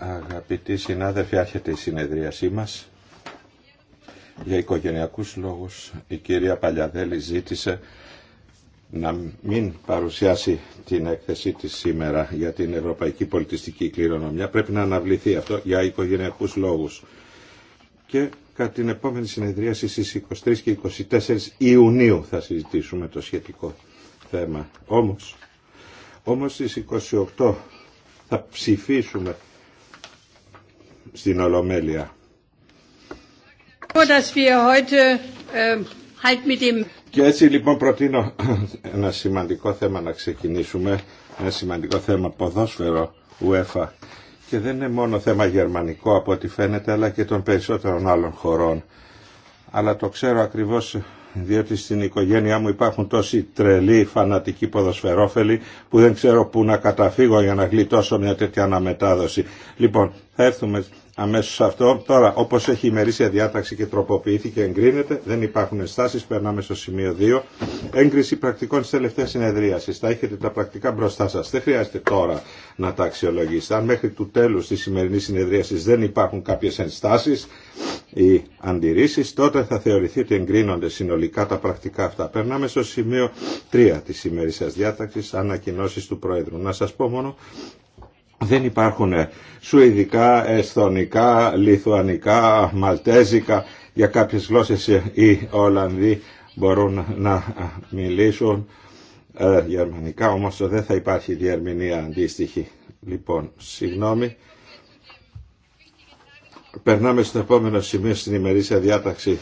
Αγαπητοί συνάδελφοι, άρχεται η συνεδρίασή μας. Για οικογενειακού λόγου, η κυρία Παλιαδέλη ζήτησε να μην παρουσιάσει την έκθεσή τη σήμερα για την Ευρωπαϊκή Πολιτιστική Κληρονομιά. Πρέπει να αναβληθεί αυτό για οικογενειακού λόγου. Και κατά την επόμενη συνεδρίαση στις 23 και 24 Ιουνίου θα συζητήσουμε το σχετικό θέμα. Όμω, όμως στις 28 θα ψηφίσουμε στην Ολομέλεια. Ähm, και έτσι λοιπόν προτείνω ένα σημαντικό θέμα να ξεκινήσουμε, ένα σημαντικό θέμα ποδόσφαιρο UEFA και δεν είναι μόνο θέμα γερμανικό από ό,τι φαίνεται αλλά και των περισσότερων άλλων χωρών. Αλλά το ξέρω ακριβώς διότι στην οικογένειά μου υπάρχουν τόσοι τρελοί φανατικοί ποδοσφαιρόφελοι που δεν ξέρω πού να καταφύγω για να γλιτώσω μια τέτοια αναμετάδοση. Λοιπόν, θα έρθουμε αμέσως αυτό. Τώρα, όπως έχει η ημερήσια διάταξη και τροποποιήθηκε, εγκρίνεται, δεν υπάρχουν ενστάσεις, περνάμε στο σημείο 2. Έγκριση πρακτικών της τελευταίας συνεδρίασης. Θα έχετε τα πρακτικά μπροστά σας. Δεν χρειάζεται τώρα να τα αξιολογήσετε. Αν μέχρι του τέλους της σημερινής συνεδρίασης δεν υπάρχουν κάποιες ενστάσεις ή αντιρρήσεις, τότε θα θεωρηθεί ότι εγκρίνονται συνολικά τα πρακτικά αυτά. Περνάμε στο σημείο 3 τη ημερήσιας διάταξη, ανακοινώσει του Πρόεδρου. Να σας πω μόνο δεν υπάρχουν ε, σουηδικά, εσθονικά, λιθουανικά, μαλτέζικα, για κάποιες γλώσσες ε, οι Ολλανδοί μπορούν να ε, μιλήσουν. γερμανικά όμως δεν θα υπάρχει διερμηνία αντίστοιχη. Λοιπόν, συγγνώμη. Περνάμε στο επόμενο σημείο στην ημερήσια διάταξη.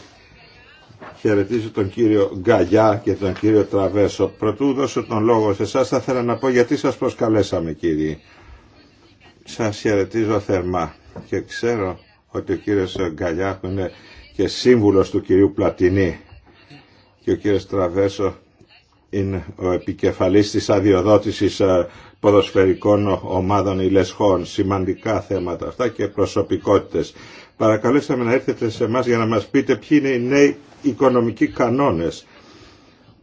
Χαιρετίζω τον κύριο Γκαγιά και τον κύριο Τραβέσο. Πρωτού δώσω τον λόγο σε εσά, θα ήθελα να πω γιατί σας προσκαλέσαμε κύριοι. Σας χαιρετίζω θερμά και ξέρω ότι ο κύριος Γκαλιάχου είναι και σύμβουλος του κυρίου Πλατινή και ο κύριος Τραβέσο είναι ο επικεφαλής της αδειοδότησης ε, ποδοσφαιρικών ομάδων ηλεσχών. Σημαντικά θέματα αυτά και προσωπικότητες. Παρακαλέσαμε να έρθετε σε εμά για να μας πείτε ποιοι είναι οι νέοι οικονομικοί κανόνες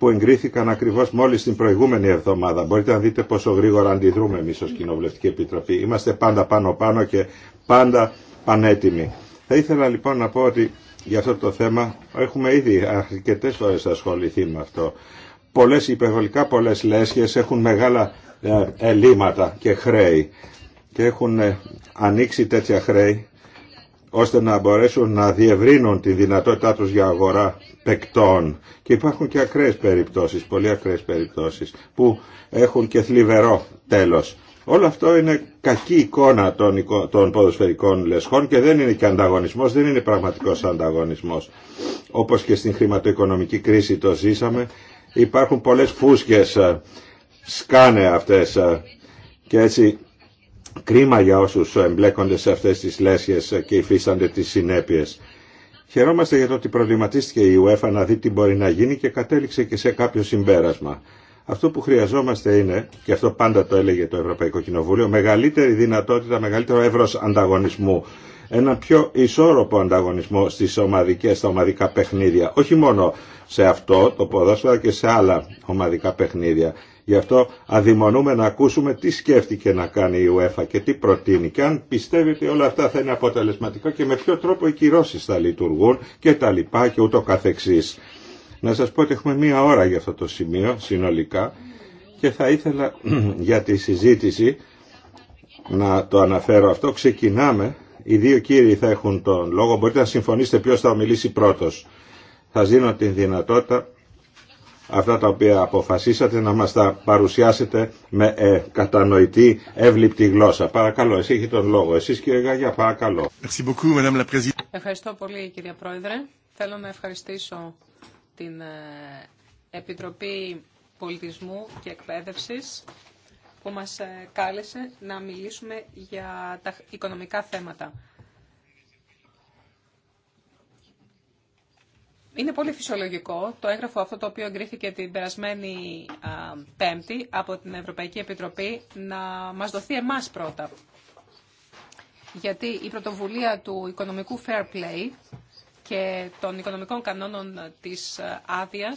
που εγκρίθηκαν ακριβώς μόλις την προηγούμενη εβδομάδα. Μπορείτε να δείτε πόσο γρήγορα αντιδρούμε εμείς ως Κοινοβουλευτική Επιτροπή. Είμαστε πάντα πάνω-πάνω και πάντα πανέτοιμοι. Θα ήθελα λοιπόν να πω ότι για αυτό το θέμα έχουμε ήδη αρκετέ φορέ ασχοληθεί με αυτό. Πολλέ υπερβολικά πολλέ λέσχε έχουν μεγάλα ε, ελλείμματα και χρέη και έχουν ε, ανοίξει τέτοια χρέη ώστε να μπορέσουν να διευρύνουν τη δυνατότητά τους για αγορά παικτών. Και υπάρχουν και ακραίες περιπτώσεις, πολύ ακραίες περιπτώσεις, που έχουν και θλιβερό τέλος. Όλο αυτό είναι κακή εικόνα των, των ποδοσφαιρικών λεσχών και δεν είναι και ανταγωνισμός, δεν είναι πραγματικός ανταγωνισμός. Όπως και στην χρηματοοικονομική κρίση το ζήσαμε, υπάρχουν πολλές φούσκες, ε, σκάνε αυτές ε, και έτσι κρίμα για όσους εμπλέκονται σε αυτές τις λέσχες ε, και υφίστανται τις συνέπειες. Χαιρόμαστε για το ότι προβληματίστηκε η UEFA να δει τι μπορεί να γίνει και κατέληξε και σε κάποιο συμπέρασμα. Αυτό που χρειαζόμαστε είναι, και αυτό πάντα το έλεγε το Ευρωπαϊκό Κοινοβούλιο, μεγαλύτερη δυνατότητα, μεγαλύτερο εύρο ανταγωνισμού. Ένα πιο ισόρροπο ανταγωνισμό στι ομαδικέ στα ομαδικά παιχνίδια. Όχι μόνο σε αυτό το ποδόσφαιρο και σε άλλα ομαδικά παιχνίδια. Γι' αυτό αδειμονούμε να ακούσουμε τι σκέφτηκε να κάνει η UEFA και τι προτείνει και αν πιστεύει ότι όλα αυτά θα είναι αποτελεσματικά και με ποιο τρόπο οι κυρώσει θα λειτουργούν και τα λοιπά και ούτω καθεξής. Να σας πω ότι έχουμε μία ώρα για αυτό το σημείο συνολικά και θα ήθελα για τη συζήτηση να το αναφέρω αυτό. Ξεκινάμε. Οι δύο κύριοι θα έχουν τον λόγο. Μπορείτε να συμφωνήσετε ποιος θα ομιλήσει πρώτος. Θα δίνω την δυνατότητα αυτά τα οποία αποφασίσατε να μας τα παρουσιάσετε με ε, κατανοητή, εύληπτη γλώσσα. Παρακαλώ, εσύ έχει τον λόγο. Εσείς κύριε Γάγια, παρακαλώ. Ευχαριστώ πολύ κύριε Πρόεδρε. Θέλω να ευχαριστήσω την ε, Επιτροπή Πολιτισμού και Εκπαίδευσης που μας ε, κάλεσε να μιλήσουμε για τα οικονομικά θέματα. Είναι πολύ φυσιολογικό το έγγραφο αυτό το οποίο εγκρίθηκε την περασμένη Πέμπτη από την Ευρωπαϊκή Επιτροπή να μας δοθεί εμάς πρώτα. Γιατί η πρωτοβουλία του οικονομικού fair play και των οικονομικών κανόνων της άδεια.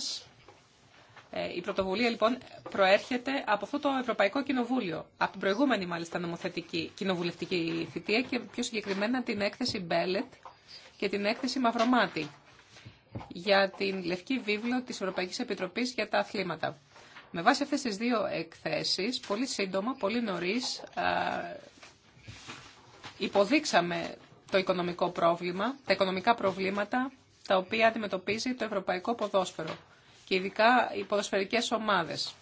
Ε, η πρωτοβουλία λοιπόν προέρχεται από αυτό το Ευρωπαϊκό Κοινοβούλιο, από την προηγούμενη μάλιστα νομοθετική κοινοβουλευτική θητεία και πιο συγκεκριμένα την έκθεση Μπέλετ και την έκθεση Μαυρομάτη για την Λευκή Βίβλο της Ευρωπαϊκής Επιτροπής για τα αθλήματα. Με βάση αυτές τις δύο εκθέσεις, πολύ σύντομα, πολύ νωρίς, υποδείξαμε το οικονομικό πρόβλημα, τα οικονομικά προβλήματα τα οποία αντιμετωπίζει το ευρωπαϊκό ποδόσφαιρο και ειδικά οι ποδοσφαιρικές ομάδες.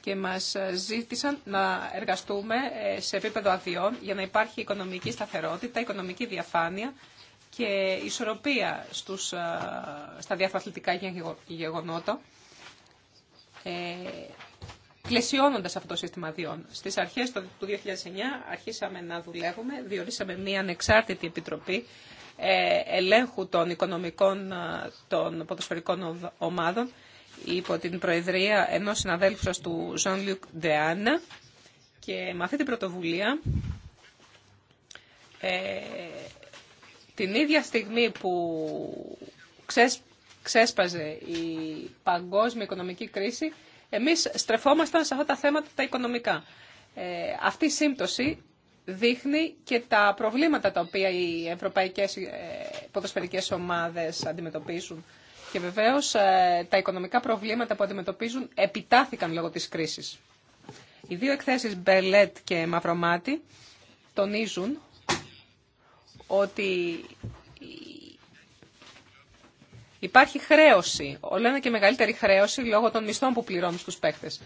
Και μας ζήτησαν να εργαστούμε ε, σε επίπεδο αδειών για να υπάρχει οικονομική σταθερότητα, οικονομική διαφάνεια και ισορροπία στους, στα διάφορα γεγονότα, ε, πλαισιώνοντας αυτό το σύστημα διών. Στις αρχές του 2009 αρχίσαμε να δουλεύουμε, διορίσαμε μία ανεξάρτητη επιτροπή ε, ελέγχου των οικονομικών των ποδοσφαιρικών ομάδων υπό την προεδρία ενός συναδέλφου σας του Jean-Luc Deanna και με αυτή την πρωτοβουλία ε, την ίδια στιγμή που ξέσπαζε η παγκόσμια οικονομική κρίση, εμείς στρεφόμασταν σε αυτά τα θέματα τα οικονομικά. Ε, αυτή η σύμπτωση δείχνει και τα προβλήματα τα οποία οι ευρωπαϊκές ε, ποδοσφαιρικές ομάδες αντιμετωπίζουν. Και βεβαίως ε, τα οικονομικά προβλήματα που αντιμετωπίζουν επιτάθηκαν λόγω της κρίσης. Οι δύο εκθέσεις Μπελέτ και Μαυρομάτι τονίζουν ότι υπάρχει χρέωση, όλο ένα και μεγαλύτερη χρέωση λόγω των μισθών που πληρώνουν στους παίχτες.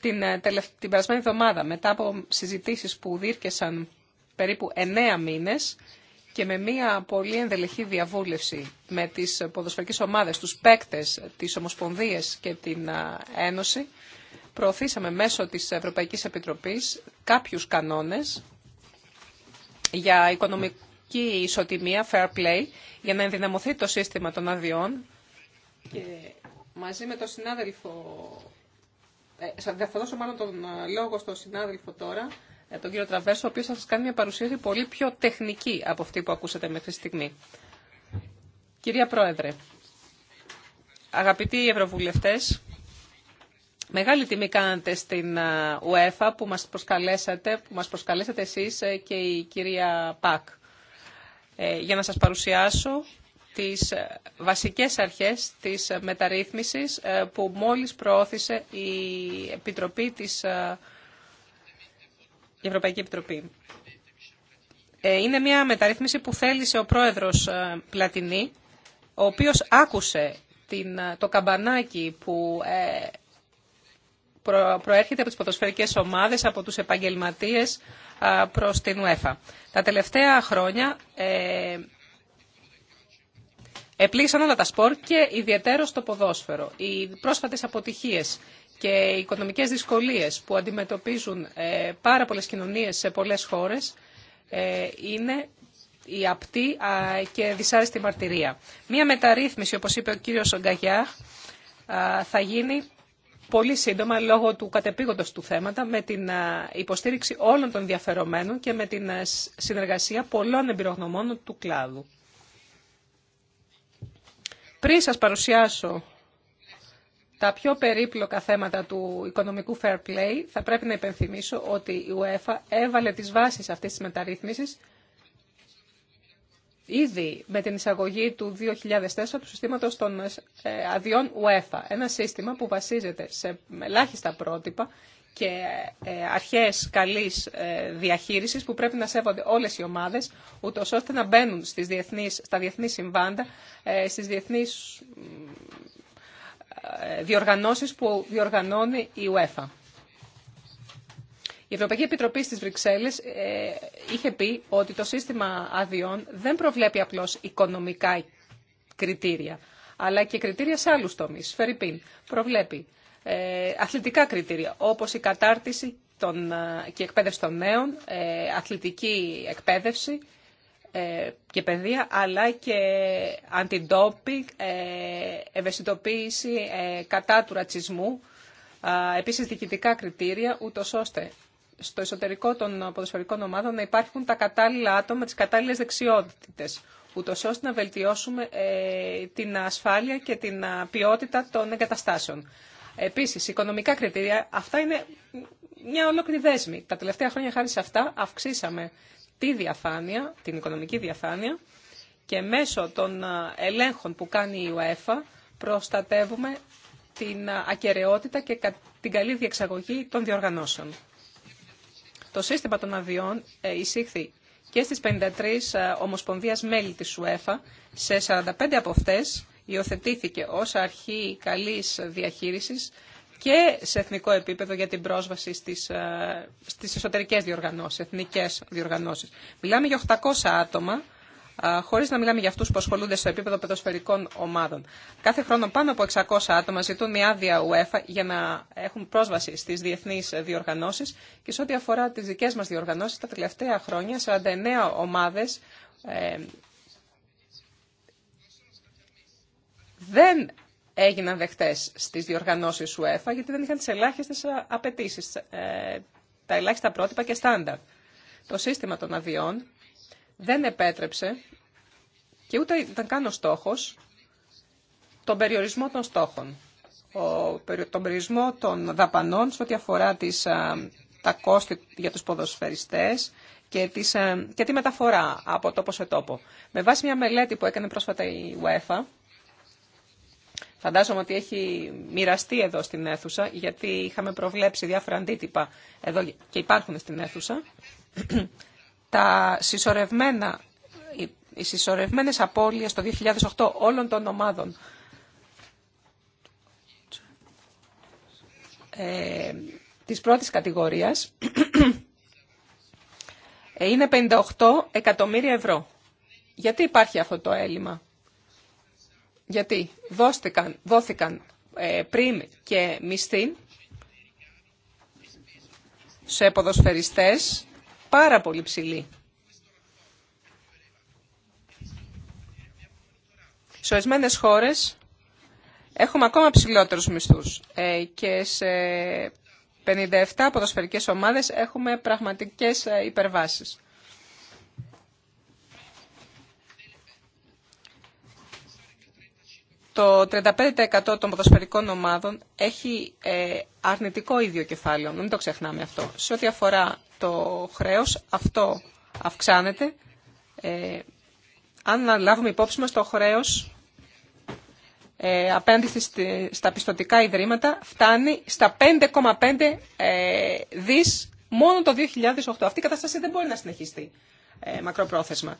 Την, ε, την περασμένη εβδομάδα, μετά από συζητήσεις που δίρκεσαν περίπου εννέα μήνες και με μια πολύ ενδελεχή διαβούλευση με τις ποδοσφαιρικές ομάδες, τους παίκτες, τις ομοσπονδίες και την ε, Ένωση, προωθήσαμε μέσω της Ευρωπαϊκής Επιτροπής κάποιους κανόνες για οικονομικό και η ισοτιμία, fair play, για να ενδυναμωθεί το σύστημα των αδειών. Και μαζί με τον συνάδελφο, ε, θα δώσω μάλλον τον ε, λόγο στον συνάδελφο τώρα, ε, τον κύριο Τραβέσο, ο οποίος θα σας κάνει μια παρουσίαση πολύ πιο τεχνική από αυτή που ακούσατε μέχρι στιγμή. Κυρία Πρόεδρε, αγαπητοί Ευρωβουλευτές, Μεγάλη τιμή κάνατε στην ε, UEFA που μας προσκαλέσατε, που μας προσκαλέσατε εσείς και η κυρία Πακ. Ε, για να σας παρουσιάσω τις ε, βασικές αρχές της ε, μεταρρύθμισης που μόλις προώθησε η Επιτροπή της η Ευρωπαϊκή Επιτροπή. Είναι μια μεταρρύθμιση που θέλησε ο πρόεδρος Πλατινή, ο οποίος άκουσε την, το καμπανάκι που προέρχεται από τις ποδοσφαιρικές ομάδες, από τους επαγγελματίες προς την UEFA. Τα τελευταία χρόνια ε, επλήγησαν όλα τα σπορ και ιδιαίτερο το ποδόσφαιρο. Οι πρόσφατες αποτυχίες και οι οικονομικές δυσκολίες που αντιμετωπίζουν ε, πάρα πολλές κοινωνίες σε πολλές χώρες ε, είναι η απτή και δυσάρεστη μαρτυρία. Μία μεταρρύθμιση, όπως είπε ο κύριος Γκαγιά, θα γίνει πολύ σύντομα, λόγω του κατεπήγοντος του θέματα, με την ε, υποστήριξη όλων των διαφερομένων και με την ε, συνεργασία πολλών εμπειρογνωμών του κλάδου. Πριν σας παρουσιάσω τα πιο περίπλοκα θέματα του οικονομικού fair play, θα πρέπει να υπενθυμίσω ότι η UEFA έβαλε τις βάσεις αυτής της μεταρρύθμισης ήδη με την εισαγωγή του 2004 του συστήματος των ε, αδειών UEFA. Ένα σύστημα που βασίζεται σε ελάχιστα πρότυπα και ε, αρχές καλής ε, διαχείρισης που πρέπει να σέβονται όλες οι ομάδες, ούτω ώστε να μπαίνουν στις διεθνείς, στα διεθνή συμβάντα, στις διεθνείς διοργανώσεις που διοργανώνει η UEFA. Η Ευρωπαϊκή Επιτροπή στις Βρυξέλλες ε, είχε πει ότι το σύστημα αδειών δεν προβλέπει απλώς οικονομικά κριτήρια, αλλά και κριτήρια σε άλλους τομείς. Φερρυπίν προβλέπει ε, αθλητικά κριτήρια, όπως η κατάρτιση των, ε, και εκπαίδευση των νέων, ε, αθλητική εκπαίδευση και παιδεία, αλλά και αντιντόπι, ευαισθητοποίηση κατά του ρατσισμού, επίσης διοικητικά κριτήρια, ούτω ώστε στο εσωτερικό των ποδοσφαιρικών ομάδων να υπάρχουν τα κατάλληλα άτομα, τις κατάλληλες δεξιότητες, ούτω ώστε να βελτιώσουμε ε, την ασφάλεια και την ποιότητα των εγκαταστάσεων. Επίσης, οικονομικά κριτήρια, αυτά είναι μια ολόκληρη δέσμη. Τα τελευταία χρόνια χάρη σε αυτά αυξήσαμε τη διαφάνεια, την οικονομική διαφάνεια και μέσω των ελέγχων που κάνει η UEFA προστατεύουμε την ακαιρεότητα και την καλή διεξαγωγή των διοργανώσεων. Το σύστημα των αδειών ε, εισήχθη και στις 53 ε, ομοσπονδίας μέλη της ΣΟΕΦΑ. Σε 45 από αυτές υιοθετήθηκε ως αρχή καλής διαχείρισης και σε εθνικό επίπεδο για την πρόσβαση στις, ε, στις εσωτερικές διοργανώσεις, εθνικές διοργανώσεις. Μιλάμε για 800 άτομα χωρί να μιλάμε για αυτού που ασχολούνται στο επίπεδο παιδοσφαιρικών ομάδων. Κάθε χρόνο πάνω από 600 άτομα ζητούν μια άδεια UEFA για να έχουν πρόσβαση στι διεθνεί διοργανώσει και σε ό,τι αφορά τι δικέ μα διοργανώσει, τα τελευταία χρόνια 49 ομάδε ε, δεν έγιναν δεχτές στις διοργανώσεις UEFA γιατί δεν είχαν τις ελάχιστες απαιτήσεις, ε, τα ελάχιστα πρότυπα και στάνταρ. Το σύστημα των αδειών δεν επέτρεψε και ούτε ήταν καν ο στόχος τον περιορισμό των στόχων, τον περιορισμό των δαπανών σε ό,τι αφορά τα κόστη για τους ποδοσφαιριστές και, και τη μεταφορά από τόπο σε τόπο. Με βάση μια μελέτη που έκανε πρόσφατα η UEFA, Φαντάζομαι ότι έχει μοιραστεί εδώ στην αίθουσα, γιατί είχαμε προβλέψει διάφορα αντίτυπα εδώ και υπάρχουν στην αίθουσα τα συσσωρευμένα, οι συσσωρευμένες απώλειες το 2008 όλων των ομάδων ε, της πρώτης κατηγορίας ε, είναι 58 εκατομμύρια ευρώ. Γιατί υπάρχει αυτό το έλλειμμα. Γιατί δώστηκαν, δόθηκαν ε, πριν και μισθή σε ποδοσφαιριστές πάρα πολύ ψηλή. Σε ορισμένε χώρε έχουμε ακόμα ψηλότερους μισθούς ε, και σε 57 ποδοσφαιρικές ομάδες έχουμε πραγματικές ε, υπερβάσεις. το 35% των ποδοσφαιρικών ομάδων έχει ε, αρνητικό ίδιο κεφάλαιο. Μην το ξεχνάμε αυτό. Σε ό,τι αφορά το χρέος, αυτό αυξάνεται. Ε, αν λάβουμε υπόψη μας το χρέος ε, απέναντι στα πιστοτικά ιδρύματα, φτάνει στα 5,5 ε, δις μόνο το 2008. Αυτή η κατάσταση δεν μπορεί να συνεχιστεί ε, μακροπρόθεσμα.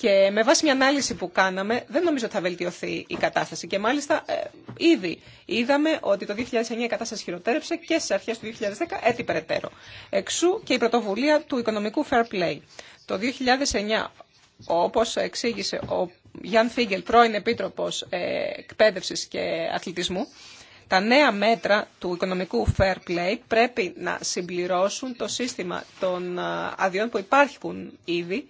Και με βάση μια ανάλυση που κάναμε, δεν νομίζω ότι θα βελτιωθεί η κατάσταση. Και μάλιστα ε, ήδη είδαμε ότι το 2009 η κατάσταση χειροτέρεψε και σε αρχέ του 2010 έτσι περαιτέρω. Εξού και η πρωτοβουλία του οικονομικού fair play. Το 2009, όπω εξήγησε ο Γιάνν Φίγκελ, πρώην Επίτροπο ε, Εκπαίδευση και Αθλητισμού, τα νέα μέτρα του οικονομικού fair play πρέπει να συμπληρώσουν το σύστημα των ε, αδειών που υπάρχουν ήδη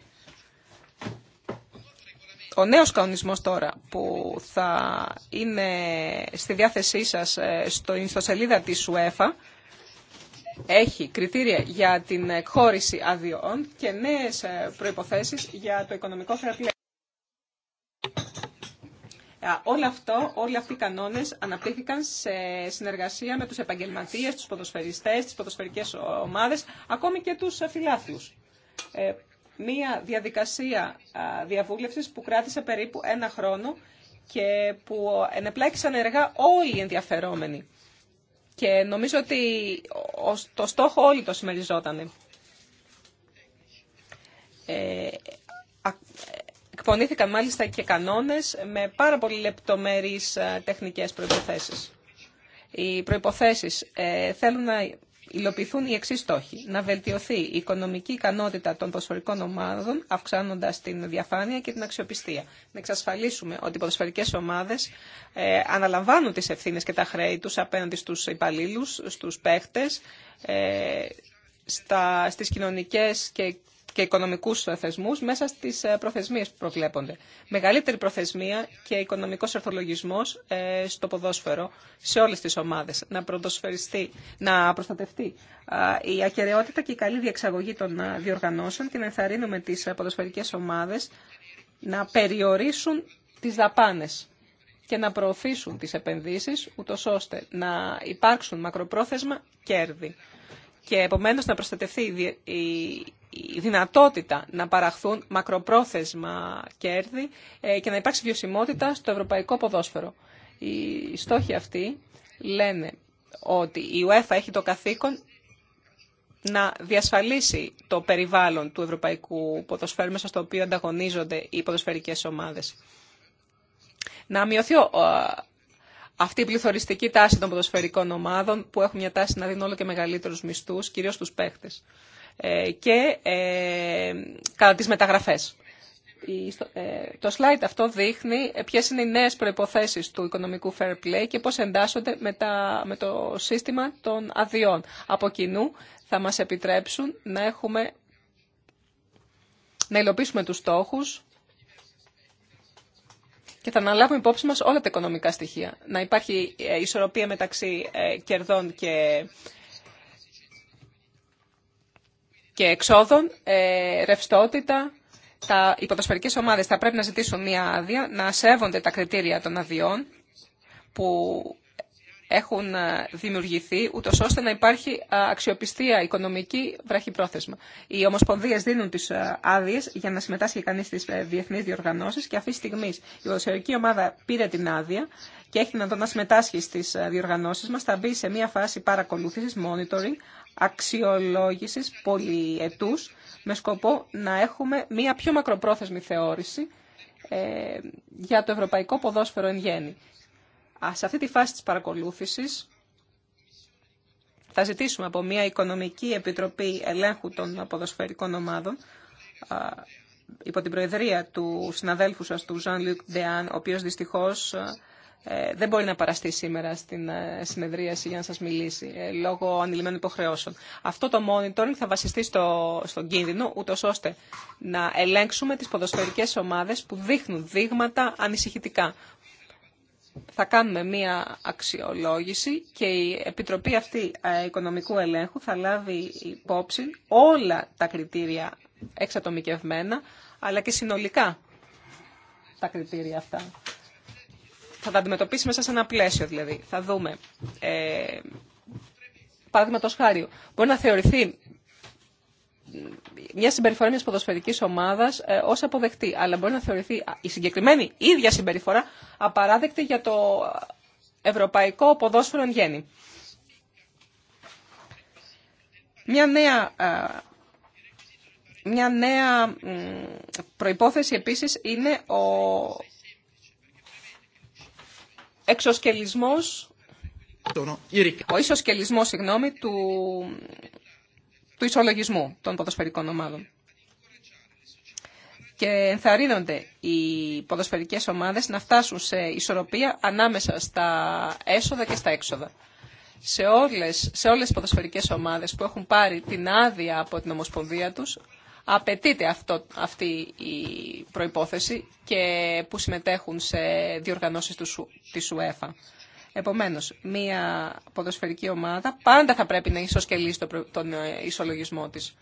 ο νέος κανονισμός τώρα που θα είναι στη διάθεσή σας ε, στο ιστοσελίδα της UEFA έχει κριτήρια για την εκχώρηση αδειών και νέες ε, προϋποθέσεις για το οικονομικό θεραπεία. Όλα αυτό, όλοι αυτοί οι κανόνες αναπτύχθηκαν σε συνεργασία με τους επαγγελματίες, τους ποδοσφαιριστές, τις ποδοσφαιρικές ομάδες, ακόμη και τους ε, φιλάθλους μία διαδικασία διαβούλευσης που κράτησε περίπου ένα χρόνο και που ενεπλάκησαν εργά όλοι οι ενδιαφερόμενοι. Και νομίζω ότι το στόχο όλοι το συμμεριζόταν. Ε, εκπονήθηκαν μάλιστα και κανόνες με πάρα πολύ λεπτομέρειες τεχνικές προϋποθέσεις. Οι προϋποθέσεις ε, θέλουν να υλοποιηθούν οι εξή στόχοι. Να βελτιωθεί η οικονομική ικανότητα των ποδοσφαιρικών ομάδων, αυξάνοντα την διαφάνεια και την αξιοπιστία. Να εξασφαλίσουμε ότι οι ποδοσφαιρικέ ομάδε ε, αναλαμβάνουν τι ευθύνε και τα χρέη του απέναντι στου υπαλλήλου, στου παίχτε, ε, στα, στις κοινωνικές και και οικονομικού ε, θεσμούς μέσα στι ε, προθεσμίε που προβλέπονται. Μεγαλύτερη προθεσμία και οικονομικό ορθολογισμό ε, στο ποδόσφαιρο σε όλε τι ομάδε Να, να προστατευτεί η ακαιρεότητα και η καλή διεξαγωγή των διοργανώσεων και να ενθαρρύνουμε τι ποδοσφαιρικέ ομάδε να περιορίσουν τι δαπάνε και να προωθήσουν τις επενδύσεις, ούτως ώστε να υπάρξουν μακροπρόθεσμα κέρδη. Και επομένως να προστατευτεί η η δυνατότητα να παραχθούν μακροπρόθεσμα κέρδη ε, και να υπάρξει βιωσιμότητα στο ευρωπαϊκό ποδόσφαιρο. Οι στόχοι αυτοί λένε ότι η UEFA έχει το καθήκον να διασφαλίσει το περιβάλλον του ευρωπαϊκού ποδοσφαίρου μέσα στο οποίο ανταγωνίζονται οι ποδοσφαιρικές ομάδες. Να μειωθεί αυτή η πληθωριστική τάση των ποδοσφαιρικών ομάδων που έχουν μια τάση να δίνουν όλο και μεγαλύτερους μισθούς, κυρίως τους παίχτες. Ε, και ε, κατά τις μεταγραφές. Ε, το slide αυτό δείχνει ποιες είναι οι νέες προϋποθέσεις του οικονομικού fair play και πώς εντάσσονται με, τα, το σύστημα των αδειών. Από κοινού θα μας επιτρέψουν να, έχουμε, να υλοποιήσουμε τους στόχους και θα αναλάβουμε υπόψη μας όλα τα οικονομικά στοιχεία. Να υπάρχει ισορροπία μεταξύ κερδών και και εξόδων, ε, ρευστότητα. Τα, οι ποδοσφαιρικές ομάδες θα πρέπει να ζητήσουν μία άδεια, να σέβονται τα κριτήρια των αδειών που έχουν ε, δημιουργηθεί, ούτω ώστε να υπάρχει ε, αξιοπιστία οικονομική βραχυπρόθεσμα. Οι ομοσπονδίε δίνουν τι ε, άδειε για να συμμετάσχει κανεί στι διεθνεί διοργανώσει και αυτή τη στιγμή η ποδοσφαιρική ομάδα πήρε την άδεια και έχει να, να συμμετάσχει στι διοργανώσει μα. Θα μπει σε μια φάση παρακολούθηση, monitoring, αξιολόγησης πολυετούς με σκοπό να έχουμε μία πιο μακροπρόθεσμη θεώρηση ε, για το ευρωπαϊκό ποδόσφαιρο εν γέννη. Σε αυτή τη φάση της παρακολούθησης θα ζητήσουμε από μια Οικονομική Επιτροπή Ελέγχου των Ποδοσφαιρικών Ομάδων υπό την προεδρία του συναδέλφου σας του Ζαν Λουκ Ντεάν, ο οποίος δυστυχώς ε, δεν μπορεί να παραστεί σήμερα στην ε, συνεδρίαση για να σας μιλήσει ε, λόγω ανηλυμένων υποχρεώσεων. Αυτό το monitoring θα βασιστεί στο, στον κίνδυνο, ούτω ώστε να ελέγξουμε τις ποδοσφαιρικές ομάδες που δείχνουν δείγματα ανησυχητικά. Θα κάνουμε μία αξιολόγηση και η Επιτροπή αυτή Οικονομικού Ελέγχου θα λάβει υπόψη όλα τα κριτήρια εξατομικευμένα, αλλά και συνολικά τα κριτήρια αυτά θα τα αντιμετωπίσει μέσα σε ένα πλαίσιο δηλαδή. Θα δούμε. Ε, Παραδείγματο χάρη, μπορεί να θεωρηθεί μια συμπεριφορά μια ποδοσφαιρική ομάδα ε, ω αποδεκτή, αλλά μπορεί να θεωρηθεί η συγκεκριμένη ίδια συμπεριφορά απαράδεκτη για το ευρωπαϊκό ποδόσφαιρο εν γέννη. Μια νέα, ε, μια νέα προϋπόθεση επίσης είναι ο εξοσκελισμός, ο ισοσκελισμός, συγγνώμη, του, του ισολογισμού των ποδοσφαιρικών ομάδων. Και ενθαρρύνονται οι ποδοσφαιρικές ομάδες να φτάσουν σε ισορροπία ανάμεσα στα έσοδα και στα έξοδα. Σε όλες, σε όλες τις ποδοσφαιρικές ομάδες που έχουν πάρει την άδεια από την Ομοσπονδία τους, απαιτείται αυτό, αυτή η προϋπόθεση και που συμμετέχουν σε διοργανώσεις του, της UEFA. Επομένως, μία ποδοσφαιρική ομάδα πάντα θα πρέπει να ισοσκελίσει τον ε, ισολογισμό της.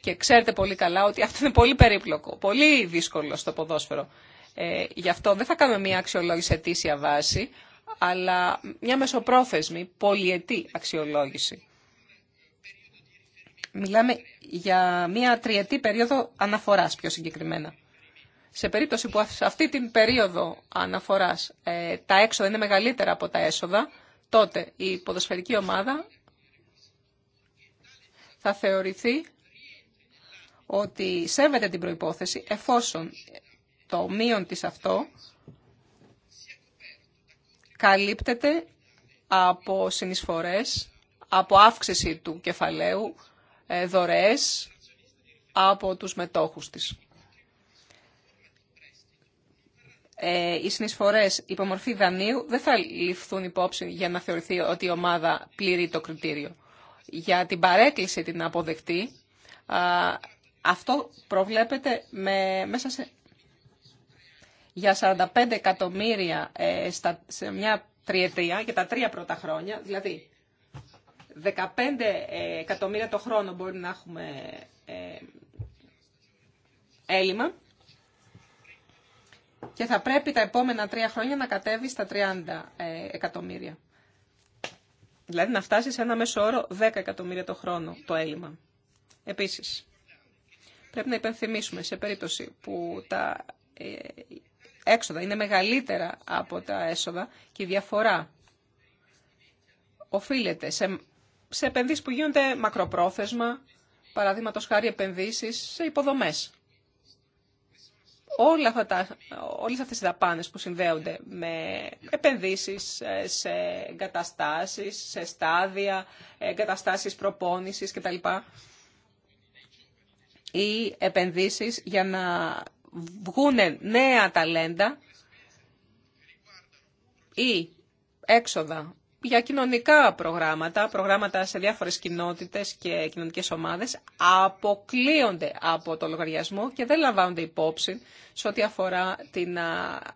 Και ξέρετε πολύ καλά ότι αυτό είναι πολύ περίπλοκο, πολύ δύσκολο στο ποδόσφαιρο. Ε, γι' αυτό δεν θα κάνουμε μία αξιολόγηση ετήσια βάση, αλλά μια μεσοπρόθεσμη, πολυετή αξιολόγηση. Μιλάμε για μία τριετή περίοδο αναφοράς πιο συγκεκριμένα. Σε περίπτωση που σε αυτή την περίοδο αναφοράς ε, τα έξοδα είναι μεγαλύτερα από τα έσοδα, τότε η ποδοσφαιρική ομάδα θα θεωρηθεί ότι σέβεται την προϋπόθεση εφόσον το μείον της αυτό καλύπτεται από συνισφορές από αύξηση του κεφαλαίου, ε, δωρεές από τους μετόχους της. Ε, οι συνεισφορές υπομορφή δανείου δεν θα ληφθούν υπόψη για να θεωρηθεί ότι η ομάδα πληρεί το κριτήριο. Για την παρέκκληση την αποδεκτή, αυτό προβλέπεται μέσα σε, για 45 εκατομμύρια ε, σε μια τριετία για τα τρία πρώτα χρόνια, δηλαδή 15 ε, εκατομμύρια το χρόνο μπορεί να έχουμε ε, έλλειμμα και θα πρέπει τα επόμενα τρία χρόνια να κατέβει στα 30 ε, εκατομμύρια. Δηλαδή να φτάσει σε ένα μέσο όρο 10 εκατομμύρια το χρόνο το έλλειμμα. Επίσης, πρέπει να υπενθυμίσουμε σε περίπτωση που τα έξοδα είναι μεγαλύτερα από τα έσοδα και η διαφορά οφείλεται σε σε επενδύσεις που γίνονται μακροπρόθεσμα, παραδείγματο χάρη επενδύσεις σε υποδομές. Όλα αυτά τα, όλες αυτές οι δαπάνες που συνδέονται με επενδύσεις ε, σε εγκαταστάσεις, σε στάδια, ε, καταστάσεις προπόνησης κτλ. Ή επενδύσεις για να βγουν νέα ταλέντα ή έξοδα για κοινωνικά προγράμματα, προγράμματα σε διάφορες κοινότητες και κοινωνικές ομάδες, αποκλείονται από το λογαριασμό και δεν λαμβάνονται υπόψη σε ό,τι αφορά την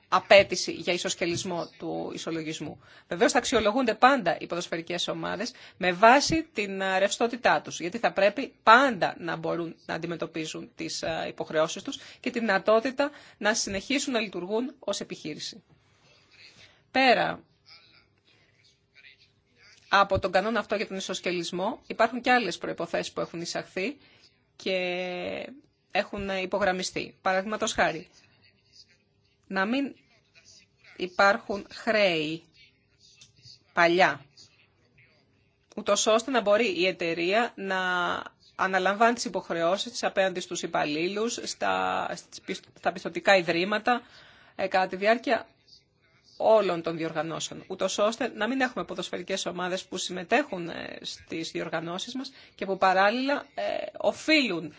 απέτηση για ισοσκελισμό του ισολογισμού. Βεβαίως θα αξιολογούνται πάντα οι ποδοσφαιρικές ομάδες με βάση την ρευστότητά τους, γιατί θα πρέπει πάντα να μπορούν να αντιμετωπίζουν τις υποχρεώσεις τους και τη δυνατότητα να συνεχίσουν να λειτουργούν ως επιχείρηση. Πέρα από τον κανόνα αυτό για τον ισοσκελισμό υπάρχουν και άλλες προϋποθέσεις που έχουν εισαχθεί και έχουν υπογραμμιστεί. Παραδείγματος χάρη, να μην υπάρχουν χρέη παλιά, ούτω ώστε να μπορεί η εταιρεία να αναλαμβάνει τις υποχρεώσεις της απέναντι στους υπαλλήλους, στα, στα πιστοτικά ιδρύματα, ε, κατά τη διάρκεια όλων των διοργανώσεων, ούτω ώστε να μην έχουμε ποδοσφαιρικές ομάδες που συμμετέχουν ε, στις διοργανώσεις μας και που παράλληλα ε, οφείλουν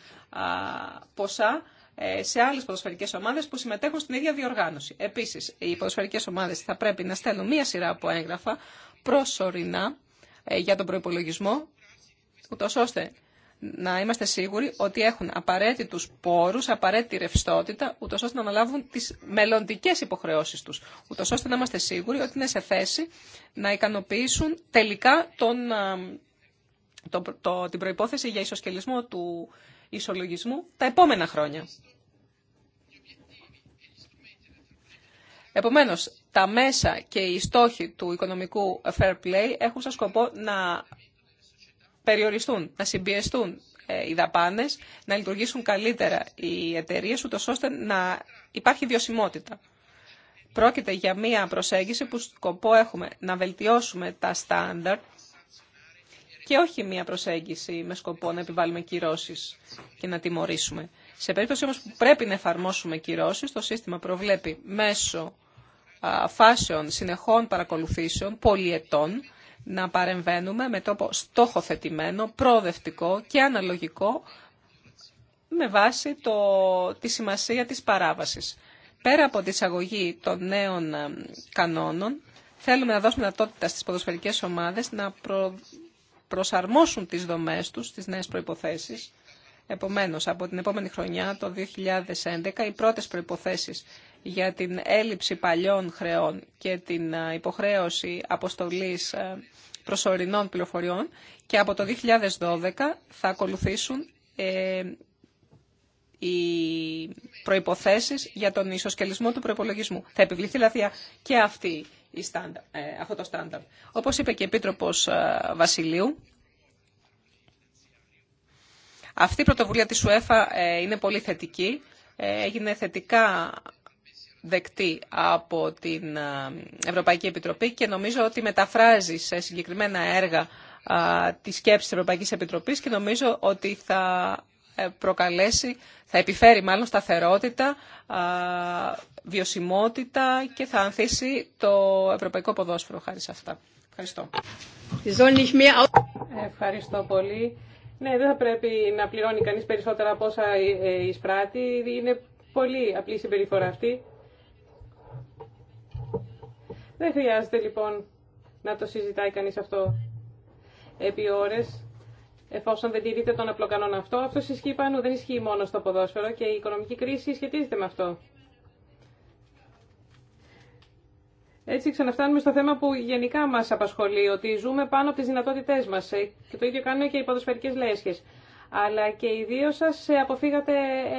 ποσά ε, σε άλλες ποδοσφαιρικές ομάδες που συμμετέχουν στην ίδια διοργάνωση. Επίσης, οι ποδοσφαιρικές ομάδες θα πρέπει να στέλνουν μία σειρά από έγγραφα προσωρινά για τον προϋπολογισμό, ούτω ώστε να είμαστε σίγουροι ότι έχουν απαραίτητους πόρους, απαραίτητη ρευστότητα, ούτως ώστε να αναλάβουν τις μελλοντικές υποχρεώσεις τους, ούτως ώστε να είμαστε σίγουροι ότι είναι σε θέση να ικανοποιήσουν τελικά τον, το, την προϋπόθεση για ισοσκελισμό του ισολογισμού τα επόμενα χρόνια. Επομένως, τα μέσα και οι στόχοι του οικονομικού fair play έχουν σαν σκοπό να περιοριστούν, να συμπιεστούν ε, οι δαπάνε, να λειτουργήσουν καλύτερα οι εταιρείε, ούτω ώστε να υπάρχει βιωσιμότητα. Πρόκειται για μία προσέγγιση που σκοπό έχουμε να βελτιώσουμε τα στάνταρ και όχι μία προσέγγιση με σκοπό να επιβάλλουμε κυρώσεις και να τιμωρήσουμε. Σε περίπτωση όμως που πρέπει να εφαρμόσουμε κυρώσεις, το σύστημα προβλέπει μέσω φάσεων συνεχών παρακολουθήσεων πολυετών να παρεμβαίνουμε με τρόπο στόχοθετημένο, προοδευτικό και αναλογικό με βάση το, τη σημασία της παράβασης. Πέρα από τη εισαγωγή των νέων ε, κανόνων, θέλουμε να δώσουμε δυνατότητα στις ποδοσφαιρικές ομάδες να προσαρμόσουν τις δομές τους, τις νέες προϋποθέσεις. Επομένως, από την επόμενη χρονιά, το 2011, οι πρώτες προϋποθέσεις για την έλλειψη παλιών χρεών και την ε, υποχρέωση αποστολής ε, προσωρινών πληροφοριών και από το 2012 θα ακολουθήσουν ε, οι προϋποθέσεις για τον ισοσκελισμό του προϋπολογισμού. Θα επιβληθεί δηλαδή και αυτή η αυτό το στάνταρ. Όπως είπε και η Επίτροπος Βασιλείου, αυτή η πρωτοβουλία της ΣΟΕΦΑ είναι πολύ θετική. Έγινε θετικά δεκτή από την ε, Ευρωπαϊκή Επιτροπή και νομίζω ότι μεταφράζει σε συγκεκριμένα έργα ε, τη σκέψη της Ευρωπαϊκής Επιτροπής και νομίζω ότι θα ε, προκαλέσει, θα επιφέρει μάλλον σταθερότητα, βιωσιμότητα και θα ανθίσει το ευρωπαϊκό ποδόσφαιρο χάρη σε αυτά. Ευχαριστώ. Ευχαριστώ πολύ. Ναι, δεν θα πρέπει να πληρώνει κανείς περισσότερα από όσα εισπράττει. Είναι πολύ απλή συμπεριφορά αυτή. Δεν χρειάζεται λοιπόν να το συζητάει κανείς αυτό επί ώρες, εφόσον δεν τηρείται τον απλό κανόνα αυτό. Αυτό ισχύει πάνω, δεν ισχύει μόνο στο ποδόσφαιρο και η οικονομική κρίση σχετίζεται με αυτό. Έτσι ξαναφτάνουμε στο θέμα που γενικά μας απασχολεί, ότι ζούμε πάνω από τις δυνατότητές μας ε, και το ίδιο κάνουν και οι ποδοσφαιρικές λέσχες. Αλλά και οι δύο σας ε, αποφύγατε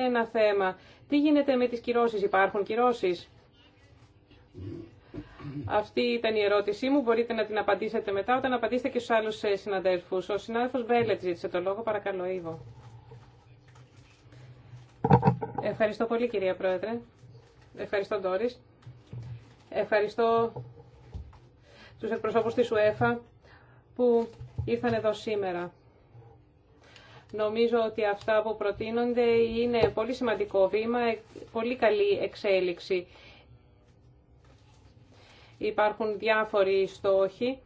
ένα θέμα. Τι γίνεται με τις κυρώσεις, υπάρχουν κυρώσεις. Αυτή ήταν η ερώτησή μου. Μπορείτε να την απαντήσετε μετά όταν απαντήσετε και στου άλλου ε, συναδέλφου. Ο συνάδελφος Μπέλετ ζήτησε το λόγο. Παρακαλώ, Ήβο. Ευχαριστώ πολύ, κυρία Πρόεδρε. Ευχαριστώ, Ντόρι. Ευχαριστώ τους εκπροσώπους τη ΟΕΦΑ που ήρθαν εδώ σήμερα. Νομίζω ότι αυτά που προτείνονται είναι πολύ σημαντικό βήμα, ε, πολύ καλή εξέλιξη. Υπάρχουν διάφοροι στόχοι.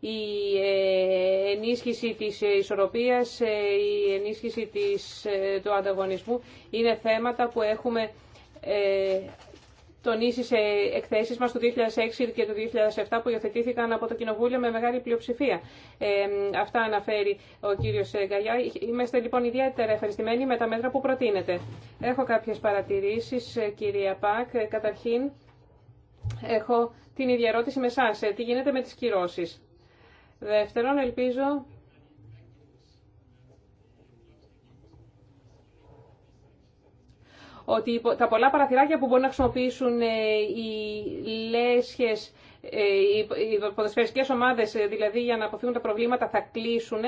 Η ε, ενίσχυση της ισορροπίας, ε, η ενίσχυση της, ε, του ανταγωνισμού είναι θέματα που έχουμε τονίσει σε εκθέσεις μας το 2006 και το 2007 που υιοθετήθηκαν από το Κοινοβούλιο με μεγάλη πλειοψηφία. Ε, αυτά αναφέρει ο κύριος Γκαγιά. Είμαστε λοιπόν ιδιαίτερα ευχαριστημένοι με τα μέτρα που προτείνετε. Έχω κάποιες παρατηρήσεις, κυρία Πακ. Καταρχήν, έχω την ίδια ερώτηση με εσάς. Ε, τι γίνεται με τις κυρώσεις. Δεύτερον, ελπίζω ότι τα πολλά παραθυράκια που μπορούν να χρησιμοποιήσουν ε, οι λέσχες, ε, οι ποδοσφαιρικές ομάδες, δηλαδή για να αποφύγουν τα προβλήματα, θα κλείσουν.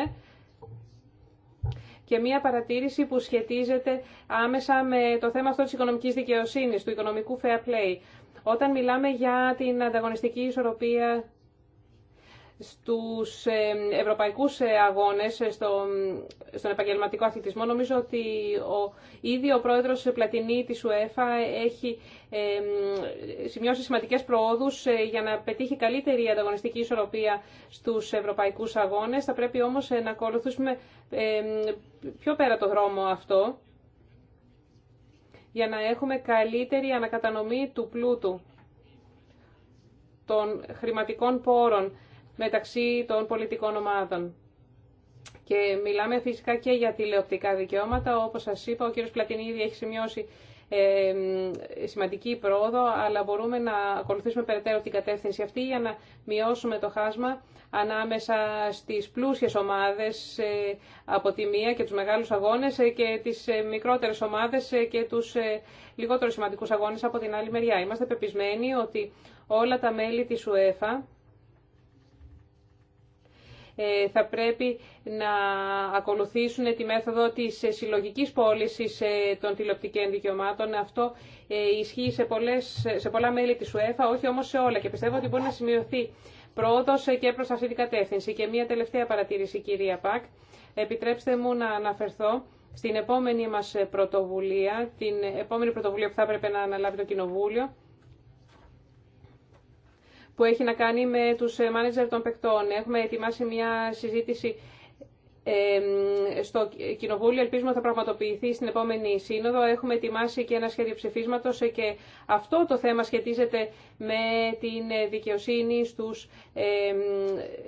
Και μία παρατήρηση που σχετίζεται άμεσα με το θέμα αυτό της οικονομικής δικαιοσύνης, του οικονομικού fair play. Όταν μιλάμε για την ανταγωνιστική ισορροπία στους ε, ευρωπαϊκούς ε, αγώνες ε, στο, στον επαγγελματικό αθλητισμό. Νομίζω ότι ο, ήδη ο πρόεδρος Πλατινή της UEFA έχει σημειώσει σημαντικές προόδους για να πετύχει καλύτερη ανταγωνιστική ισορροπία στους ευρωπαϊκούς αγώνες. Θα πρέπει όμως να ακολουθήσουμε πιο πέρα το δρόμο αυτό για να έχουμε καλύτερη ανακατανομή του πλούτου των χρηματικών πόρων μεταξύ των πολιτικών ομάδων. Και μιλάμε φυσικά και για τηλεοπτικά δικαιώματα. Όπως σας είπα, ο κύριος Πλατινίδη έχει σημειώσει ε, σημαντική πρόοδο, αλλά μπορούμε να ακολουθήσουμε περαιτέρω την κατεύθυνση αυτή για να μειώσουμε το χάσμα ανάμεσα στις πλούσιες ομάδες ε, από τη μία και τους μεγάλους αγώνες ε, και τις ε, μικρότερες ομάδες και τους λιγότερο σημαντικούς αγώνες από την άλλη μεριά. Είμαστε πεπισμένοι ότι όλα τα μέλη της UEFA θα πρέπει να ακολουθήσουν τη μέθοδο της συλλογικής πώλησης των τηλεοπτικών δικαιωμάτων. Αυτό ισχύει σε, πολλές, σε πολλά μέλη της UEFA, όχι όμως σε όλα. Και πιστεύω ότι μπορεί να σημειωθεί πρόοδος ε, και προς αυτή την κατεύθυνση. Και μία τελευταία παρατήρηση, κυρία Πακ. Επιτρέψτε μου να αναφερθώ στην επόμενη μας πρωτοβουλία, την επόμενη πρωτοβουλία που θα έπρεπε να αναλάβει το Κοινοβούλιο, που έχει να κάνει με τους μάνετζερ των παικτών. Έχουμε ετοιμάσει μια συζήτηση στο Κοινοβούλιο. Ελπίζουμε ότι θα πραγματοποιηθεί στην επόμενη σύνοδο. Έχουμε ετοιμάσει και ένα σχέδιο ψηφίσματο και αυτό το θέμα σχετίζεται με την δικαιοσύνη στου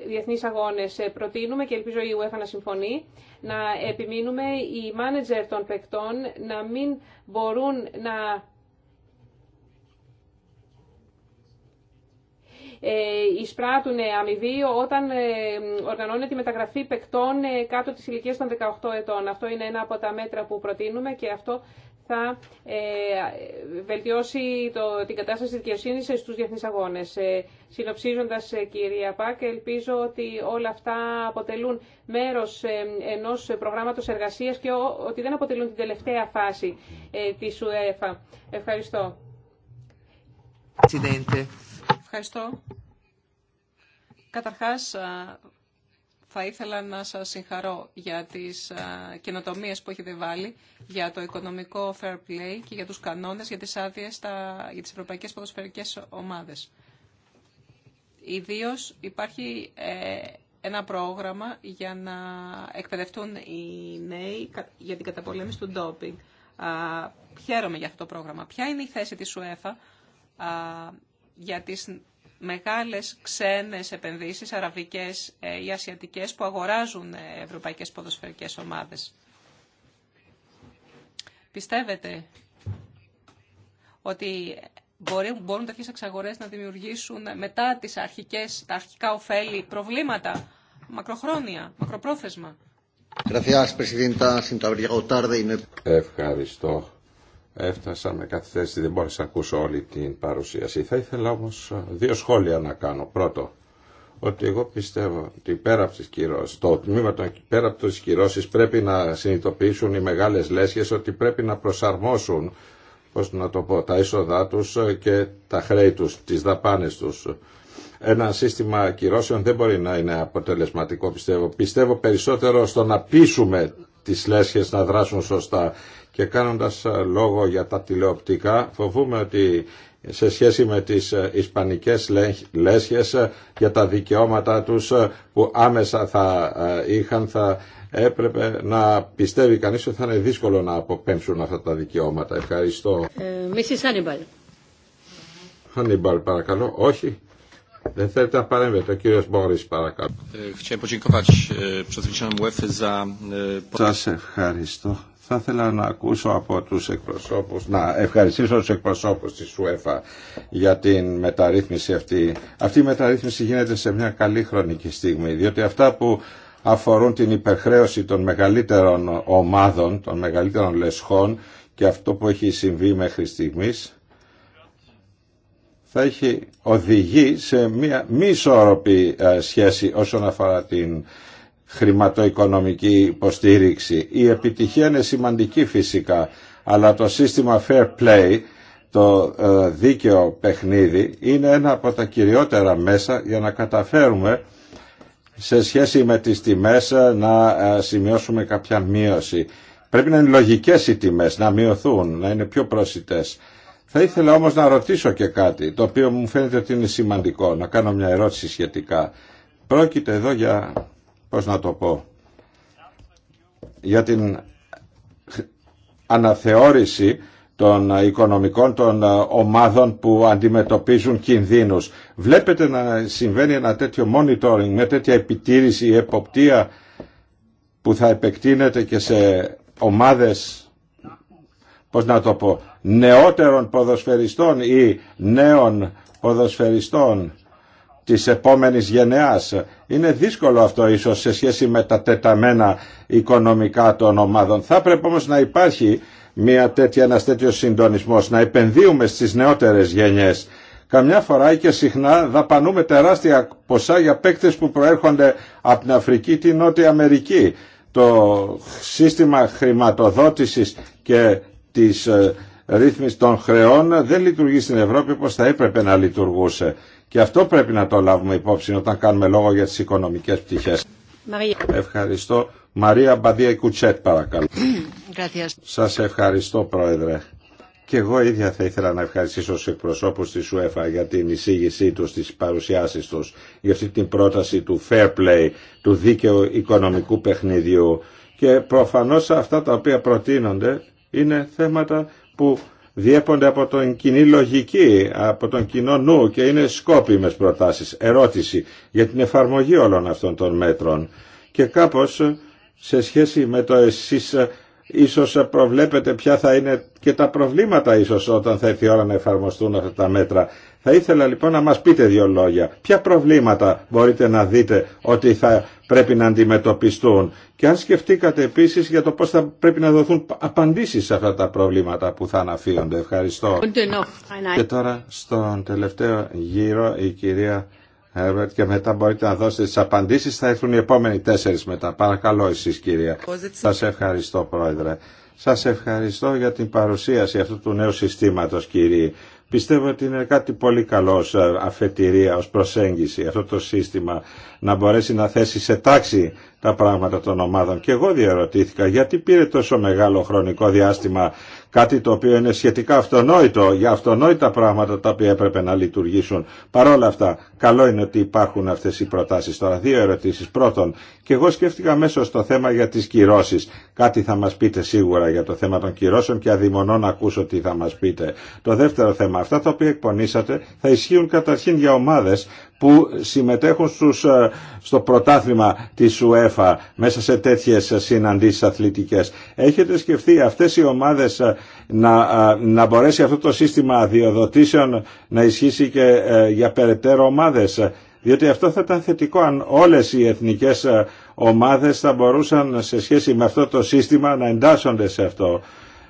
διεθνεί αγώνε. Προτείνουμε και ελπίζω η UEFA να συμφωνεί να επιμείνουμε οι μάνετζερ των παικτών να μην μπορούν να Ε, εισπράττουν αμοιβή όταν ε, οργανώνεται η μεταγραφή παικτών ε, κάτω της ηλικίας των 18 ετών. Αυτό είναι ένα από τα μέτρα που προτείνουμε και αυτό θα βελτιώσει την κατάσταση της δικαιοσύνης στους διεθνείς αγώνες. Ε, συνοψίζοντας, κυρία Πακ, ελπίζω ότι όλα αυτά αποτελούν μέρος ενός προγράμματος εργασίας και ότι δεν αποτελούν την τελευταία φάση της ΟΕΦΑ. Ευχαριστώ. Ευχαριστώ. Καταρχάς, θα ήθελα να σας συγχαρώ για τις καινοτομίε που έχετε βάλει, για το οικονομικό fair play και για τους κανόνες για τις άδειες στα, για τις ευρωπαϊκές ποδοσφαιρικές ομάδες. Ιδίως υπάρχει ε, ένα πρόγραμμα για να εκπαιδευτούν οι νέοι για την καταπολέμηση του ντόπινγκ. Χαίρομαι για αυτό το πρόγραμμα. Ποια είναι η θέση της ΣΟΕΦΑ για τις μεγάλες ξένες επενδύσεις, αραβικές ε, ή ασιατικές, που αγοράζουν ε, ευρωπαϊκές ποδοσφαιρικές ομάδες. Πιστεύετε ότι μπορούν, μπορούν τέτοιες εξαγορές να δημιουργήσουν ε, μετά τις αρχικές, τα αρχικά ωφέλη προβλήματα, μακροχρόνια, μακροπρόθεσμα. Ευχαριστώ. Έφτασα με καθυστέρηση, δεν μπόρεσα να ακούσω όλη την παρουσίαση. Θα ήθελα όμω δύο σχόλια να κάνω. Πρώτο, ότι εγώ πιστεύω ότι πέρα από τις κυρώσεις, το τμήμα των πέρα από πρέπει να συνειδητοποιήσουν οι μεγάλες λέσχες ότι πρέπει να προσαρμόσουν πώς να το πω, τα είσοδά τους και τα χρέη τους, τις δαπάνες τους. Ένα σύστημα κυρώσεων δεν μπορεί να είναι αποτελεσματικό πιστεύω. Πιστεύω περισσότερο στο να πείσουμε τις λέσχες να δράσουν σωστά και κάνοντας ε, λόγο για τα τηλεοπτικά φοβούμε ότι σε σχέση με τις ε, ισπανικές λέσχες ε, για τα δικαιώματα τους που άμεσα θα είχαν θα έπρεπε να πιστεύει κανείς ότι θα είναι δύσκολο να αποπέμψουν αυτά τα δικαιώματα. Ευχαριστώ. Μισή Χάνιμπαλ. Χάνιμπαλ παρακαλώ. Όχι. Δεν θέλετε να παρέμβετε. Ο κύριος Μπόρις παρακαλώ. Σας ευχαριστώ θα ήθελα να ακούσω από τους εκπροσώπους, να ευχαριστήσω τους εκπροσώπους της ΣΟΕΦΑ για την μεταρρύθμιση αυτή. Αυτή η μεταρρύθμιση γίνεται σε μια καλή χρονική στιγμή, διότι αυτά που αφορούν την υπερχρέωση των μεγαλύτερων ομάδων, των μεγαλύτερων λεσχών και αυτό που έχει συμβεί μέχρι στιγμής, θα έχει οδηγεί σε μια μη ε, σχέση όσον αφορά την χρηματοοικονομική υποστήριξη. Η επιτυχία είναι σημαντική φυσικά, αλλά το σύστημα fair play, το ε, δίκαιο παιχνίδι, είναι ένα από τα κυριότερα μέσα για να καταφέρουμε σε σχέση με τις τιμές ε, να ε, σημειώσουμε κάποια μείωση. Πρέπει να είναι λογικές οι τιμές, να μειωθούν, να είναι πιο προσιτές. Θα ήθελα όμως να ρωτήσω και κάτι, το οποίο μου φαίνεται ότι είναι σημαντικό, να κάνω μια ερώτηση σχετικά. Πρόκειται εδώ για πώς να το πω, για την αναθεώρηση των οικονομικών των ομάδων που αντιμετωπίζουν κινδύνους. Βλέπετε να συμβαίνει ένα τέτοιο monitoring, μια τέτοια επιτήρηση ή εποπτεία που θα επεκτείνεται και σε ομάδες, πώς να το πω, νεότερων ποδοσφαιριστών ή νέων ποδοσφαιριστών της επόμενης γενεάς. Είναι δύσκολο αυτό ίσως σε σχέση με τα τεταμένα οικονομικά των ομάδων. Θα πρέπει όμως να υπάρχει μια τέτοια, ένας τέτοιος συντονισμός, να επενδύουμε στις νεότερες γενιές. Καμιά φορά και συχνά δαπανούμε τεράστια ποσά για παίκτες που προέρχονται από την Αφρική, την Νότια Αμερική. Το σύστημα χρηματοδότησης και της ε, ρύθμισης των χρεών δεν λειτουργεί στην Ευρώπη όπως θα έπρεπε να λειτουργούσε. Και αυτό πρέπει να το λάβουμε υπόψη όταν κάνουμε λόγο για τις οικονομικές πτυχές. Μαρία. Ευχαριστώ. Μαρία Μπαδία Κουτσέτ παρακαλώ. Σας ευχαριστώ Πρόεδρε. Και εγώ ίδια θα ήθελα να ευχαριστήσω τους εκπροσώπους της UEFA για την εισήγησή τους, τις παρουσιάσεις τους, για αυτή την πρόταση του fair play, του δίκαιου οικονομικού παιχνιδιού. Και προφανώς αυτά τα οποία προτείνονται είναι θέματα που διέπονται από τον κοινή λογική, από τον κοινό νου και είναι σκόπιμες προτάσεις. Ερώτηση για την εφαρμογή όλων αυτών των μέτρων. Και κάπως σε σχέση με το εσείς ίσως προβλέπετε ποια θα είναι και τα προβλήματα ίσως όταν θα έρθει η ώρα να εφαρμοστούν αυτά τα μέτρα. Θα ήθελα λοιπόν να μας πείτε δύο λόγια. Ποια προβλήματα μπορείτε να δείτε ότι θα πρέπει να αντιμετωπιστούν και αν σκεφτήκατε επίσης για το πώς θα πρέπει να δοθούν απαντήσεις σε αυτά τα προβλήματα που θα αναφύονται. Ευχαριστώ. Και τώρα στον τελευταίο γύρο η κυρία Herbert και μετά μπορείτε να δώσετε τις απαντήσεις. Θα έρθουν οι επόμενοι τέσσερις μετά. Παρακαλώ εσείς κυρία. Σας ευχαριστώ πρόεδρε. Σας ευχαριστώ για την παρουσίαση αυτού του νέου συστήματος κύριε. Πιστεύω ότι είναι κάτι πολύ καλό ως ε, αφετηρία, ως προσέγγιση αυτό το σύστημα να μπορέσει να θέσει σε τάξη τα πράγματα των ομάδων. Και εγώ διαρωτήθηκα γιατί πήρε τόσο μεγάλο χρονικό διάστημα Κάτι το οποίο είναι σχετικά αυτονόητο για αυτονόητα πράγματα τα οποία έπρεπε να λειτουργήσουν. Παρ' όλα αυτά, καλό είναι ότι υπάρχουν αυτέ οι προτάσει. Τώρα, δύο ερωτήσει. Πρώτον, και εγώ σκέφτηκα μέσω στο θέμα για τι κυρώσει. Κάτι θα μα πείτε σίγουρα για το θέμα των κυρώσεων και αδειμονώ να ακούσω τι θα μα πείτε. Το δεύτερο θέμα, αυτά τα οποία εκπονήσατε θα ισχύουν καταρχήν για ομάδε που συμμετέχουν ε, στο πρωτάθλημα της UEFA μέσα σε τέτοιες συναντήσεις αθλητικές. Έχετε σκεφτεί αυτές οι ομάδες ε, να, ε, να μπορέσει αυτό το σύστημα αδειοδοτήσεων να ισχύσει και για περαιτέρω ομάδες. Διότι αυτό θα ήταν θετικό αν όλες οι εθνικές ομάδες θα μπορούσαν σε σχέση με αυτό το σύστημα να εντάσσονται σε αυτό.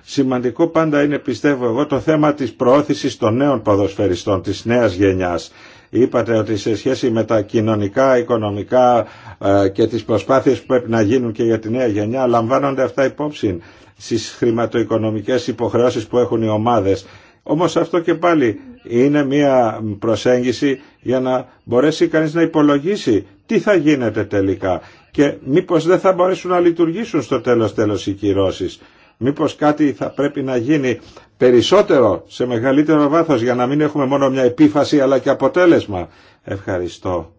Σημαντικό πάντα είναι πιστεύω εγώ το θέμα της προώθησης των νέων ποδοσφαιριστών, της νέας γενιάς. Είπατε ότι σε σχέση με τα κοινωνικά, οικονομικά ε, και τις προσπάθειες που πρέπει να γίνουν και για τη νέα γενιά, λαμβάνονται αυτά υπόψη στις χρηματοοικονομικές υποχρεώσεις που έχουν οι ομάδες. Όμως αυτό και πάλι είναι μια προσέγγιση για να μπορέσει κανείς να υπολογίσει τι θα γίνεται τελικά και μήπως δεν θα μπορέσουν να λειτουργήσουν στο τέλος τέλος οι κυρώσεις. Μήπως κάτι θα πρέπει να γίνει περισσότερο, σε μεγαλύτερο βάθος, για να μην έχουμε μόνο μια επίφαση αλλά και αποτέλεσμα. Ευχαριστώ.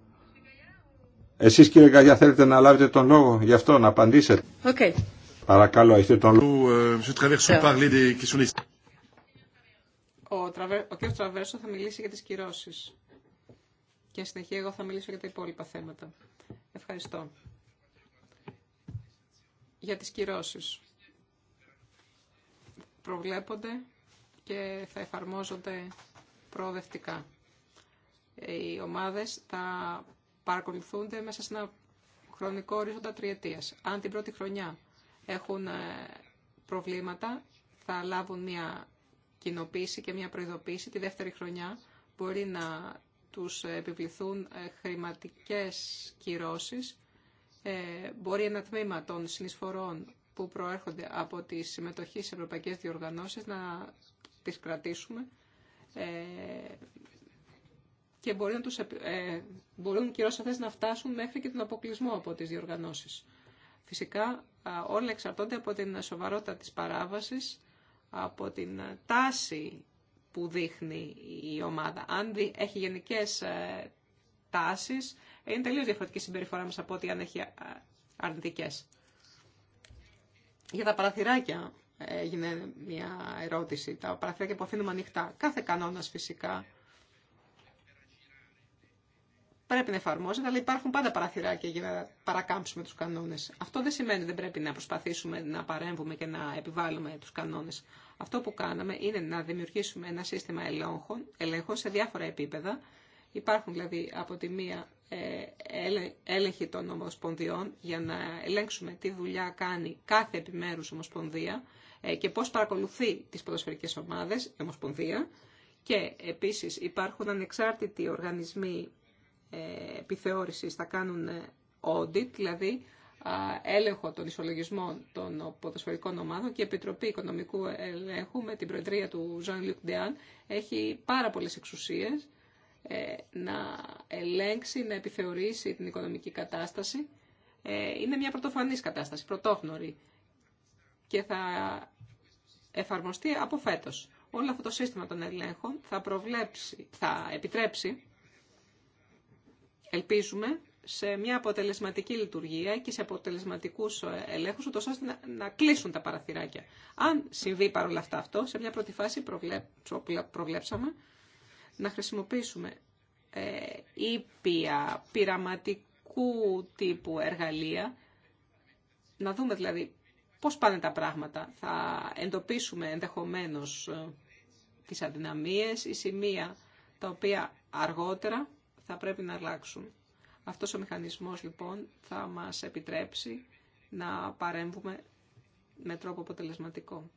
Εσείς κύριε Καγιά θέλετε να λάβετε τον λόγο γι' αυτό, να απαντήσετε. Okay. Παρακαλώ, έχετε τον λόγο. Euh, ο, τραβε... ο κ. Τραβέρσο θα μιλήσει για τις κυρώσεις. Και συνεχεία εγώ θα μιλήσω για τα υπόλοιπα θέματα. Ευχαριστώ. Για τις κυρώσεις προβλέπονται και θα εφαρμόζονται προοδευτικά. Οι ομάδες θα παρακολουθούνται μέσα σε ένα χρονικό ορίζοντα τριετίας. Αν την πρώτη χρονιά έχουν ε, προβλήματα, θα λάβουν μια κοινοποίηση και μια προειδοποίηση. Τη δεύτερη χρονιά μπορεί να τους επιβληθούν ε, χρηματικές κυρώσεις. Ε, μπορεί ένα τμήμα των συνεισφορών που προέρχονται από τη συμμετοχή σε ευρωπαϊκές διοργανώσεις να τις κρατήσουμε ε, και μπορεί να τους, ε, μπορούν κυρίως αυτές να φτάσουν μέχρι και τον αποκλεισμό από τις διοργανώσεις. Φυσικά όλα εξαρτώνται από την σοβαρότητα της παράβασης, από την τάση που δείχνει η ομάδα. Αν έχει γενικές ε, τάσεις, είναι τελείως διαφορετική συμπεριφορά μας από ό,τι αν έχει αρνητικές. Για τα παραθυράκια έγινε μια ερώτηση. Τα παραθυράκια που αφήνουμε ανοιχτά. Κάθε κανόνας φυσικά πρέπει να εφαρμόζεται, αλλά υπάρχουν πάντα παραθυράκια για να παρακάμψουμε τους κανόνες. Αυτό δεν σημαίνει ότι δεν πρέπει να προσπαθήσουμε να παρέμβουμε και να επιβάλλουμε τους κανόνες. Αυτό που κάναμε είναι να δημιουργήσουμε ένα σύστημα ελέγχων, ελέγχων σε διάφορα επίπεδα. Υπάρχουν δηλαδή από τη μία ε, έλεγχη των ομοσπονδιών για να ελέγξουμε τι δουλειά κάνει κάθε επιμέρους ομοσπονδία ε, και πώς παρακολουθεί τις ποδοσφαιρικές ομάδες ομοσπονδία και επίσης υπάρχουν ανεξάρτητοι οργανισμοί ε, επιθεώρησης, θα κάνουν audit, δηλαδή έλεγχο των ισολογισμών των ποδοσφαιρικών ομάδων και η Επιτροπή Οικονομικού Ελέγχου με την Προεδρία του Jean-Luc έχει πάρα πολλές εξουσίες να ελέγξει, να επιθεωρήσει την οικονομική κατάσταση. Ε, είναι μια πρωτοφανής κατάσταση, πρωτόγνωρη και θα εφαρμοστεί από φέτος. Όλο αυτό το σύστημα των ελέγχων θα, προβλέψει, θα επιτρέψει, ελπίζουμε, σε μια αποτελεσματική λειτουργία και σε αποτελεσματικού ε, ελέγχους, ούτω ώστε να, να κλείσουν τα παραθυράκια. Αν συμβεί παρόλα αυτά αυτό, σε μια πρώτη φάση προβλέψαμε να χρησιμοποιήσουμε ε, ήπια, πειραματικού τύπου εργαλεία, να δούμε δηλαδή πώς πάνε τα πράγματα. Θα εντοπίσουμε ενδεχομένως ε, τις αδυναμίες, ή σημεία τα οποία αργότερα θα πρέπει να αλλάξουν. Αυτός ο μηχανισμός λοιπόν θα μας επιτρέψει να παρέμβουμε με τρόπο αποτελεσματικό.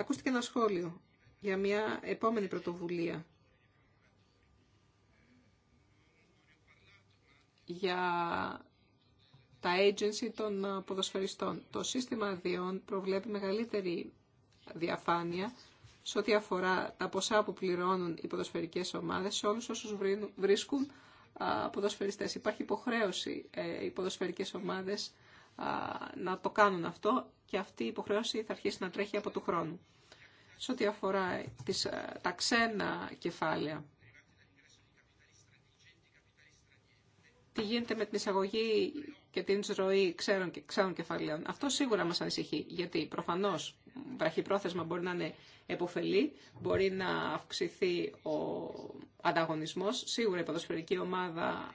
Ακούστηκε ένα σχόλιο για μια επόμενη πρωτοβουλία. για τα agency των ποδοσφαιριστών. Το σύστημα αδειών προβλέπει μεγαλύτερη διαφάνεια σε ό,τι αφορά τα ποσά που πληρώνουν οι ποδοσφαιρικές ομάδες σε όλους όσους βρίσκουν ποδοσφαιριστές. Υπάρχει υποχρέωση ε, οι ποδοσφαιρικές ομάδες να το κάνουν αυτό και αυτή η υποχρέωση θα αρχίσει να τρέχει από του χρόνου. Σε ό,τι αφορά τις, ε, τα ξένα κεφάλαια, τι γίνεται με την εισαγωγή και την ροή ξένων, ξένων κεφαλαίων. Αυτό σίγουρα μας ανησυχεί, γιατί προφανώς βραχυπρόθεσμα μπορεί να είναι επωφελή, μπορεί να αυξηθεί ο ανταγωνισμός. Σίγουρα η ποδοσφαιρική ομάδα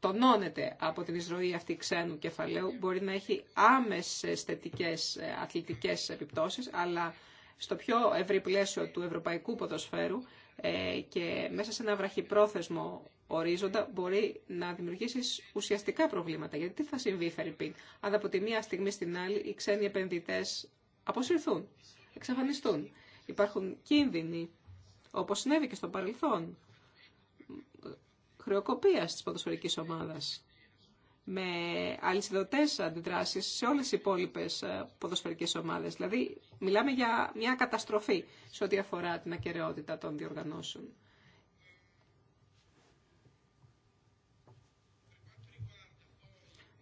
τονώνεται από την εισρωή αυτή ξένου κεφαλαίου, μπορεί να έχει άμεσες θετικές ε, αθλητικές επιπτώσεις, αλλά στο πιο ευρύ πλαίσιο του ευρωπαϊκού ποδοσφαίρου ε, και μέσα σε ένα βραχυπρόθεσμο ορίζοντα μπορεί να δημιουργήσει ουσιαστικά προβλήματα. Γιατί τι θα συμβεί, Φερρυπίν, αν από τη μία στιγμή στην άλλη οι ξένοι επενδυτέ αποσυρθούν, εξαφανιστούν. Υπάρχουν κίνδυνοι, όπω συνέβη και στο παρελθόν. Χρεοκοπία τη ποδοσφαιρικής ομάδα, με αλυσιδωτές αντιδράσεις σε όλες τι υπόλοιπε ε, ποδοσφαιρικές ομάδες. Δηλαδή, μιλάμε για μια καταστροφή σε ό,τι αφορά την ακαιρεότητα των διοργανώσεων.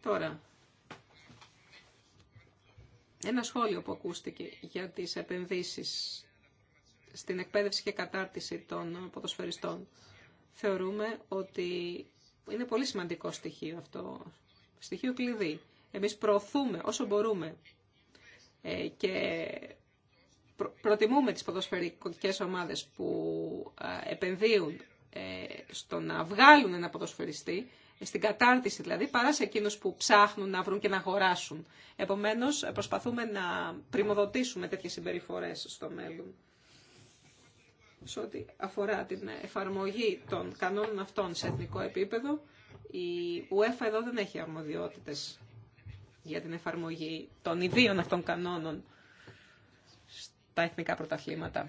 Τώρα, ένα σχόλιο που ακούστηκε για τις επενδύσεις στην εκπαίδευση και κατάρτιση των ποδοσφαιριστών θεωρούμε ότι είναι πολύ σημαντικό στοιχείο αυτό, στοιχείο κλειδί. Εμείς προωθούμε όσο μπορούμε ε, και προτιμούμε τις ποδοσφαιρικές ομάδες που ε, επενδύουν ε, στο να βγάλουν ένα ποδοσφαιριστή, στην κατάρτιση δηλαδή, παρά σε εκείνους που ψάχνουν να βρουν και να αγοράσουν. Επομένως, προσπαθούμε να πρημοδοτήσουμε τέτοιες συμπεριφορές στο μέλλον σε ό,τι αφορά την εφαρμογή των κανόνων αυτών σε εθνικό επίπεδο, η UEFA εδώ δεν έχει αρμοδιότητε για την εφαρμογή των ιδίων αυτών κανόνων στα εθνικά πρωταθλήματα.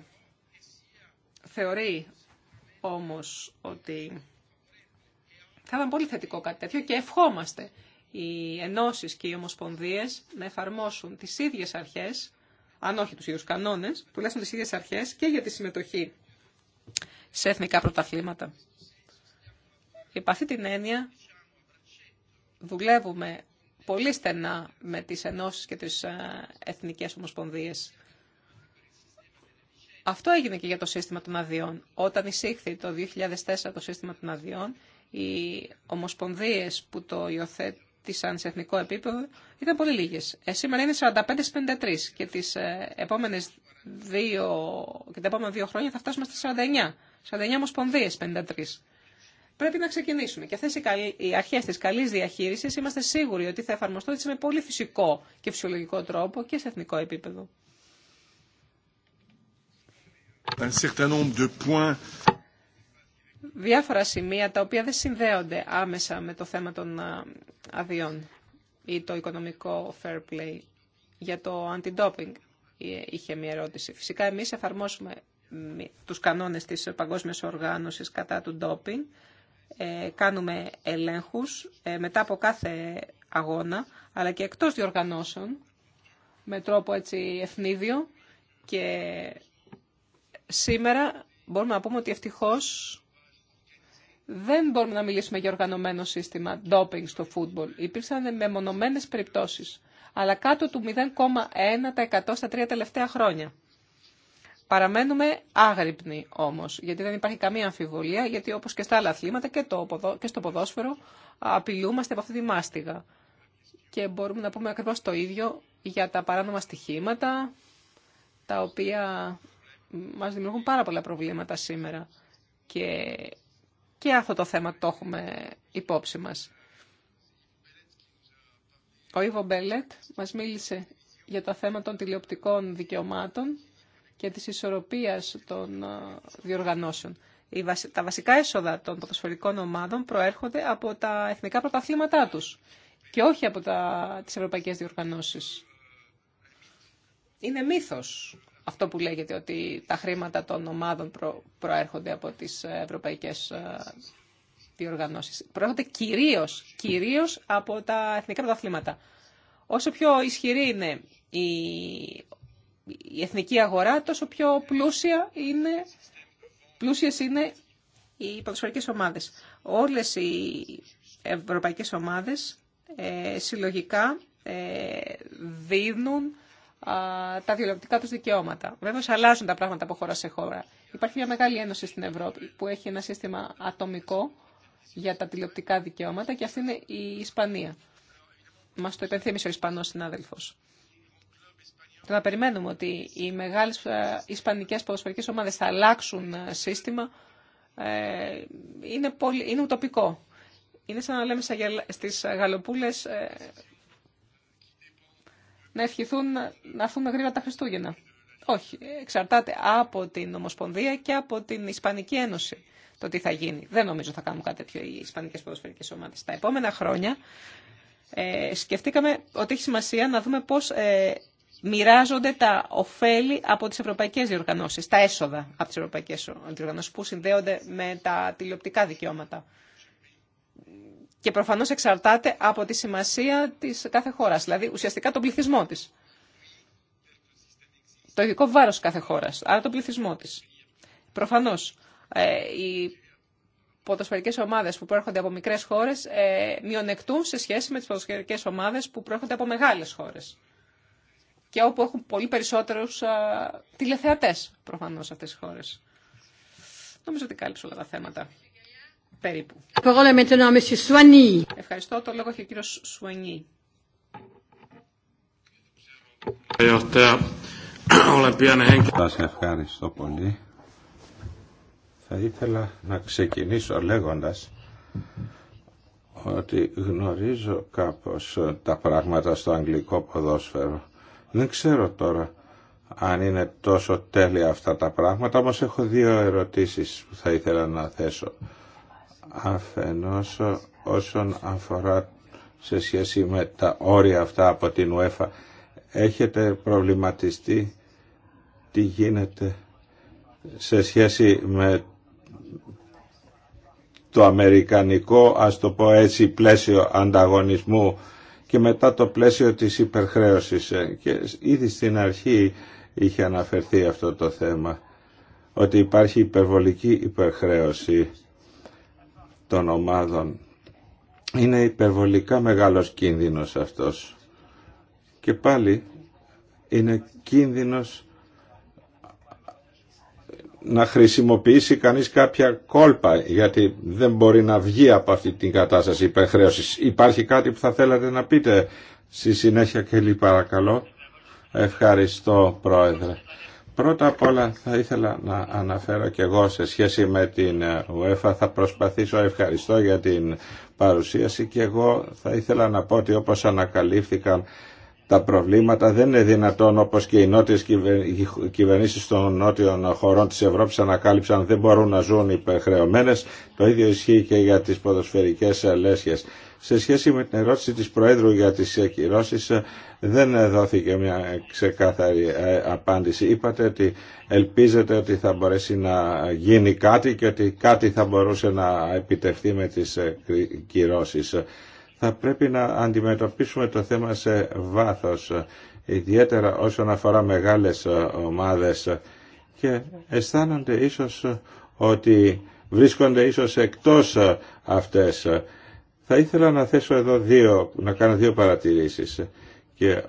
Θεωρεί όμως ότι θα ήταν πολύ θετικό κάτι τέτοιο και ευχόμαστε οι ενώσεις και οι ομοσπονδίες να εφαρμόσουν τις ίδιες αρχές αν όχι τους ίδιους κανόνες, τουλάχιστον τις ίδιε αρχές και για τη συμμετοχή σε εθνικά πρωταθλήματα. Υπ' αυτή την έννοια δουλεύουμε πολύ στενά με τις ενώσεις και τις ε, εθνικές ομοσπονδίες. Αυτό έγινε και για το σύστημα των αδειών. Όταν εισήχθη το 2004 το σύστημα των αδειών, οι ομοσπονδίες που το υιοθέτησαν σαν σε εθνικό επίπεδο ήταν πολύ λίγες. Ε, σήμερα είναι 45-53 και, τις ε, επόμενες δύο, και τα επόμενα δύο χρόνια θα φτάσουμε στα 49. 49 ομοσπονδίε 53. Πρέπει να ξεκινήσουμε. Και αυτέ οι αρχέ τη καλή διαχείριση είμαστε σίγουροι ότι θα εφαρμοστούν έτσι με πολύ φυσικό και φυσιολογικό τρόπο και σε εθνικό επίπεδο. Un certain nombre de points διάφορα σημεία τα οποία δεν συνδέονται άμεσα με το θέμα των αδειών ή το οικονομικό fair play. Για το anti-doping ε, είχε μια ερώτηση. Φυσικά εμείς εφαρμόσουμε τους κανόνες της Παγκόσμιας Οργάνωσης κατά του ντόπινγκ. Ε, κάνουμε ελέγχους ε, μετά από κάθε αγώνα, αλλά και εκτός διοργανώσεων, με τρόπο έτσι ευνίδιο. Και σήμερα μπορούμε να πούμε ότι ευτυχώς δεν μπορούμε να μιλήσουμε για οργανωμένο σύστημα ντόπινγκ στο φούτμπολ. Υπήρξαν μεμονωμένες περιπτώσεις, αλλά κάτω του 0,1% στα τρία τελευταία χρόνια. Παραμένουμε άγρυπνοι όμως, γιατί δεν υπάρχει καμία αμφιβολία, γιατί όπως και στα άλλα αθλήματα και, το, και στο ποδόσφαιρο απειλούμαστε από αυτή τη μάστιγα. Και μπορούμε να πούμε ακριβώς το ίδιο για τα παράνομα στοιχήματα, τα οποία μας δημιουργούν πάρα πολλά προβλήματα σήμερα. Και και αυτό το θέμα το έχουμε υπόψη μας. Ο Ιβο Μπέλετ μας μίλησε για το θέμα των τηλεοπτικών δικαιωμάτων και της ισορροπίας των ε, διοργανώσεων. Τα βασικά έσοδα των ποδοσφαιρικών ομάδων προέρχονται από τα εθνικά πρωταθλήματά τους και όχι από τα, τις ευρωπαϊκές διοργανώσεις. Είναι μύθος αυτό που λέγεται ότι τα χρήματα των ομάδων προέρχονται από τις ε, ευρωπαϊκές ε, διοργανώσεις. Προέρχονται κυρίως, κυρίως από τα εθνικά πρωταθλήματα. Όσο πιο ισχυρή είναι η, εθνική αγορά, τόσο πιο πλούσια είναι, πλούσιες είναι οι ποδοσφαιρικές ομάδες. Όλες οι ευρωπαϊκές ομάδες ε, συλλογικά ε, δίνουν τα τηλεοπτικά του δικαιώματα. Βέβαια, αλλάζουν τα πράγματα από χώρα σε χώρα. Υπάρχει μια μεγάλη ένωση στην Ευρώπη που έχει ένα σύστημα ατομικό για τα τηλεοπτικά δικαιώματα και αυτή είναι η Ισπανία. Μας το υπενθύμισε ο Ισπανός συνάδελφο. Το να περιμένουμε ότι οι μεγάλε ισπανικές ποδοσφαιρικέ ομάδε θα αλλάξουν σύστημα ε, είναι, πολύ, είναι ουτοπικό. Είναι σαν να λέμε στις γαλοπούλες ε, να ευχηθούν να έρθουν γρήγορα τα Χριστούγεννα. Όχι, εξαρτάται από την Ομοσπονδία και από την Ισπανική Ένωση το τι θα γίνει. Δεν νομίζω θα κάνουν κάτι τέτοιο οι Ισπανικέ ποδοσφαιρικέ ομάδε. Τα επόμενα χρόνια ε, σκεφτήκαμε ότι έχει σημασία να δούμε πώ ε, μοιράζονται τα ωφέλη από τι ευρωπαϊκέ διοργανώσει, τα έσοδα από τι ευρωπαϊκέ διοργανώσει που συνδέονται με τα τηλεοπτικά δικαιώματα και προφανώς εξαρτάται από τη σημασία της κάθε χώρας, δηλαδή ουσιαστικά τον πληθυσμό τη. Το ειδικό βάρος κάθε χώρας, άρα τον πληθυσμό της. Προφανώς, ε, οι ποδοσφαιρικέ ομάδες που προέρχονται από μικρές χώρες ε, μειονεκτούν σε σχέση με τις ποδοσφαιρικές ομάδες που προέρχονται από μεγάλες χώρες και όπου έχουν πολύ περισσότερου τηλεθεατέ, προφανώ αυτέ αυτές οι χώρες. Νομίζω ότι κάλυψε όλα τα θέματα περίπου. Ευχαριστώ. Το λόγο έχει ο κύριος Σουανί. Σας ευχαριστώ πολύ. Θα ήθελα να ξεκινήσω λέγοντας ότι γνωρίζω κάπως τα πράγματα στο αγγλικό ποδόσφαιρο. Δεν ξέρω τώρα αν είναι τόσο τέλεια αυτά τα πράγματα, όμως έχω δύο ερωτήσεις που θα ήθελα να θέσω αφενός όσον αφορά σε σχέση με τα όρια αυτά από την UEFA. Έχετε προβληματιστεί τι γίνεται σε σχέση με το αμερικανικό, ας το πω έτσι, πλαίσιο ανταγωνισμού και μετά το πλαίσιο της υπερχρέωσης. Ε, και ήδη στην αρχή είχε αναφερθεί αυτό το θέμα, ότι υπάρχει υπερβολική υπερχρέωση των ομάδων. Είναι υπερβολικά μεγάλος κίνδυνος αυτός. Και πάλι είναι κίνδυνος να χρησιμοποιήσει κανείς κάποια κόλπα γιατί δεν μπορεί να βγει από αυτή την κατάσταση υπερχρέωσης. Υπάρχει κάτι που θα θέλατε να πείτε στη συνέχεια και παρακαλώ. Ευχαριστώ Πρόεδρε. Πρώτα απ' όλα θα ήθελα να αναφέρω και εγώ σε σχέση με την ΟΕΦΑ, θα προσπαθήσω ευχαριστώ για την παρουσίαση και εγώ θα ήθελα να πω ότι όπως ανακαλύφθηκαν τα προβλήματα δεν είναι δυνατόν όπως και οι νότιες κυβερνήσεις των νότιων χωρών της Ευρώπης ανακάλυψαν δεν μπορούν να ζουν υπερχρεωμένες. Το ίδιο ισχύει και για τις ποδοσφαιρικές λέσχες. Σε σχέση με την ερώτηση της Προέδρου για τις ακυρώσεις ε, δεν δόθηκε μια ξεκάθαρη ε, απάντηση. Είπατε ότι ελπίζετε ότι θα μπορέσει να γίνει κάτι και ότι κάτι θα μπορούσε να επιτευχθεί με τις ε, κυρώσεις. Θα πρέπει να αντιμετωπίσουμε το θέμα σε βάθος, ιδιαίτερα όσον αφορά μεγάλες ομάδες και αισθάνονται ίσως ότι βρίσκονται ίσως εκτός αυτές θα ήθελα να θέσω εδώ δύο, να κάνω δύο παρατηρήσεις και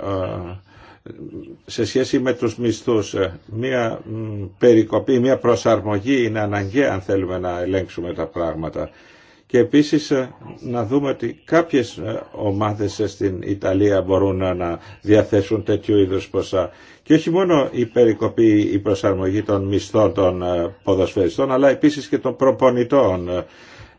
σε σχέση με τους μισθούς ε, μία περικοπή, μία προσαρμογή είναι αναγκαία αν θέλουμε να ελέγξουμε τα πράγματα και επίσης ε, να δούμε ότι κάποιες ε, ομάδες στην Ιταλία μπορούν να διαθέσουν τέτοιου είδους ποσά και όχι μόνο η περικοπή, η προσαρμογή των μισθών των ποδοσφαιριστών αλλά επίσης και των προπονητών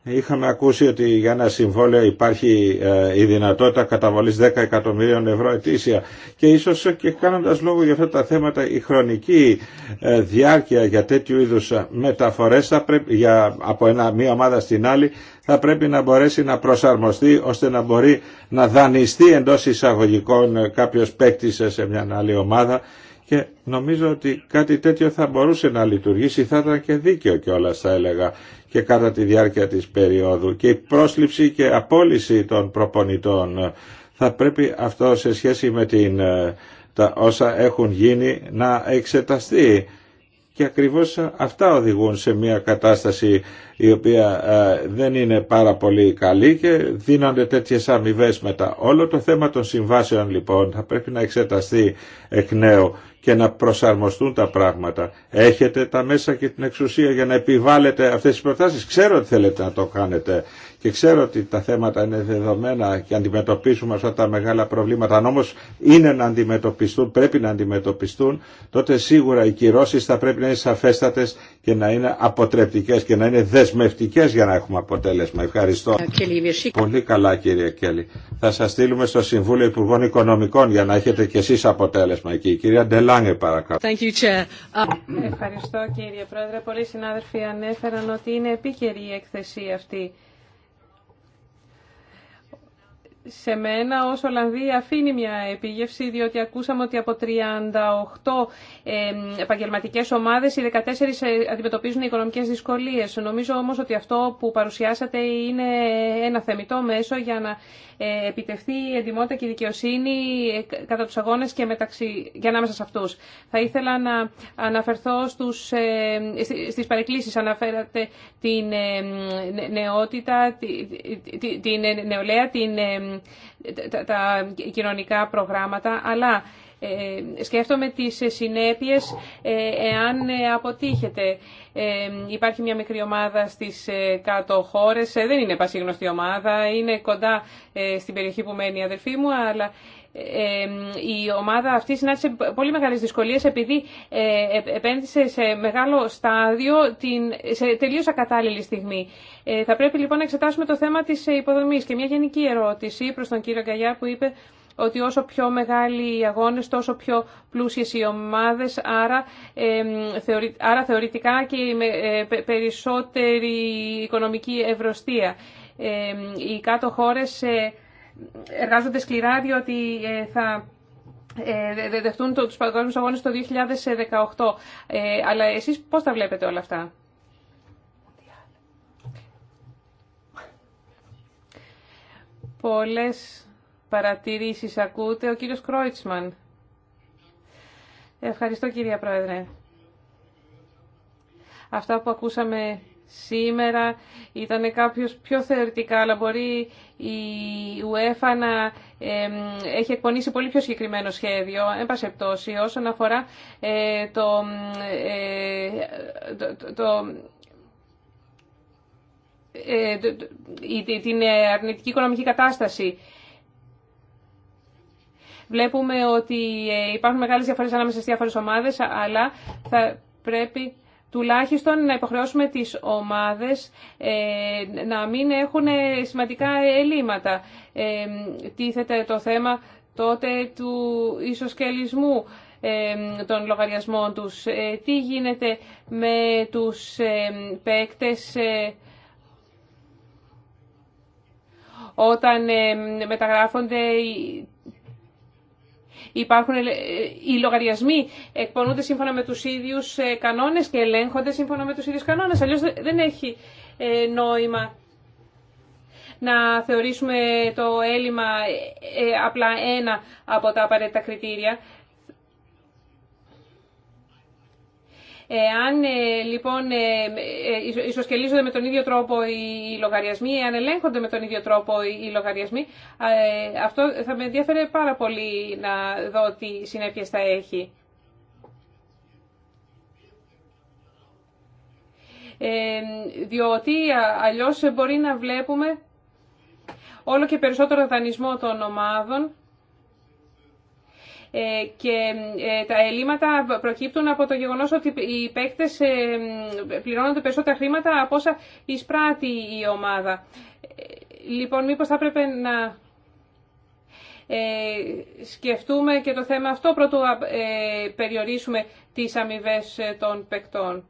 Είχαμε ακούσει ότι για ένα συμβόλαιο υπάρχει ε, η δυνατότητα καταβολής 10 εκατομμυρίων ευρώ ετήσια και ίσως και κάνοντας λόγο για αυτά τα θέματα η χρονική ε, διάρκεια για τέτοιου είδους ε, μεταφορές για, από ένα, μία ομάδα στην άλλη θα πρέπει να μπορέσει να προσαρμοστεί ώστε να μπορεί να δανειστεί εντός εισαγωγικών κάποιος παίκτη σε μια άλλη ομάδα και νομίζω ότι κάτι τέτοιο θα μπορούσε να λειτουργήσει, θα ήταν και δίκαιο κιόλας θα έλεγα και κατά τη διάρκεια της περίοδου και η πρόσληψη και απόλυση των προπονητών. Θα πρέπει αυτό σε σχέση με την, ε, τα όσα έχουν γίνει να εξεταστεί. Και ακριβώς αυτά οδηγούν σε μια κατάσταση η οποία ε, δεν είναι πάρα πολύ καλή και δίνονται τέτοιες αμοιβέ μετά. Όλο το θέμα των συμβάσεων λοιπόν θα πρέπει να εξεταστεί εκ νέου και να προσαρμοστούν τα πράγματα. Έχετε τα μέσα και την εξουσία για να επιβάλλετε αυτές τις προτάσεις. Ξέρω ότι θέλετε να το κάνετε και ξέρω ότι τα θέματα είναι δεδομένα και αντιμετωπίσουμε αυτά τα μεγάλα προβλήματα. Αν όμως είναι να αντιμετωπιστούν, πρέπει να αντιμετωπιστούν, τότε σίγουρα οι κυρώσεις θα πρέπει να είναι σαφέστατες και να είναι αποτρεπτικές και να είναι δεσμευτικές για να έχουμε αποτέλεσμα. Ευχαριστώ. Ε, Πολύ καλά κύριε Κέλλη. Θα σας στείλουμε στο Συμβούλιο Υπουργών Οικονομικών για να έχετε κι εσείς αποτέλεσμα Κυρία Ντελά, Thank you, Chair. Uh, Ευχαριστώ κύριε Πρόεδρε. Πολλοί συνάδελφοι ανέφεραν ότι είναι επίκαιρη η έκθεση αυτή. Σε μένα ως Ολλανδία αφήνει μια επίγευση διότι ακούσαμε ότι από 38 επαγγελματικές ομάδες οι 14 ε, αντιμετωπίζουν οικονομικές δυσκολίες. Νομίζω όμως ότι αυτό που παρουσιάσατε είναι ένα θεμητό μέσο για να ε, Επιτευθεί η εντυμότητα και η δικαιοσύνη ε, κατά τους αγώνες και, μεταξύ, και ανάμεσα σε αυτούς. Θα ήθελα να αναφερθώ στους, ε, στις παρεκκλήσεις. Αναφέρατε την νεότητα, την νεολαία, την, τα, τα κοινωνικά προγράμματα, αλλά ε, σκέφτομαι τις συνέπειες ε, εάν ε, αποτύχετε. Υπάρχει μια μικρή ομάδα στις κάτω χώρες, δεν είναι πασίγνωστη ομάδα, είναι κοντά στην περιοχή που μένει η αδερφή μου, αλλά η ομάδα αυτή συνάντησε πολύ μεγάλες δυσκολίες επειδή επένδυσε σε μεγάλο στάδιο σε τελείως ακατάλληλη στιγμή. Θα πρέπει λοιπόν να εξετάσουμε το θέμα της υποδομής και μια γενική ερώτηση προς τον κύριο Γκαγιά που είπε ότι όσο πιο μεγάλοι οι αγώνες, τόσο πιο πλούσιες οι ομάδες, άρα, άρα θεωρητικά και ε, περισσότερη οικονομική ευρωστία. οι κάτω χώρες ε, εργάζονται σκληρά διότι ε, θα ε, δεχτούν τους παγκόσμιους αγώνες το 2018. Αλλά εσείς πώς τα βλέπετε όλα αυτά. Πολλές παρατηρήσεις ακούτε. Ο κύριος Κρόιτσμαν. Ευχαριστώ κυρία Πρόεδρε. Αυτά που ακούσαμε σήμερα ήταν κάποιος πιο θεωρητικά, αλλά μπορεί η UEFA να έχει εκπονήσει πολύ πιο συγκεκριμένο σχέδιο, πτώση όσον αφορά ε, ε, το, το, ε, την αρνητική οικονομική κατάσταση Βλέπουμε ότι ε, υπάρχουν μεγάλες διαφορές ανάμεσα στις διάφορες ομάδες, αλλά θα πρέπει τουλάχιστον να υποχρεώσουμε τις ομάδες ε, να μην έχουν ε, σημαντικά ελλείμματα. Τίθεται το θέμα τότε του ισοσκελισμού των λογαριασμών τους. Τι γίνεται με τους παίκτες όταν μεταγράφονται Υπάρχουν ε, οι λογαριασμοί εκπονούνται σύμφωνα με τους ίδιους ε, κανόνες και ελέγχονται σύμφωνα με τους ίδιους κανόνες. Αλλιώς δεν έχει ε, νόημα να θεωρήσουμε το έλλειμμα απλά ένα από τα απαραίτητα κριτήρια. Εάν ε, λοιπόν ε, ε, ισοσκελίζονται με τον ίδιο τρόπο οι λογαριασμοί, εάν ελέγχονται με τον ίδιο τρόπο οι λογαριασμοί, αυτό θα με ενδιαφέρεται πάρα πολύ να δω τι συνέπειες θα έχει. διότι αλλιώς μπορεί να βλέπουμε όλο και περισσότερο δανεισμό των ομάδων ε, και ε, τα ελλείμματα προκύπτουν από το γεγονός ότι οι παίκτες ε, πληρώνονται περισσότερα χρήματα από όσα εισπράττει η ομάδα. Λοιπόν, μήπω θα έπρεπε να σκεφτούμε και το θέμα αυτό πρώτου περιορίσουμε τις αμοιβέ των παικτών.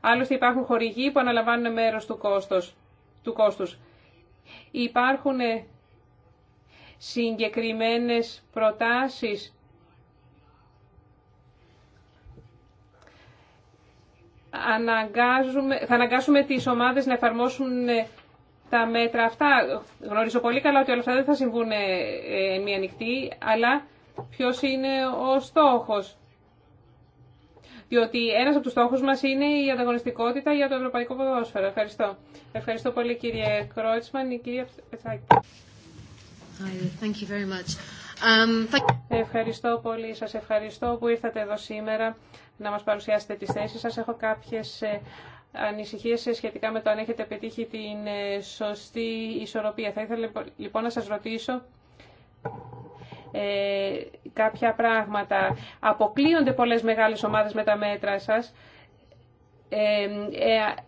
Άλλωστε υπάρχουν χορηγοί που αναλαμβάνουν μέρος του, κόστους του κόστους. Υπάρχουν συγκεκριμένες προτάσεις. Αναγκάζουμε, θα αναγκάσουμε τις ομάδες να εφαρμόσουν ε, τα μέτρα αυτά. Γνωρίζω πολύ καλά ότι όλα αυτά δεν θα συμβούν ε, ε, μία νυχτή, αλλά ποιος είναι ο στόχος. Διότι ένας από τους στόχους μας είναι η ανταγωνιστικότητα για το ευρωπαϊκό ποδόσφαιρο. Ευχαριστώ. Ευχαριστώ πολύ κύριε Κρότσμαν και κυρία Um, ευχαριστώ πολύ. Σας ευχαριστώ που ήρθατε εδώ σήμερα να μας παρουσιάσετε τις θέσεις σας. Έχω κάποιες ε, ανησυχίες σχετικά με το αν έχετε πετύχει την ε, σωστή ισορροπία. Θα ήθελα λοιπόν, λοιπόν να σας ρωτήσω ε, κάποια πράγματα. Αποκλείονται πολλές μεγάλες ομάδες με τα μέτρα σας ε,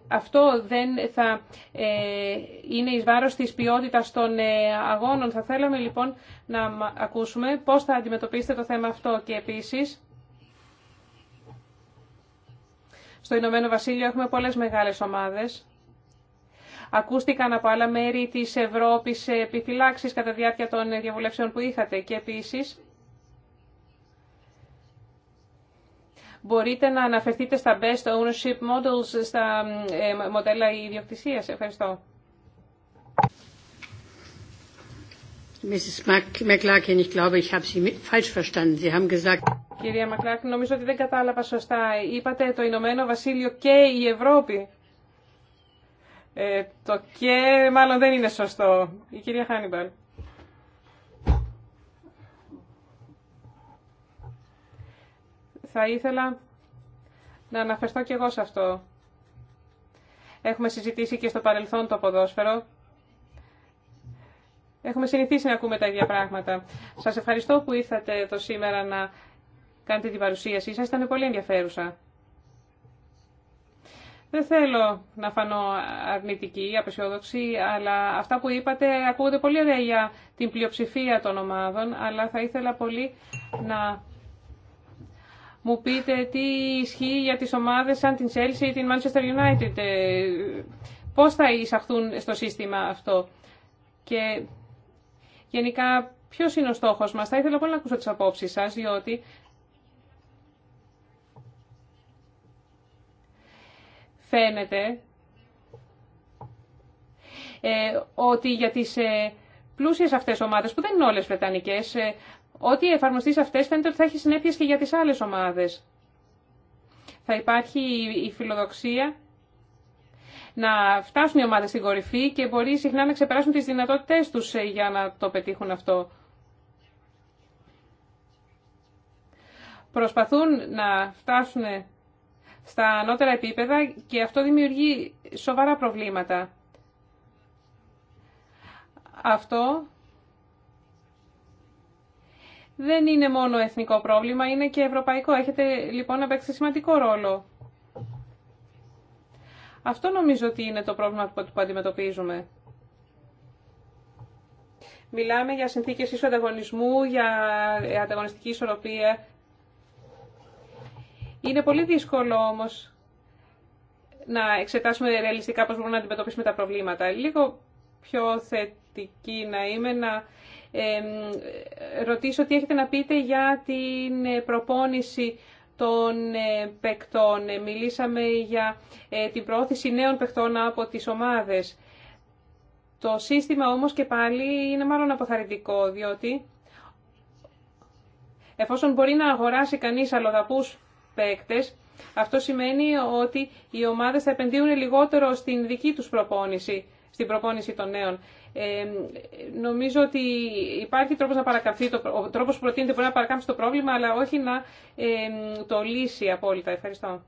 αυτό δεν θα ε, είναι εις βάρος της ποιότητας των ε, αγώνων. Θα θέλαμε λοιπόν να ακούσουμε πώς θα αντιμετωπίσετε το θέμα αυτό και επίσης στο Ηνωμένο Βασίλειο έχουμε πολλές μεγάλες ομάδες. Ακούστηκαν από άλλα μέρη της Ευρώπης επιφυλάξεις κατά διάρκεια των διαβουλεύσεων που είχατε και επίσης μπορείτε να αναφερθείτε στα best ownership models, στα ε, μοντέλα ιδιοκτησίας. Ευχαριστώ. Κυρία Μακλάκη, νομίζω ότι δεν κατάλαβα σωστά. Είπατε το Ηνωμένο Βασίλειο και η Ευρώπη. Ε, το και μάλλον δεν είναι σωστό. Η κυρία Χάνιμπαλ. θα ήθελα να αναφερθώ κι εγώ σε αυτό. Έχουμε συζητήσει και στο παρελθόν το ποδόσφαιρο. Έχουμε συνηθίσει να ακούμε τα ίδια πράγματα. Σας ευχαριστώ που ήρθατε το σήμερα να κάνετε την παρουσίασή σας. Ήταν πολύ ενδιαφέρουσα. Δεν θέλω να φανώ αρνητική ή απεσιόδοξη, αλλά αυτά που είπατε ακούγονται πολύ ωραία για την πλειοψηφία των ομάδων, αλλά θα ήθελα πολύ να μου πείτε τι ισχύει για τις ομάδες σαν την Chelsea ή την Manchester United. Ε, πώς θα εισαχθούν στο σύστημα αυτό. Και γενικά ποιος είναι ο στόχος μας. Θα ήθελα πολύ να ακούσω τις απόψεις σας, διότι φαίνεται ε, ότι για τις ε, πλούσιες αυτές ομάδες, που δεν είναι όλες βρετανικές, ότι εφαρμοστεί σε αυτές φαίνεται ότι θα έχει συνέπειες και για τις άλλες ομάδες. Θα υπάρχει η φιλοδοξία να φτάσουν οι ομάδες στην κορυφή και μπορεί συχνά να ξεπεράσουν τις δυνατότητές τους ε, για να το πετύχουν αυτό. Προσπαθούν να φτάσουν στα ανώτερα επίπεδα και αυτό δημιουργεί σοβαρά προβλήματα. Αυτό δεν είναι μόνο εθνικό πρόβλημα, είναι και ευρωπαϊκό. Έχετε λοιπόν να παίξετε σημαντικό ρόλο. Αυτό νομίζω ότι είναι το πρόβλημα που αντιμετωπίζουμε. Μιλάμε για συνθήκες ίσου ανταγωνισμού, για ε, ανταγωνιστική ισορροπία. Είναι πολύ δύσκολο όμως να εξετάσουμε ρεαλιστικά πώς μπορούμε να αντιμετωπίσουμε τα προβλήματα. Λίγο πιο θετική να είμαι να ρωτήσω τι έχετε να πείτε για την ε, προπόνηση των ε, παικτών. Ε, μιλήσαμε για την προώθηση νέων παικτών από τις ομάδες. Το σύστημα όμως και πάλι είναι μάλλον αποθαρρυντικό, διότι εφόσον μπορεί να αγοράσει κανείς αλλοδαπούς παίκτες, αυτό σημαίνει ότι οι ομάδες θα επενδύουν λιγότερο στην δική τους προπόνηση, στην προπόνηση των νέων νομίζω ότι υπάρχει τρόπος να παρακαμφθεί, το, ο τρόπος που προτείνεται μπορεί να παρακάμψει το πρόβλημα, αλλά όχι να το λύσει απόλυτα. Ευχαριστώ.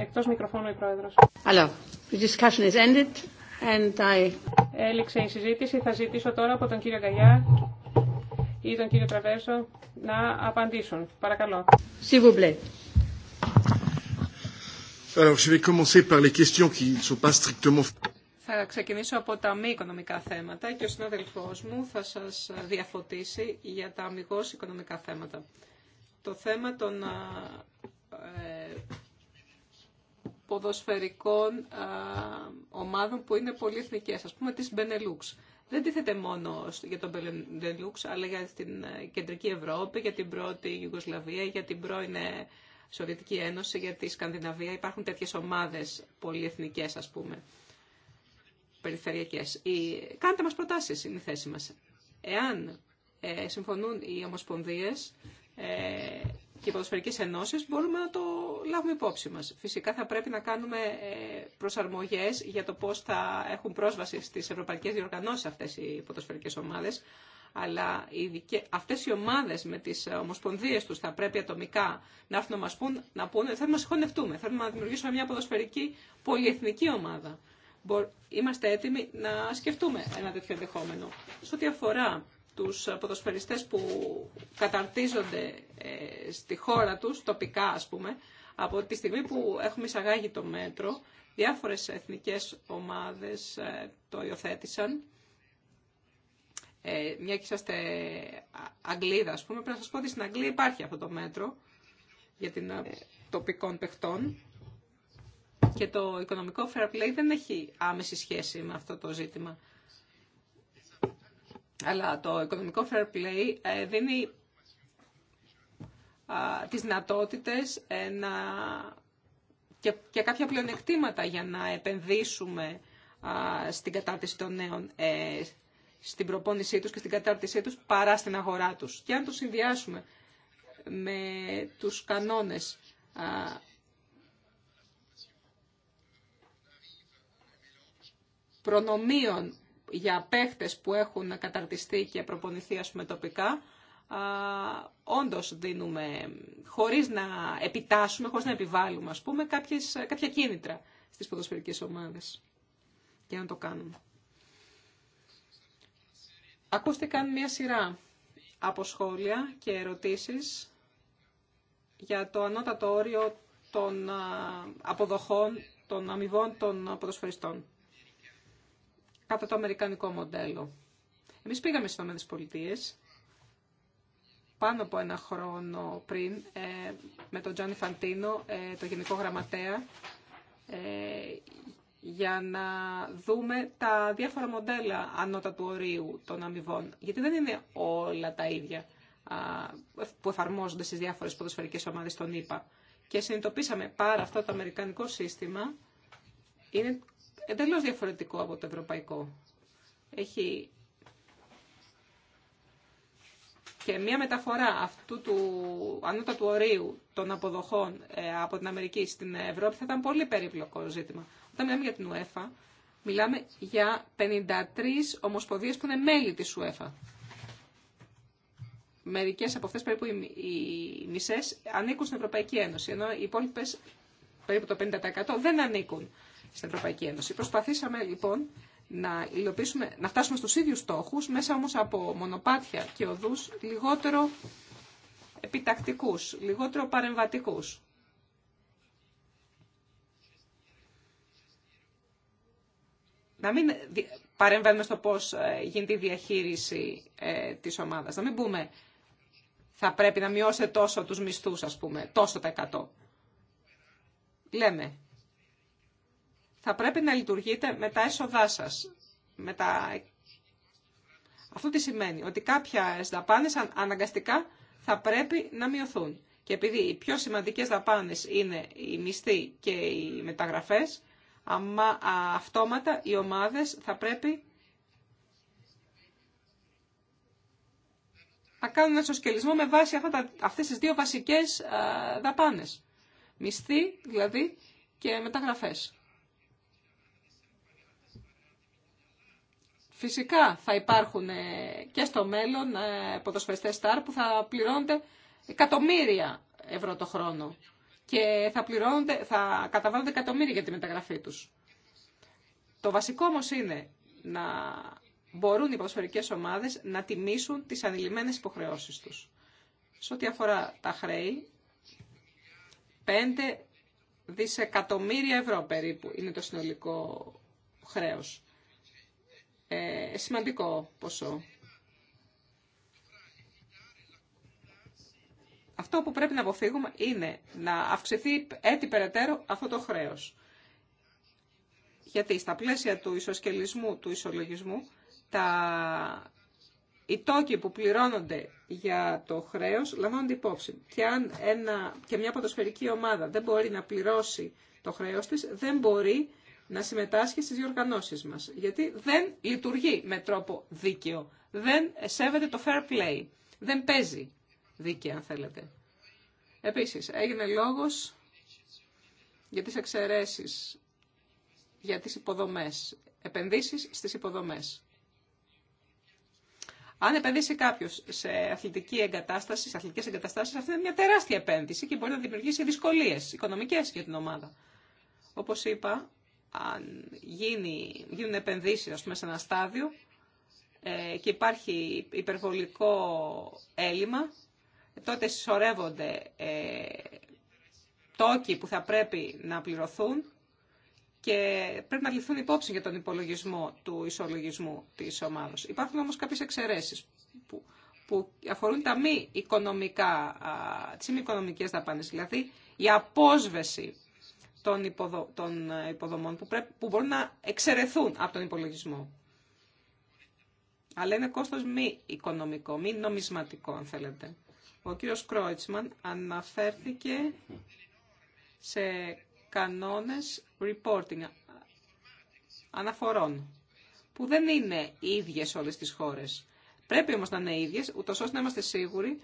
Εκτός μικροφώνου η Πρόεδρος. the discussion is ended and I... Έληξε η συζήτηση. Θα ζητήσω τώρα από τον κύριο Γκαγιά ή τον κύριο Τραβέρσο να απαντήσουν. Παρακαλώ. Θα ξεκινήσω από τα μη οικονομικά θέματα και ο συνάδελφός μου θα σας διαφωτίσει για τα αμυγός οικονομικά θέματα. Το θέμα των ε, ποδοσφαιρικών ομάδων που είναι πολυεθνικές, ας πούμε τις Μπενελούξ. Δεν τίθεται μόνο για τον Μπενελούξ, αλλά για την ε, Κεντρική Ευρώπη, για την πρώτη Ιουγκοσλαβία, για την πρώην ε, Σοβιετική Ένωση, για τη Σκανδιναβία υπάρχουν τέτοιες ομάδες πολυεθνικές ας πούμε, περιφερειακές. Κάντε μα προτάσει είναι η θέση μα. Εάν ε, συμφωνούν οι ομοσπονδίε ε, και οι ποδοσφαιρικέ ενώσει, μπορούμε να το λάβουμε υπόψη μα. Φυσικά θα πρέπει να κάνουμε ε, προσαρμογές για το πώς θα έχουν πρόσβαση στι Ευρωπαϊκέ διοργανώσει αυτέ οι ποδοσφαιρικέ ομάδε αλλά αυτέ οι ομάδε με τι ομοσπονδίε του θα πρέπει ατομικά να έρθουν να μα πούν, να πούνε θέλουμε να συγχωνευτούμε, θέλουμε να δημιουργήσουμε μια ποδοσφαιρική πολυεθνική ομάδα. Είμαστε έτοιμοι να σκεφτούμε ένα τέτοιο ενδεχόμενο. Σε ό,τι αφορά του ποδοσφαιριστέ που καταρτίζονται ε, στη χώρα του, τοπικά α πούμε, από τη στιγμή που έχουμε εισαγάγει το μέτρο, διάφορες εθνικές ομάδες ε, το υιοθέτησαν ε, μια και είσαστε Αγγλίδα, πρέπει να σας πω ότι στην Αγγλία υπάρχει αυτό το μέτρο για την ε, τοπικών παιχτών και το οικονομικό fair play δεν έχει άμεση σχέση με αυτό το ζήτημα. Αλλά το οικονομικό fair play ε, δίνει τις δυνατότητες να... και, και κάποια πλεονεκτήματα για να επενδύσουμε στην κατάρτιση των νέων στην προπόνησή τους και στην κατάρτισή τους παρά στην αγορά τους. Και αν το συνδυάσουμε με τους κανόνες προνομίων για παίχτες που έχουν καταρτιστεί και προπονηθεί ας πούμε, τοπικά, α, όντως δίνουμε, χωρίς να επιτάσουμε, χωρίς να επιβάλλουμε, ας πούμε, κάποιες, κάποια κίνητρα στις ποδοσφαιρικές ομάδες για να το κάνουμε Ακούστηκαν μια σειρά από σχόλια και ερωτήσεις για το ανώτατο όριο των αποδοχών των αμοιβών των ποδοσφαιριστών κατά το αμερικανικό μοντέλο. Εμείς πήγαμε στις ΗΠΑ πάνω από ένα χρόνο πριν ε, με τον Τζάνι Φαντίνο, ε, το Γενικό Γραμματέα, ε, για να δούμε τα διάφορα μοντέλα ανώτατου ορίου των αμοιβών. Γιατί δεν είναι όλα τα ίδια που εφαρμόζονται στις διάφορες ποδοσφαιρικές ομάδες των ΗΠΑ. Και συνειδητοποίησαμε πάρα αυτό το αμερικανικό σύστημα είναι εντελώς διαφορετικό από το ευρωπαϊκό. Έχει και μια μεταφορά αυτού του ανώτατου ορίου των αποδοχών ε, από την Αμερική στην Ευρώπη θα ήταν πολύ περίπλοκο ζήτημα. Όταν μιλάμε για την UEFA, μιλάμε για 53 ομοσπονδίες που είναι μέλη της UEFA. Μερικές από αυτές, περίπου οι μισές, ανήκουν στην Ευρωπαϊκή Ένωση, ενώ οι υπόλοιπε περίπου το 50% δεν ανήκουν στην Ευρωπαϊκή Ένωση. Προσπαθήσαμε λοιπόν να, να φτάσουμε στους ίδιους στόχους, μέσα όμως από μονοπάτια και οδούς λιγότερο επιτακτικούς, λιγότερο παρεμβατικούς. να μην παρεμβαίνουμε στο πώς ε, γίνεται η διαχείριση ε, της ομάδας. Να μην πούμε θα πρέπει να μειώσετε τόσο τους μισθούς, ας πούμε, τόσο τα 100. Λέμε, θα πρέπει να λειτουργείτε με τα έσοδά σας. Αυτό τι σημαίνει, ότι κάποια δαπάνες αναγκαστικά θα πρέπει να μειωθούν. Και επειδή οι πιο σημαντικές δαπάνες είναι οι μισθοί και οι μεταγραφές, αμα, αυτόματα οι ομάδες θα πρέπει να κάνουν ένα σοσκελισμό με βάση αυτά τα, αυτές τις δύο βασικές δαπάνες. Μισθή δηλαδή και μεταγραφές. Φυσικά θα υπάρχουν ε, και στο μέλλον ε, ποδοσφαιριστές στάρ που θα πληρώνονται εκατομμύρια ευρώ το χρόνο και θα, πληρώνονται, θα καταβάλλονται εκατομμύρια για τη μεταγραφή τους. Το βασικό όμω είναι να μπορούν οι ποδοσφαιρικές ομάδες να τιμήσουν τις ανηλυμένες υποχρεώσεις τους. Σε ό,τι αφορά τα χρέη, 5 δισεκατομμύρια ευρώ περίπου είναι το συνολικό χρέος. Ε, σημαντικό ποσό. Αυτό που πρέπει να αποφύγουμε είναι να αυξηθεί έτσι περαιτέρω αυτό το χρέος. Γιατί στα πλαίσια του ισοσκελισμού, του ισολογισμού, τα... οι τόκοι που πληρώνονται για το χρέος λαμβάνονται υπόψη. Και αν ένα... και μια ποδοσφαιρική ομάδα δεν μπορεί να πληρώσει το χρέο της, δεν μπορεί να συμμετάσχει στις διοργανώσει μας. Γιατί δεν λειτουργεί με τρόπο δίκαιο. Δεν σέβεται το fair play. Δεν παίζει δίκαια, αν θέλετε. Επίσης, έγινε λόγος για τις εξαιρέσεις, για τις υποδομές, επενδύσεις στις υποδομές. Αν επενδύσει κάποιος σε αθλητική εγκατάσταση, σε αθλητικές εγκαταστάσεις, αυτή είναι μια τεράστια επένδυση και μπορεί να δημιουργήσει δυσκολίες οικονομικές για την ομάδα. Όπως είπα, αν γίνει, γίνουν επενδύσει σε ένα στάδιο ε, και υπάρχει υπερβολικό έλλειμμα, τότε συσσωρεύονται ε, τόκοι που θα πρέπει να πληρωθούν και πρέπει να ληφθούν υπόψη για τον υπολογισμό του ισολογισμού της ομάδος. Υπάρχουν όμως κάποιες εξαιρέσεις που, που αφορούν τα μη οικονομικά, α, τις μη οικονομικές δαπάνες, δηλαδή η απόσβεση των, ε, υποδομών που, πρέπει, που μπορούν να εξαιρεθούν από τον υπολογισμό. Αλλά είναι κόστος μη οικονομικό, μη νομισματικό αν θέλετε. Ο κύριος Κρόιτσμαν αναφέρθηκε σε κανόνες reporting, αναφορών, που δεν είναι ίδιες όλες τις χώρες. Πρέπει όμως να είναι ίδιες, ούτως ώστε να είμαστε σίγουροι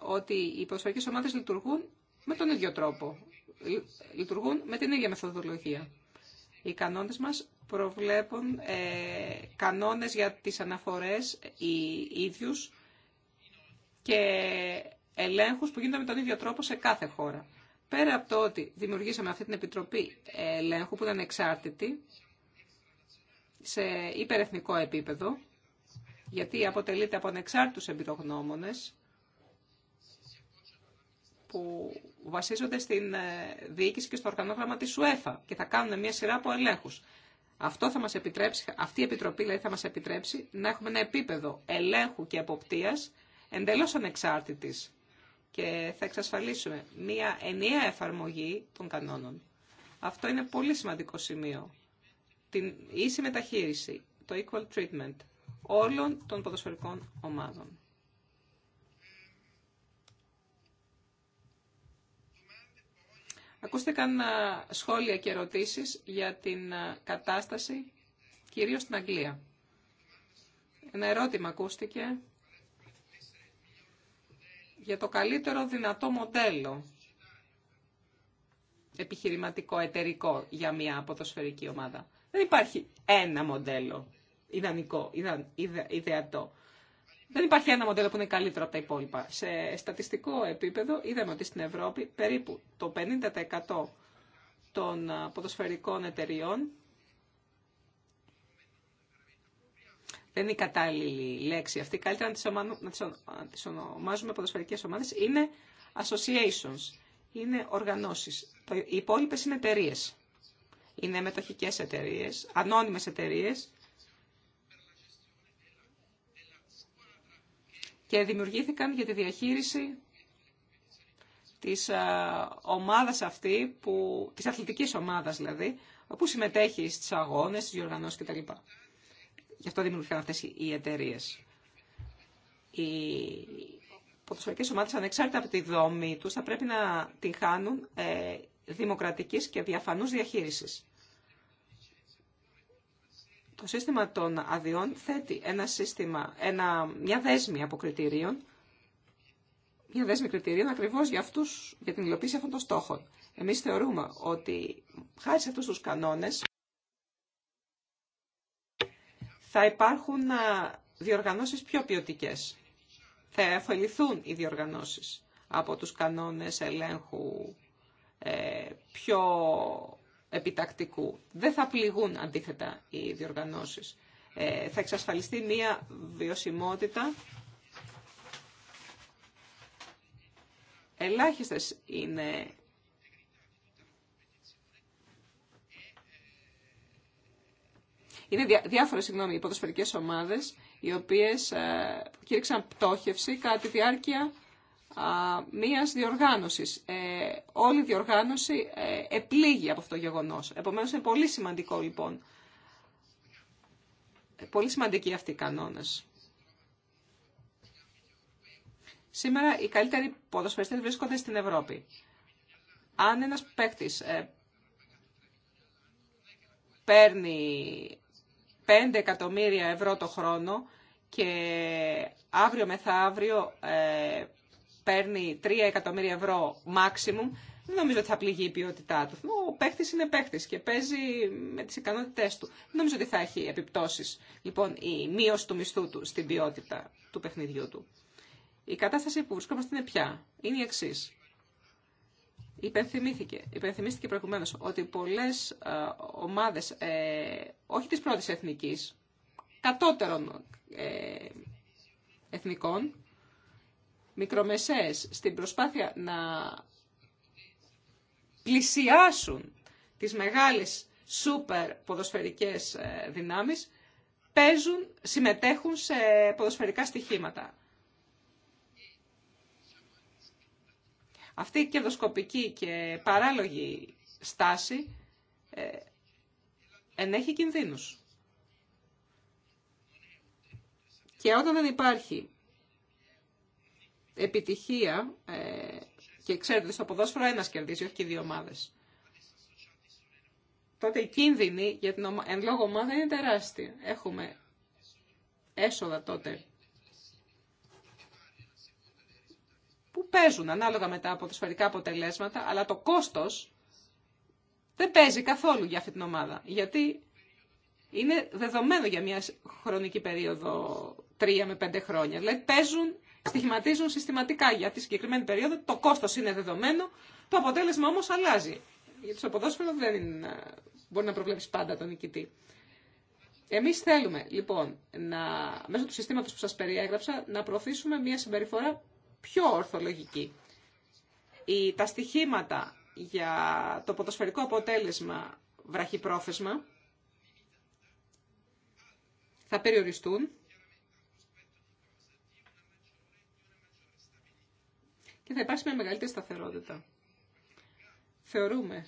ότι οι προσφυγικές ομάδες λειτουργούν με τον ίδιο τρόπο, λειτουργούν με την ίδια μεθοδολογία. Οι κανόνες μας προβλέπουν ε, κανόνες για τις αναφορές οι ίδιους και ελέγχους που γίνονται με τον ίδιο τρόπο σε κάθε χώρα. Πέρα από το ότι δημιουργήσαμε αυτή την Επιτροπή Ελέγχου που ήταν εξάρτητη σε υπερεθνικό επίπεδο, γιατί αποτελείται από ανεξάρτητους εμπειρογνώμονες που βασίζονται στην ε, διοίκηση και στο οργανόγραμμα της ΣΟΕΦΑ και θα κάνουν μια σειρά από ελέγχους. Αυτό θα μας επιτρέψει, αυτή η Επιτροπή δηλαδή, θα μας επιτρέψει να έχουμε ένα επίπεδο ελέγχου και αποπτίας εντελώς ανεξάρτητης και θα εξασφαλίσουμε μία ενιαία εφαρμογή των κανόνων. Αυτό είναι πολύ σημαντικό σημείο. Την ίση μεταχείριση, το equal treatment όλων των ποδοσφαιρικών ομάδων. Ακούστε κανένα σχόλια και ερωτήσεις για την κατάσταση κυρίως στην Αγγλία. Ένα ερώτημα ακούστηκε για το καλύτερο δυνατό μοντέλο επιχειρηματικό, εταιρικό για μια ποδοσφαιρική ομάδα. Δεν υπάρχει ένα μοντέλο ιδανικό, ιδα, ιδεατό. Δεν υπάρχει ένα μοντέλο που είναι καλύτερο από τα υπόλοιπα. Σε στατιστικό επίπεδο είδαμε ότι στην Ευρώπη περίπου το 50% των ποδοσφαιρικών εταιριών δεν είναι η κατάλληλη λέξη αυτή, καλύτερα να τις, ομα... να τις ονομάζουμε ποδοσφαιρικές ομάδες, είναι associations, είναι οργανώσεις. Οι υπόλοιπε είναι εταιρείε. Είναι μετοχικές εταιρείε, ανώνυμες εταιρείε. και δημιουργήθηκαν για τη διαχείριση της ομάδας αυτή, που, της αθλητικής ομάδας δηλαδή, όπου συμμετέχει στις αγώνες, στις διοργανώσεις κτλ. Γι' αυτό δημιουργήθηκαν αυτέ οι εταιρείε. Οι ποδοσφαιρικέ ομάδες, ανεξάρτητα από τη δομή τους, θα πρέπει να την χάνουν ε, δημοκρατικής και διαφανούς διαχείρισης. Το σύστημα των αδειών θέτει ένα σύστημα, ένα, μια δέσμη από κριτηρίων, μια δέσμη κριτηρίων ακριβώς για, για την υλοποίηση αυτών των στόχων. Εμεί θεωρούμε ότι χάρη σε αυτού τους κανόνες θα υπάρχουν διοργανώσεις πιο ποιοτικέ. Θα εφεληθούν οι διοργανώσεις από τους κανόνες ελέγχου ε, πιο επιτακτικού. Δεν θα πληγούν αντίθετα οι διοργανώσεις. Ε, θα εξασφαλιστεί μία βιωσιμότητα. Ελάχιστες είναι είναι διά, διάφορες συγγνώμη, οι ποδοσφαιρικές ομάδες οι οποίες ε, κήρυξαν πτώχευση κατά τη διάρκεια α, μίας διοργάνωσης. Ε, όλη η διοργάνωση ε, επλήγει από αυτό το γεγονός. Επομένως είναι πολύ σημαντικό λοιπόν. Πολύ σημαντικοί αυτοί οι κανόνες. Σήμερα οι καλύτεροι ποδοσφαιριστές βρίσκονται στην Ευρώπη. Αν ένας παίχτης ε, παίρνει 5 εκατομμύρια ευρώ το χρόνο και αύριο μεθαύριο ε, παίρνει 3 εκατομμύρια ευρώ maximum, δεν νομίζω ότι θα πληγεί η ποιότητά του. Ο παίχτη είναι παίχτη και παίζει με τι ικανότητέ του. Δεν νομίζω ότι θα έχει επιπτώσει λοιπόν η μείωση του μισθού του στην ποιότητα του παιχνιδιού του. Η κατάσταση που βρισκόμαστε είναι πια. Είναι η εξή. Υπενθυμήθηκε, υπενθυμίστηκε προηγουμένω ότι πολλέ ε, ομάδες, ε, όχι της πρώτης εθνικής, κατώτερων ε, εθνικών, μικρομεσαίες, στην προσπάθεια να πλησιάσουν τις μεγάλες σούπερ ποδοσφαιρικές ε, δυνάμεις, παίζουν, συμμετέχουν σε ποδοσφαιρικά στοιχήματα. Αυτή η κερδοσκοπική και παράλογη στάση ε, ενέχει κινδύνους. Και όταν δεν υπάρχει επιτυχία, ε, και ξέρετε, στο ποδόσφαιρο ένας κερδίζει, όχι και δύο ομάδες, τότε η κίνδυνη για την εν λόγω ομάδα είναι τεράστια. Έχουμε έσοδα τότε που παίζουν ανάλογα με τα αποδοσφαιρικά αποτελέσματα, αλλά το κόστος δεν παίζει καθόλου για αυτή την ομάδα, γιατί είναι δεδομένο για μια χρονική περίοδο 3 με πέντε χρόνια. Δηλαδή παίζουν, στοιχηματίζουν συστηματικά για τη συγκεκριμένη περίοδο, το κόστος είναι δεδομένο, το αποτέλεσμα όμως αλλάζει. Γιατί στο ποδόσφαιρο δεν ε, μπορεί να προβλέψει πάντα τον νικητή. Εμείς θέλουμε, λοιπόν, να, μέσω του συστήματος που σας περιέγραψα, να προωθήσουμε μια συμπεριφορά πιο ορθολογική. Η, τα στοιχήματα για το ποδοσφαιρικό αποτέλεσμα βραχυπρόθεσμα θα περιοριστούν και θα υπάρξει μια μεγαλύτερη σταθερότητα. Θεωρούμε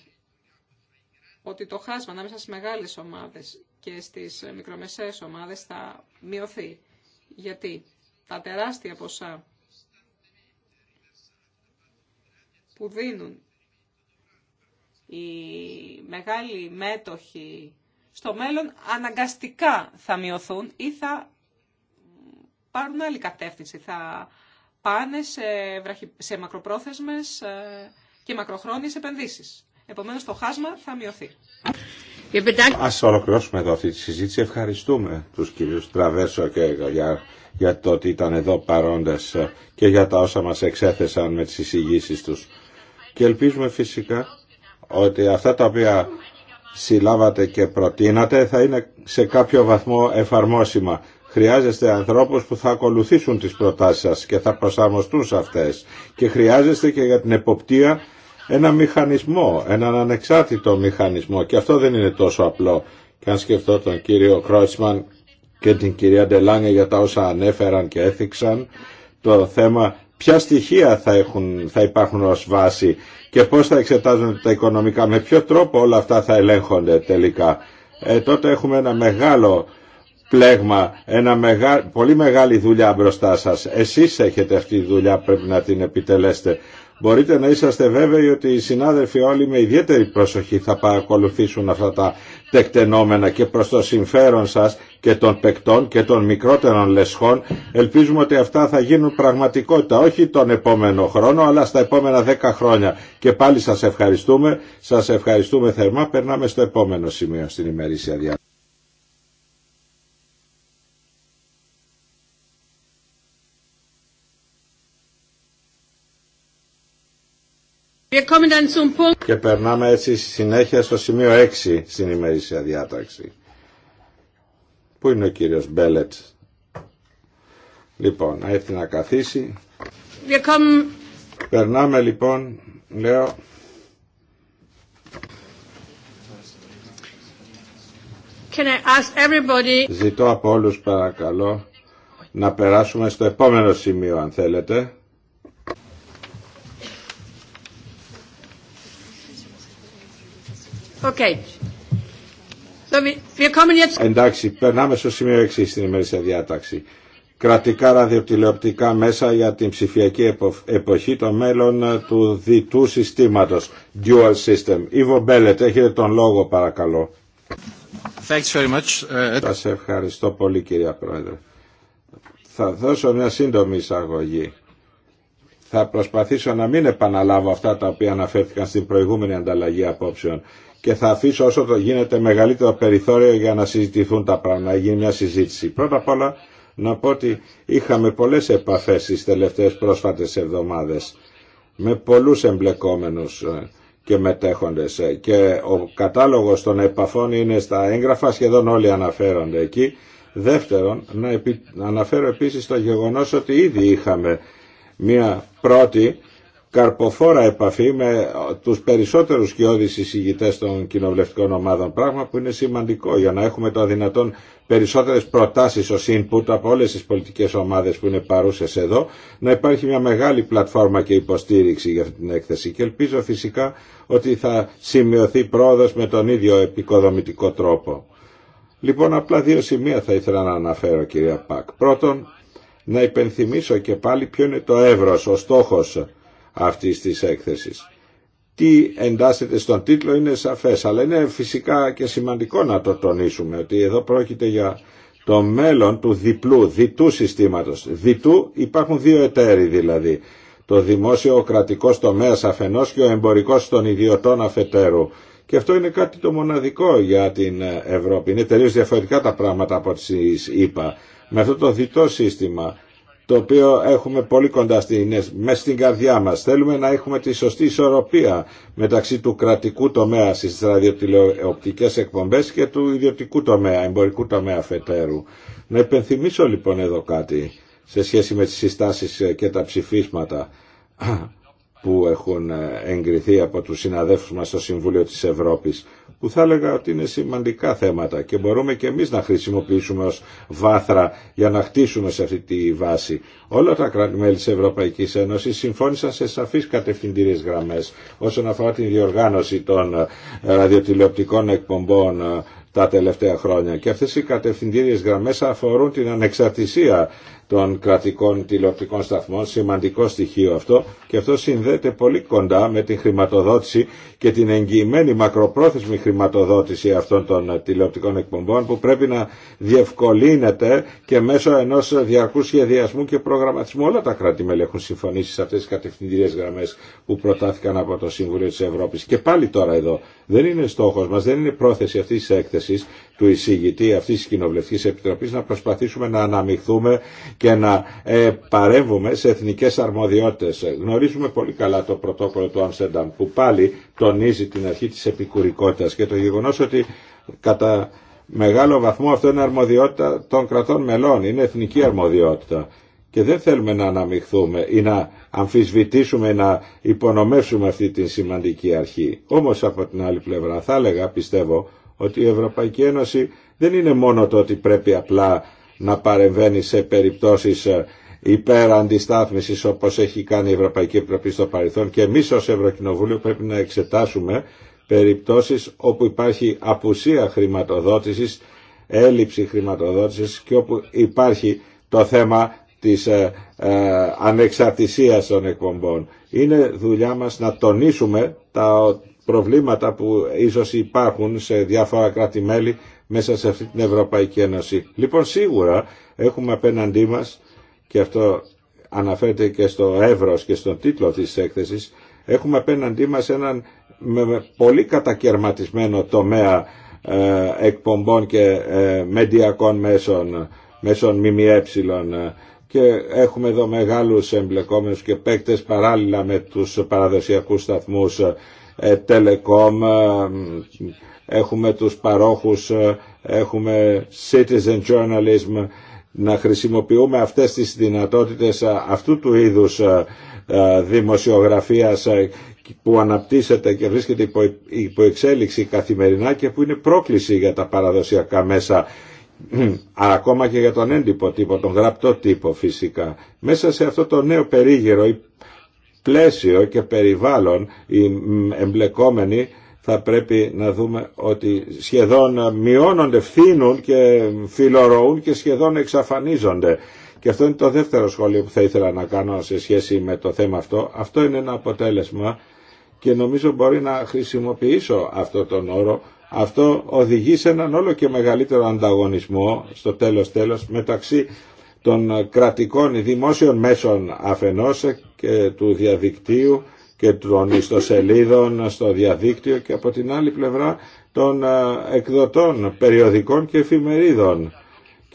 ότι το χάσμα ανάμεσα στις μεγάλες ομάδες και στις μικρομεσαίες ομάδες θα μειωθεί. Γιατί τα τεράστια ποσά που δίνουν οι μεγάλοι μέτοχοι στο μέλλον αναγκαστικά θα μειωθούν ή θα πάρουν άλλη κατεύθυνση. Θα πάνε σε, βραχυ... σε μακροπρόθεσμες ε, και μακροχρόνιες επενδύσεις. Επομένως το χάσμα θα μειωθεί. Ας ολοκληρώσουμε εδώ αυτή τη συζήτηση. Ευχαριστούμε τους κυρίους Τραβέσο και Γαλιά για το ότι ήταν εδώ παρόντες ε, και για τα όσα μας εξέθεσαν με τις εισηγήσεις τους και ελπίζουμε φυσικά ότι αυτά τα οποία συλλάβατε και προτείνατε θα είναι σε κάποιο βαθμό εφαρμόσιμα. Χρειάζεστε ανθρώπους που θα ακολουθήσουν τις προτάσεις σας και θα προσαρμοστούν σε αυτές. Και χρειάζεστε και για την εποπτεία ένα μηχανισμό, έναν ανεξάρτητο μηχανισμό. Και αυτό δεν είναι τόσο απλό. Και αν σκεφτώ τον κύριο Κρότσμαν και την κυρία Ντελάνια για τα όσα ανέφεραν και έθιξαν, το θέμα ποια στοιχεία θα, έχουν, θα υπάρχουν ως βάση και πώς θα εξετάζονται τα οικονομικά, με ποιο τρόπο όλα αυτά θα ελέγχονται τελικά. Ε, τότε έχουμε ένα μεγάλο πλέγμα, ένα πολύ μεγάλη δουλειά μπροστά σας. Εσείς έχετε αυτή τη δουλειά, πρέπει να την επιτελέσετε. Μπορείτε να είσαστε βέβαιοι ότι οι συνάδελφοι όλοι με ιδιαίτερη προσοχή θα παρακολουθήσουν αυτά τα τεκτενόμενα και προς το συμφέρον σας και των παικτών και των μικρότερων λεσχών. Ελπίζουμε ότι αυτά θα γίνουν πραγματικότητα, όχι τον επόμενο χρόνο, αλλά στα επόμενα δέκα χρόνια. Και πάλι σας ευχαριστούμε, σας ευχαριστούμε θερμά. Περνάμε στο επόμενο σημείο στην ημερήσια διάρκεια. Και περνάμε έτσι στη συνέχεια στο σημείο 6 στην ημερήσια διάταξη. Πού είναι ο κύριος Μπέλετ. Λοιπόν, έρθει να καθίσει. Περνάμε λοιπόν, λέω... Ζητώ από όλους παρακαλώ να περάσουμε στο επόμενο σημείο αν θέλετε. Okay. Εντάξει, περνάμε στο σημείο εξή στην ημερήσια διάταξη. Κρατικά ραδιοτηλεοπτικά μέσα για την ψηφιακή εποχή, το μέλλον ε, του διτού συστήματος, dual system. Ιβο Μπέλετ, έχετε τον λόγο παρακαλώ. Thanks very much. Θα ε, ε- σε ευχαριστώ πολύ κυρία Πρόεδρε. Θα δώσω μια σύντομη εισαγωγή. Θα προσπαθήσω να μην επαναλάβω αυτά τα οποία αναφέρθηκαν στην προηγούμενη ανταλλαγή απόψεων και θα αφήσω όσο το γίνεται μεγαλύτερο περιθώριο για να συζητηθούν τα πράγματα, να γίνει μια συζήτηση. Πρώτα απ' όλα να πω ότι είχαμε πολλές επαφές στις τελευταίες πρόσφατες εβδομάδες με πολλούς εμπλεκόμενους ε, και μετέχοντες ε, και ο κατάλογος των επαφών είναι στα έγγραφα, σχεδόν όλοι αναφέρονται εκεί. Δεύτερον, να αναφέρω επίσης το γεγονός ότι ήδη είχαμε μία πρώτη καρποφόρα επαφή με ε, τους περισσότερους κοιόδης εισηγητέ των κοινοβουλευτικών ομάδων, πράγμα που είναι σημαντικό για να έχουμε το δυνατόν περισσότερες προτάσεις ως input από όλες τις πολιτικές ομάδες που είναι παρούσες εδώ, να υπάρχει μια μεγάλη πλατφόρμα και υποστήριξη για αυτή την έκθεση και ελπίζω φυσικά ότι θα σημειωθεί πρόοδος με τον ίδιο επικοδομητικό τρόπο. Λοιπόν, απλά δύο σημεία θα ήθελα να αναφέρω, κυρία Πακ. Πρώτον, να υπενθυμίσω και πάλι ποιο είναι το εύρος, ο στόχος αυτή της έκθεση. Τι εντάσσεται στον τίτλο είναι σαφές, αλλά είναι φυσικά και σημαντικό να το τονίσουμε, ότι εδώ πρόκειται για το μέλλον του διπλού, διτού συστήματος. Διτού υπάρχουν δύο εταίροι δηλαδή. Το δημόσιο κρατικό τομέα, τομέας αφενός και ο εμπορικός των ιδιωτών αφετέρου. Και αυτό είναι κάτι το μοναδικό για την Ευρώπη. Είναι τελείως διαφορετικά τα πράγματα από τις είπα. Με αυτό το διτό σύστημα το οποίο έχουμε πολύ κοντά στην, μέσα στην καρδιά μας. Θέλουμε να έχουμε τη σωστή ισορροπία μεταξύ του κρατικού τομέα στις ραδιοτηλεοπτικές εκπομπές και του ιδιωτικού τομέα, εμπορικού τομέα φετέρου. Να υπενθυμίσω λοιπόν εδώ κάτι σε σχέση με τις συστάσεις και τα ψηφίσματα που έχουν ε, εγκριθεί από τους συναδέλφους μας στο Συμβούλιο της Ευρώπης που θα έλεγα ότι είναι σημαντικά θέματα και μπορούμε και εμείς να χρησιμοποιήσουμε ως βάθρα για να χτίσουμε σε αυτή τη βάση. Όλα τα κράτη-μέλη της Ευρωπαϊκής Ένωσης συμφώνησαν σε σαφείς κατευθυντήριες γραμμές όσον αφορά την διοργάνωση των ε, ραδιοτηλεοπτικών εκπομπών ε, τα τελευταία χρόνια και αυτές οι κατευθυντήριες γραμμές αφορούν την ανεξαρτησία των κρατικών τηλεοπτικών σταθμών, σημαντικό στοιχείο αυτό και αυτό συνδέεται πολύ κοντά με την χρηματοδότηση και την εγγυημένη μακροπρόθεσμη χρηματοδότηση αυτών των τηλεοπτικών εκπομπών που πρέπει να διευκολύνεται και μέσω ενός διαρκού σχεδιασμού και προγραμματισμού όλα τα κράτη-μέλη έχουν συμφωνήσει σε αυτές τις κατευθυντήριες γραμμές που προτάθηκαν από το Συμβουλίο της Ευρώπης. Και πάλι τώρα εδώ δεν είναι στόχος μας, δεν είναι πρόθεση αυτής της έκθεσης του εισηγητή αυτή τη κοινοβουλευτική επιτροπή, να προσπαθήσουμε να αναμειχθούμε και να ε, παρεύουμε σε εθνικέ αρμοδιότητε. Γνωρίζουμε πολύ καλά το πρωτόκολλο του Άμστερνταμ που πάλι τονίζει την αρχή τη επικουρικότητα και το γεγονό ότι κατά μεγάλο βαθμό αυτό είναι αρμοδιότητα των κρατών μελών, είναι εθνική αρμοδιότητα. Και δεν θέλουμε να αναμειχθούμε ή να αμφισβητήσουμε, να υπονομεύσουμε αυτή την σημαντική αρχή. Όμως από την άλλη πλευρά θα έλεγα, πιστεύω, ότι η Ευρωπαϊκή Ένωση δεν είναι μόνο το ότι πρέπει απλά να παρεμβαίνει σε περιπτώσεις ε, υπέρ αντιστάθμισης όπως έχει κάνει η Ευρωπαϊκή Επιτροπή στο παρελθόν και εμείς ως Ευρωκοινοβούλιο πρέπει να εξετάσουμε περιπτώσεις όπου υπάρχει απουσία χρηματοδότησης, έλλειψη χρηματοδότησης και όπου υπάρχει το θέμα της ε, ε ανεξαρτησίας των εκπομπών. Είναι δουλειά μας να τονίσουμε τα, προβλήματα που ίσως υπάρχουν σε διάφορα κράτη-μέλη μέσα σε αυτή την Ευρωπαϊκή Ένωση. Λοιπόν σίγουρα έχουμε απέναντί μας και αυτό αναφέρεται και στο εύρος και στον τίτλο της έκθεσης έχουμε απέναντί μας έναν με πολύ κατακαιρματισμένο τομέα ε, εκπομπών και ε, μεντιακών μέσων, μέσων ΜΜΕ και έχουμε εδώ μεγάλους εμπλεκόμενους και παίκτες παράλληλα με τους παραδοσιακούς σταθμούς ε, Telecom, ε, έχουμε τους παρόχους, ε, έχουμε citizen journalism, να χρησιμοποιούμε αυτές τις δυνατότητες αυτού του είδους δημοσιογραφίας που αναπτύσσεται και βρίσκεται υπό, εξέλιξη καθημερινά και που είναι πρόκληση για τα παραδοσιακά μέσα ακόμα και για τον έντυπο τύπο, τον γραπτό τύπο φυσικά. Μέσα σε αυτό το νέο περίγυρο πλαίσιο και περιβάλλον οι εμπλεκόμενοι θα πρέπει να δούμε ότι σχεδόν μειώνονται, φθήνουν και φιλορωούν και σχεδόν εξαφανίζονται. Και αυτό είναι το δεύτερο σχόλιο που θα ήθελα να κάνω σε σχέση με το θέμα αυτό. Αυτό είναι ένα αποτέλεσμα και νομίζω μπορεί να χρησιμοποιήσω αυτό τον όρο. Αυτό οδηγεί σε έναν όλο και μεγαλύτερο ανταγωνισμό στο τέλος τέλος μεταξύ των κρατικών δημόσιων μέσων αφενός και του διαδικτύου και των ιστοσελίδων στο διαδίκτυο και από την άλλη πλευρά των ε, εκδοτών, περιοδικών και εφημερίδων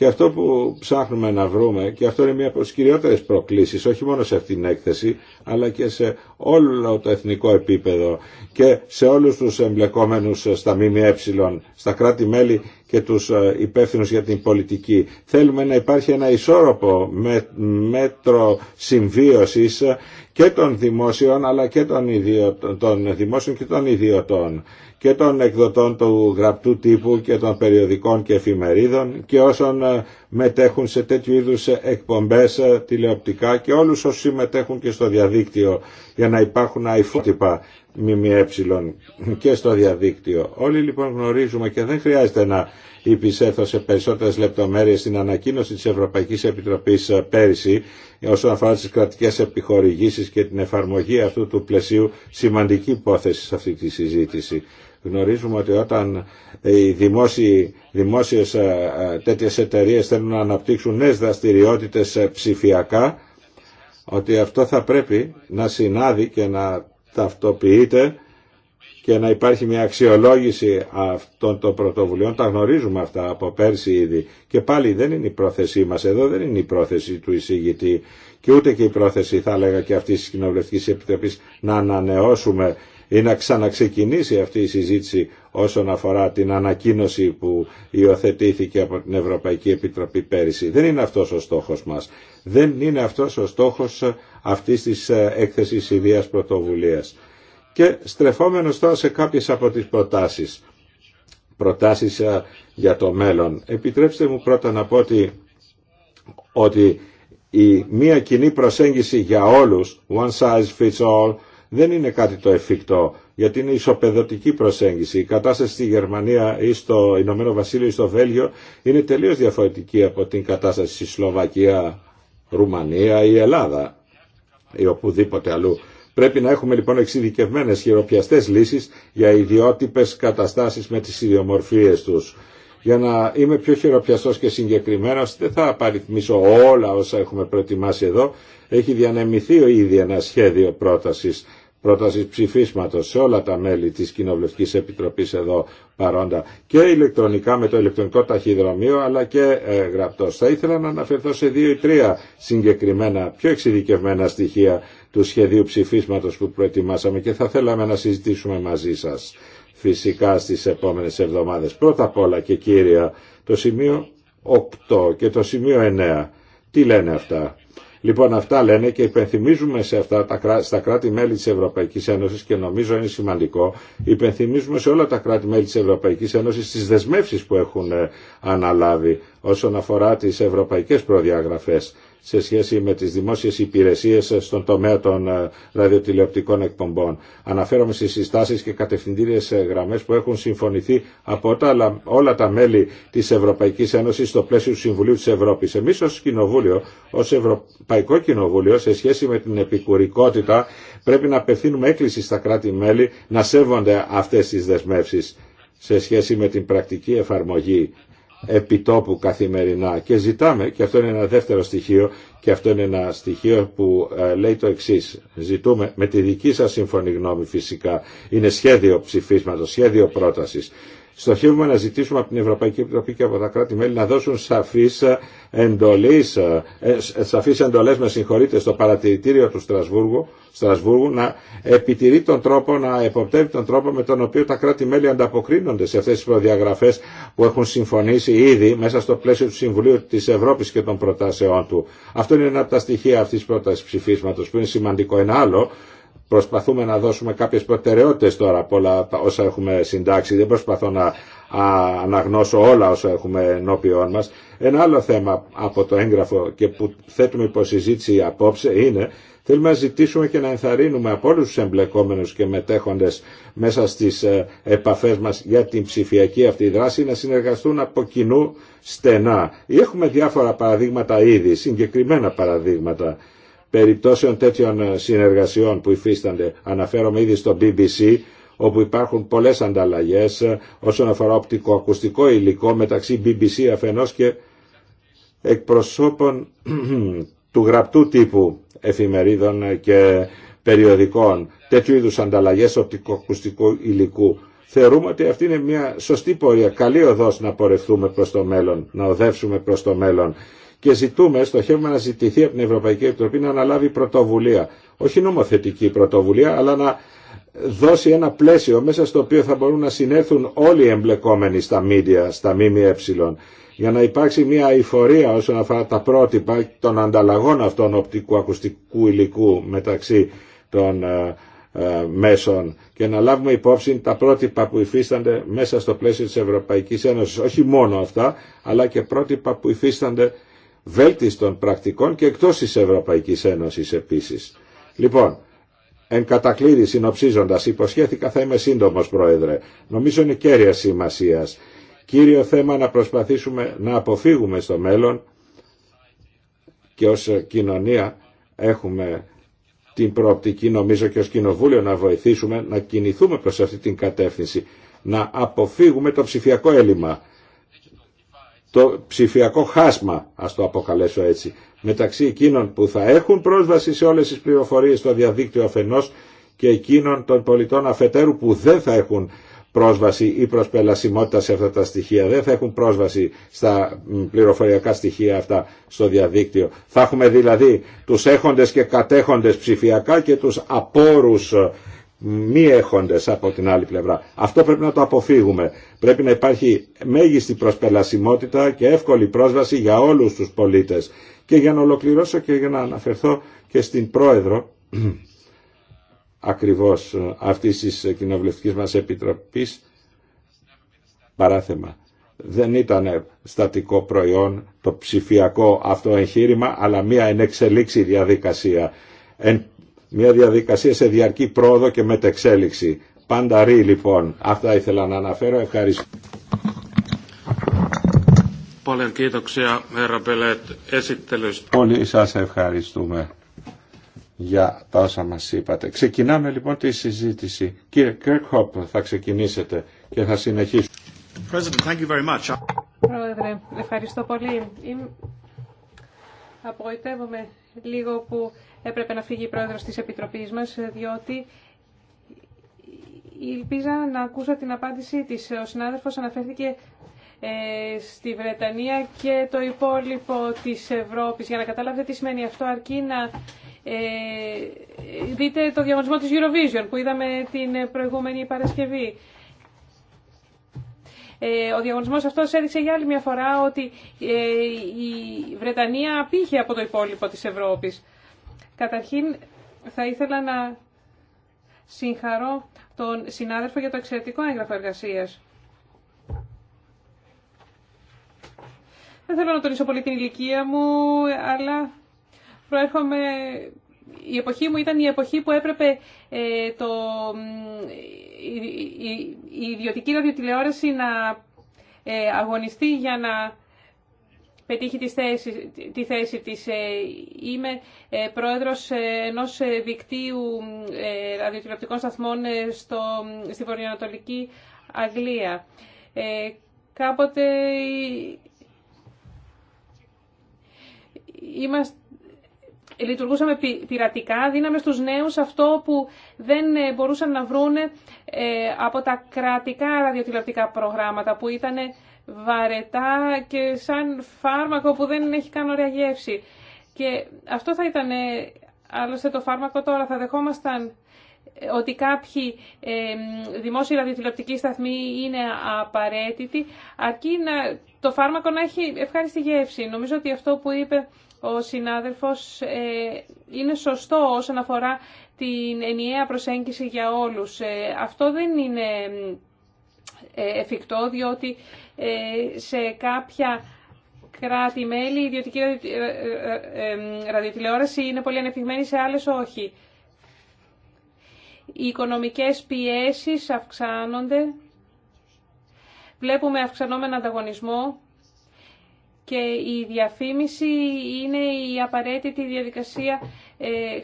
και αυτό που ψάχνουμε να βρούμε, και αυτό είναι μία από τις κυριότερες προκλήσεις, όχι μόνο σε αυτήν την έκθεση, αλλά και σε όλο το εθνικό επίπεδο και σε όλους τους εμπλεκόμενους στα ΜΜΕ, στα κράτη-μέλη και τους ε, υπεύθυνου για την πολιτική. Θέλουμε να υπάρχει ένα ισόρροπο με, μέτρο συμβίωσης και των δημόσιων αλλά και των, των δημόσιων και των ιδιωτών και των εκδοτών του γραπτού τύπου και των περιοδικών και εφημερίδων και όσων ε, μετέχουν σε τέτοιου είδους ε, εκπομπές ε, τηλεοπτικά και όλους όσοι συμμετέχουν και στο διαδίκτυο για να υπάρχουν αϊφότυπα ΜΜΕ και στο διαδίκτυο. Όλοι λοιπόν γνωρίζουμε και δεν χρειάζεται να υπησέθω σε περισσότερες λεπτομέρειες στην ανακοίνωση της Ευρωπαϊκής Επιτροπής πέρυσι όσον αφορά τις κρατικές επιχορηγήσεις και την εφαρμογή αυτού του πλαισίου σημαντική υπόθεση σε αυτή τη συζήτηση. Γνωρίζουμε ότι όταν οι δημόσιοι, δημόσιες ε, ε, τέτοιες εταιρείες θέλουν να αναπτύξουν νέες δραστηριότητες ε, ψηφιακά, ότι αυτό θα πρέπει να συνάδει και να ταυτοποιείται και να υπάρχει μια αξιολόγηση αυτών των πρωτοβουλειών. Τα γνωρίζουμε αυτά από πέρσι ήδη. Και πάλι δεν είναι η πρόθεσή μας εδώ, δεν είναι η πρόθεση του εισηγητή και ούτε και η πρόθεση θα έλεγα και αυτής της Κοινοβουλευτικής Επιτροπής να ανανεώσουμε ή να ξαναξεκινήσει αυτή η συζήτηση όσον αφορά την ανακοίνωση που υιοθετήθηκε από την Ευρωπαϊκή Επιτροπή πέρυσι. Δεν είναι αυτός ο στόχος μας. Δεν είναι αυτός ο στόχος αυτής της ε, έκθεσης ιδίας πρωτοβουλίας. Και στρεφόμενος τώρα σε κάποιες από τις προτάσεις. Προτάσεις ε, για το μέλλον. Επιτρέψτε μου πρώτα να πω ότι, η μία κοινή προσέγγιση για όλους, one size fits all, δεν είναι κάτι το εφικτό, γιατί είναι ισοπεδωτική προσέγγιση. Η κατάσταση στη Γερμανία ή στο Ηνωμένο Βασίλειο ή στο Βέλγιο είναι τελείως διαφορετική από την κατάσταση στη Σλοβακία, Ρουμανία ή Ελλάδα ή οπουδήποτε αλλού. Πρέπει να έχουμε λοιπόν εξειδικευμένε χειροπιαστέ λύσει για ιδιότυπε καταστάσει με τι ιδιομορφίε του. Για να είμαι πιο χειροπιαστό και συγκεκριμένο, δεν θα απαριθμίσω όλα όσα έχουμε προετοιμάσει εδώ. Έχει διανεμηθεί ήδη ένα σχέδιο πρόταση πρότασης ψηφίσματος σε όλα τα μέλη της Κοινοβουλευτικής Επιτροπής εδώ παρόντα και ηλεκτρονικά με το ηλεκτρονικό ταχυδρομείο αλλά και ε, γραπτός. Θα ήθελα να αναφερθώ σε δύο ή τρία συγκεκριμένα πιο εξειδικευμένα στοιχεία του σχεδίου ψηφίσματος που προετοιμάσαμε και θα θέλαμε να συζητήσουμε μαζί σας φυσικά στις επόμενες εβδομάδες. Πρώτα απ' όλα και κύρια το σημείο 8 και το σημείο 9. Τι λένε αυτά. Λοιπόν, αυτά λένε και υπενθυμίζουμε σε αυτά τα, στα κράτη-μέλη της Ευρωπαϊκής Ένωσης και νομίζω είναι σημαντικό, υπενθυμίζουμε σε όλα τα κράτη-μέλη της Ευρωπαϊκής Ένωσης τις δεσμεύσεις που έχουν ε, αναλάβει όσον αφορά τις ευρωπαϊκές προδιαγραφές σε σχέση με τις δημόσιες υπηρεσίες στον τομέα των ε, ραδιοτηλεοπτικών εκπομπών. Αναφέρομαι στις συστάσεις και κατευθυντήριες ε, γραμμές που έχουν συμφωνηθεί από όλα τα μέλη της Ευρωπαϊκής Ένωσης στο πλαίσιο του Συμβουλίου της Ευρώπης. Εμείς ως Κοινοβούλιο, ως Ευρωπαϊκό Κοινοβούλιο, σε σχέση με την επικουρικότητα, πρέπει να απευθύνουμε έκκληση στα κράτη-μέλη να σέβονται αυτές τις δεσμεύσεις σε σχέση με την πρακτική εφαρμογή επιτόπου καθημερινά και ζητάμε, και αυτό είναι ένα δεύτερο στοιχείο, και αυτό είναι ένα στοιχείο που ε, λέει το εξή. Ζητούμε με τη δική σα σύμφωνη γνώμη φυσικά. Είναι σχέδιο ψηφίσματο, σχέδιο πρόταση. Στοχεύουμε να ζητήσουμε από την Ευρωπαϊκή Επιτροπή και από τα κράτη-μέλη να δώσουν σαφείς ε, ε, ε, εντολέ με συγχωρείτε στο παρατηρητήριο του Στρασβούργου, Στρασβούργου να επιτηρεί τον τρόπο, να εποπτεύει τον τρόπο με τον οποίο τα κράτη-μέλη ανταποκρίνονται σε αυτές τις προδιαγραφές που έχουν συμφωνήσει ήδη μέσα στο πλαίσιο του Συμβουλίου της Ευρώπης και των προτάσεών του. Αυτό είναι ένα από τα στοιχεία αυτής της πρότασης ψηφίσματος που είναι σημαντικό. Ένα άλλο Προσπαθούμε να δώσουμε κάποιες προτεραιότητες τώρα από όσα έχουμε συντάξει. Δεν προσπαθώ να αναγνώσω όλα όσα έχουμε ενώπιόν μας. Ένα άλλο θέμα από το έγγραφο και που θέτουμε υποσυζήτηση απόψε είναι Θέλουμε να ζητήσουμε και να ενθαρρύνουμε από όλους τους εμπλεκόμενους και μετέχοντες μέσα στις ε, επαφές μας για την ψηφιακή αυτή δράση να συνεργαστούν από κοινού στενά. Έχουμε διάφορα παραδείγματα ήδη, συγκεκριμένα παραδείγματα περιπτώσεων τέτοιων ε, συνεργασιών που υφίστανται. Αναφέρομαι ήδη στο BBC όπου υπάρχουν πολλές ανταλλαγές ε, όσον αφορά οπτικοακουστικό υλικό μεταξύ BBC αφενός και εκπροσώπων του γραπτού τύπου εφημερίδων ε, και περιοδικών, τέτοιου είδους ανταλλαγές οπτικοακουστικού υλικού. Θεωρούμε ότι αυτή είναι μια σωστή πορεία, καλή οδός να πορευτούμε προς το μέλλον, να οδεύσουμε προς το μέλλον και ζητούμε, στοχεύουμε να ζητηθεί από την Ευρωπαϊκή Επιτροπή να αναλάβει πρωτοβουλία. Όχι νομοθετική πρωτοβουλία, αλλά να δώσει ένα πλαίσιο μέσα στο οποίο θα μπορούν να συνέλθουν όλοι οι εμπλεκόμενοι στα μίντια, στα ΜΜΕ, για να υπάρξει μια αηφορία όσον αφορά τα πρότυπα των ανταλλαγών αυτών οπτικού ακουστικού υλικού μεταξύ των ε, ε, μέσων και να λάβουμε υπόψη τα πρότυπα που υφίστανται μέσα στο πλαίσιο της Ευρωπαϊκής Ένωσης. Όχι μόνο αυτά, αλλά και πρότυπα που υφίστανται βέλτιστων πρακτικών και εκτός της Ευρωπαϊκής Ένωσης επίσης. Λοιπόν, εν κατακλείδη συνοψίζοντας, υποσχέθηκα θα είμαι σύντομος Πρόεδρε. Νομίζω είναι κέρια σημασία. Κύριο θέμα να προσπαθήσουμε να αποφύγουμε στο μέλλον και ως κοινωνία έχουμε την προοπτική νομίζω και ως κοινοβούλιο να βοηθήσουμε να κινηθούμε προς αυτή την κατεύθυνση να αποφύγουμε το ψηφιακό έλλειμμα το ψηφιακό χάσμα, ας το αποκαλέσω έτσι, μεταξύ εκείνων που θα έχουν πρόσβαση σε όλες τις πληροφορίες στο διαδίκτυο αφενός και εκείνων των πολιτών αφετέρου που δεν θα έχουν πρόσβαση ή προσπελασιμότητα σε αυτά τα στοιχεία, δεν θα έχουν πρόσβαση στα πληροφοριακά στοιχεία αυτά στο διαδίκτυο. Θα έχουμε δηλαδή τους έχοντες και κατέχοντες ψηφιακά και τους απόρους μη έχοντες από την άλλη πλευρά. Αυτό πρέπει να το αποφύγουμε. Πρέπει να υπάρχει μέγιστη προσπελασιμότητα και εύκολη πρόσβαση για όλους τους πολίτες. Και για να ολοκληρώσω και για να αναφερθώ και στην πρόεδρο ακριβώς αυτής της κοινοβουλευτικής μας επιτροπής παράθεμα. Δεν ήταν στατικό προϊόν το ψηφιακό αυτό εγχείρημα, αλλά μία ενεξελίξη διαδικασία. Εν μια διαδικασία σε διαρκή πρόοδο και μετεξέλιξη. Πάντα ρί λοιπόν. Αυτά ήθελα να αναφέρω. Ευχαριστώ. Πολύ σας ευχαριστούμε για τα όσα μας είπατε. Ξεκινάμε λοιπόν τη συζήτηση. Κύριε Κέρκχοπ θα ξεκινήσετε και θα συνεχίσουμε. Πρόεδρε, ευχαριστώ πολύ. Απογοητεύομαι λίγο που έπρεπε να φύγει η πρόεδρος της Επιτροπής μας, διότι Ελπίζα να ακούσω την απάντησή της. Ο συνάδελφος αναφέρθηκε ε, στη Βρετανία και το υπόλοιπο της Ευρώπης. Για να καταλάβετε τι σημαίνει αυτό, αρκεί να ε, δείτε το διαγωνισμό της Eurovision που είδαμε την προηγούμενη Παρασκευή. Ε, ο διαγωνισμός αυτός έδειξε για άλλη μια φορά ότι η Βρετανία απήχε από το υπόλοιπο της Ευρώπης. Καταρχήν θα ήθελα να συγχαρώ τον συνάδελφο για το εξαιρετικό έγγραφο εργασία. Δεν θέλω να τονίσω πολύ την ηλικία μου, αλλά προέρχομαι... Η εποχή μου ήταν η εποχή που έπρεπε ε, το, η, ιδιωτική ραδιοτηλεόραση να ε, αγωνιστεί για να πετύχει τη θέση, τη θέση της. Ε, είμαι ε, πρόεδρος ε, ενός δικτύου ραδιοτηλεοπτικών σταθμών στο, στη βορειοανατολική Αγγλία. κάποτε είμαστε, λειτουργούσαμε πειρατικά, δίναμε στους νέους αυτό που δεν μπορούσαν να βρούνε από τα κρατικά ραδιοτηλεοπτικά προγράμματα που ήταν βαρετά και σαν φάρμακο που δεν έχει καν ωραία γεύση. Και αυτό θα ήταν άλλωστε το φάρμακο τώρα. Θα δεχόμασταν ε, ότι κάποιοι ε, δημόσιοι ραδιοτηλεοπτικοί σταθμοί είναι απαραίτητοι, αρκεί να, το φάρμακο να έχει ευχάριστη γεύση. Νομίζω ότι αυτό που είπε ο συνάδελφος ε, είναι σωστό όσον αφορά την ενιαία προσέγγιση για όλους. αυτό δεν είναι ε, εφικτό, διότι ε, σε κάποια κράτη-μέλη η ιδιωτική ε, ραδιοτηλεόραση είναι πολύ ανεπτυγμένη, σε άλλες όχι. Οι οικονομικές πιέσεις αυξάνονται, βλέπουμε αυξανόμενο ανταγωνισμό και η διαφήμιση είναι η απαραίτητη διαδικασία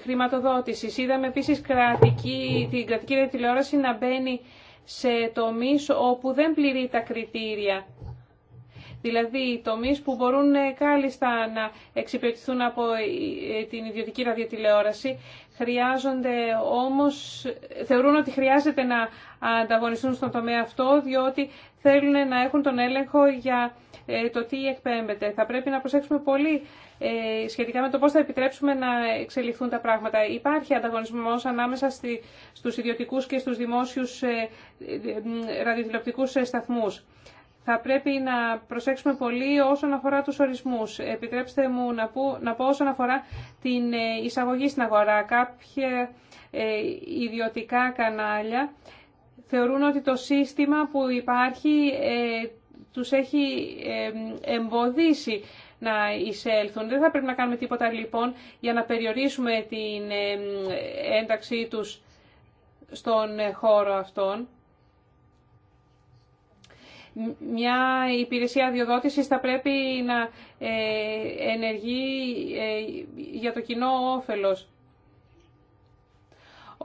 χρηματοδότησης. Είδαμε επίσης κρατική, την κρατική ραδιοτηλεόραση να μπαίνει σε τομείς όπου δεν πληρεί τα κριτήρια. Δηλαδή τομείς που μπορούν ε, κάλλιστα να εξυπηρετηθούν από ε, ε, την ιδιωτική ραδιοτηλεόραση, χρειάζονται όμως, θεωρούν ότι χρειάζεται να ανταγωνιστούν στον τομέα αυτό, διότι θέλουν να έχουν τον έλεγχο για ε, το τι εκπέμπεται. Θα πρέπει να προσέξουμε πολύ ε, σχετικά με το πώς θα επιτρέψουμε να εξελιχθούν τα πράγματα. Υπάρχει ανταγωνισμός ανάμεσα στη, στους ιδιωτικούς και στους δημόσιους ε, ραδιοτηλεοπτικούς σταθμούς. Θα πρέπει να προσέξουμε πολύ όσον αφορά τους ορισμούς. Επιτρέψτε μου να να πω όσον αφορά την εισαγωγή στην αγορά. Κάποια ιδιωτικά κανάλια θεωρούν ότι το σύστημα που υπάρχει ε, τους έχει ε, εμποδίσει να εισέλθουν. Δεν θα πρέπει να κάνουμε τίποτα λοιπόν για να περιορίσουμε την ε, ένταξή τους στον χώρο αυτόν. Μια υπηρεσία αδειοδότησης θα πρέπει να ενεργεί για το κοινό όφελος.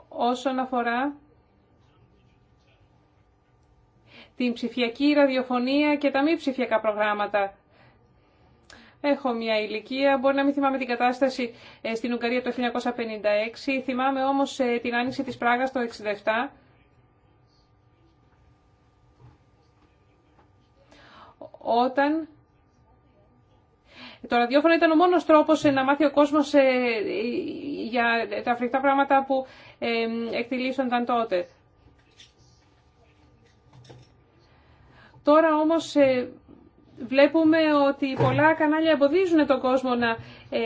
Όσον αφορά την ψηφιακή ραδιοφωνία και τα μη ψηφιακά προγράμματα. Έχω μια ηλικία, μπορεί να μην θυμάμαι την κατάσταση ε, στην Ουγγαρία το 1956, θυμάμαι όμως ε, την άνοιξη της Πράγας το 1967, όταν το ραδιόφωνο ήταν ο μόνος τρόπος ε, να μάθει ο κόσμος για τα φρικτά πράγματα που εκτιλήσονταν τότε. Τώρα όμως ε, βλέπουμε ότι πολλά κανάλια εμποδίζουν τον κόσμο να ε,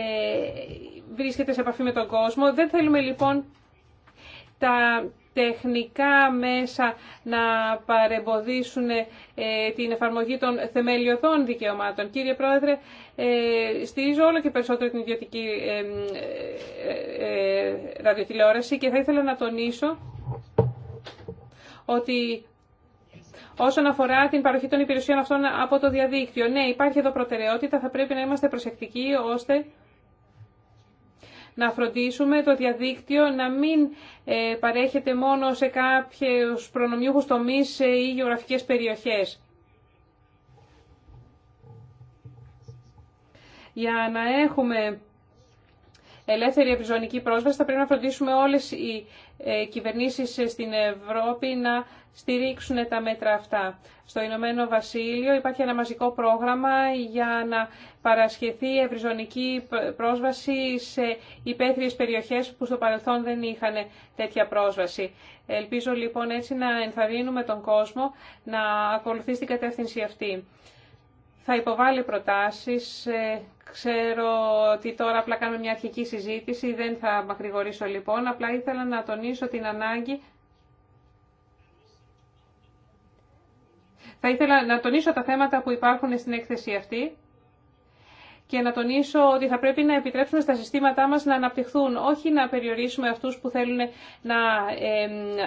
βρίσκεται σε επαφή με τον κόσμο. Δεν θέλουμε λοιπόν τα τεχνικά μέσα να παρεμποδίσουν ε, την εφαρμογή των θεμελιωδών δικαιωμάτων. Κύριε Πρόεδρε, στηρίζω όλο και περισσότερο την ιδιωτική ραδιοτηλεόραση και θα ήθελα να τονίσω ότι Όσον αφορά την παροχή των υπηρεσιών αυτών από το διαδίκτυο, ναι, υπάρχει εδώ προτεραιότητα, θα πρέπει να είμαστε προσεκτικοί ώστε να φροντίσουμε το διαδίκτυο να μην ε, παρέχεται μόνο σε κάποιους προνομιούχους τομείς ή γεωγραφικές περιοχές. Για να έχουμε ελεύθερη ευρυζωνική πρόσβαση, θα πρέπει να φροντίσουμε όλες οι ε, κυβερνήσεις ε, στην Ευρώπη να στηρίξουν τα μέτρα αυτά. Στο Ηνωμένο Βασίλειο υπάρχει ένα μαζικό πρόγραμμα για να παρασχεθεί ευρυζωνική πρόσβαση σε υπαίθριες περιοχές που στο παρελθόν δεν είχαν τέτοια πρόσβαση. Ελπίζω λοιπόν έτσι να ενθαρρύνουμε τον κόσμο να ακολουθεί στην κατεύθυνση αυτή. Θα υποβάλει προτάσεις ε, Ξέρω ότι τώρα απλά κάνουμε μια αρχική συζήτηση, δεν θα μακρηγορήσω λοιπόν, απλά ήθελα να τονίσω την ανάγκη Θα ήθελα να τονίσω τα θέματα που υπάρχουν στην έκθεση αυτή και να τονίσω ότι θα πρέπει να επιτρέψουμε στα συστήματά μας να αναπτυχθούν, όχι να περιορίσουμε αυτούς που θέλουν να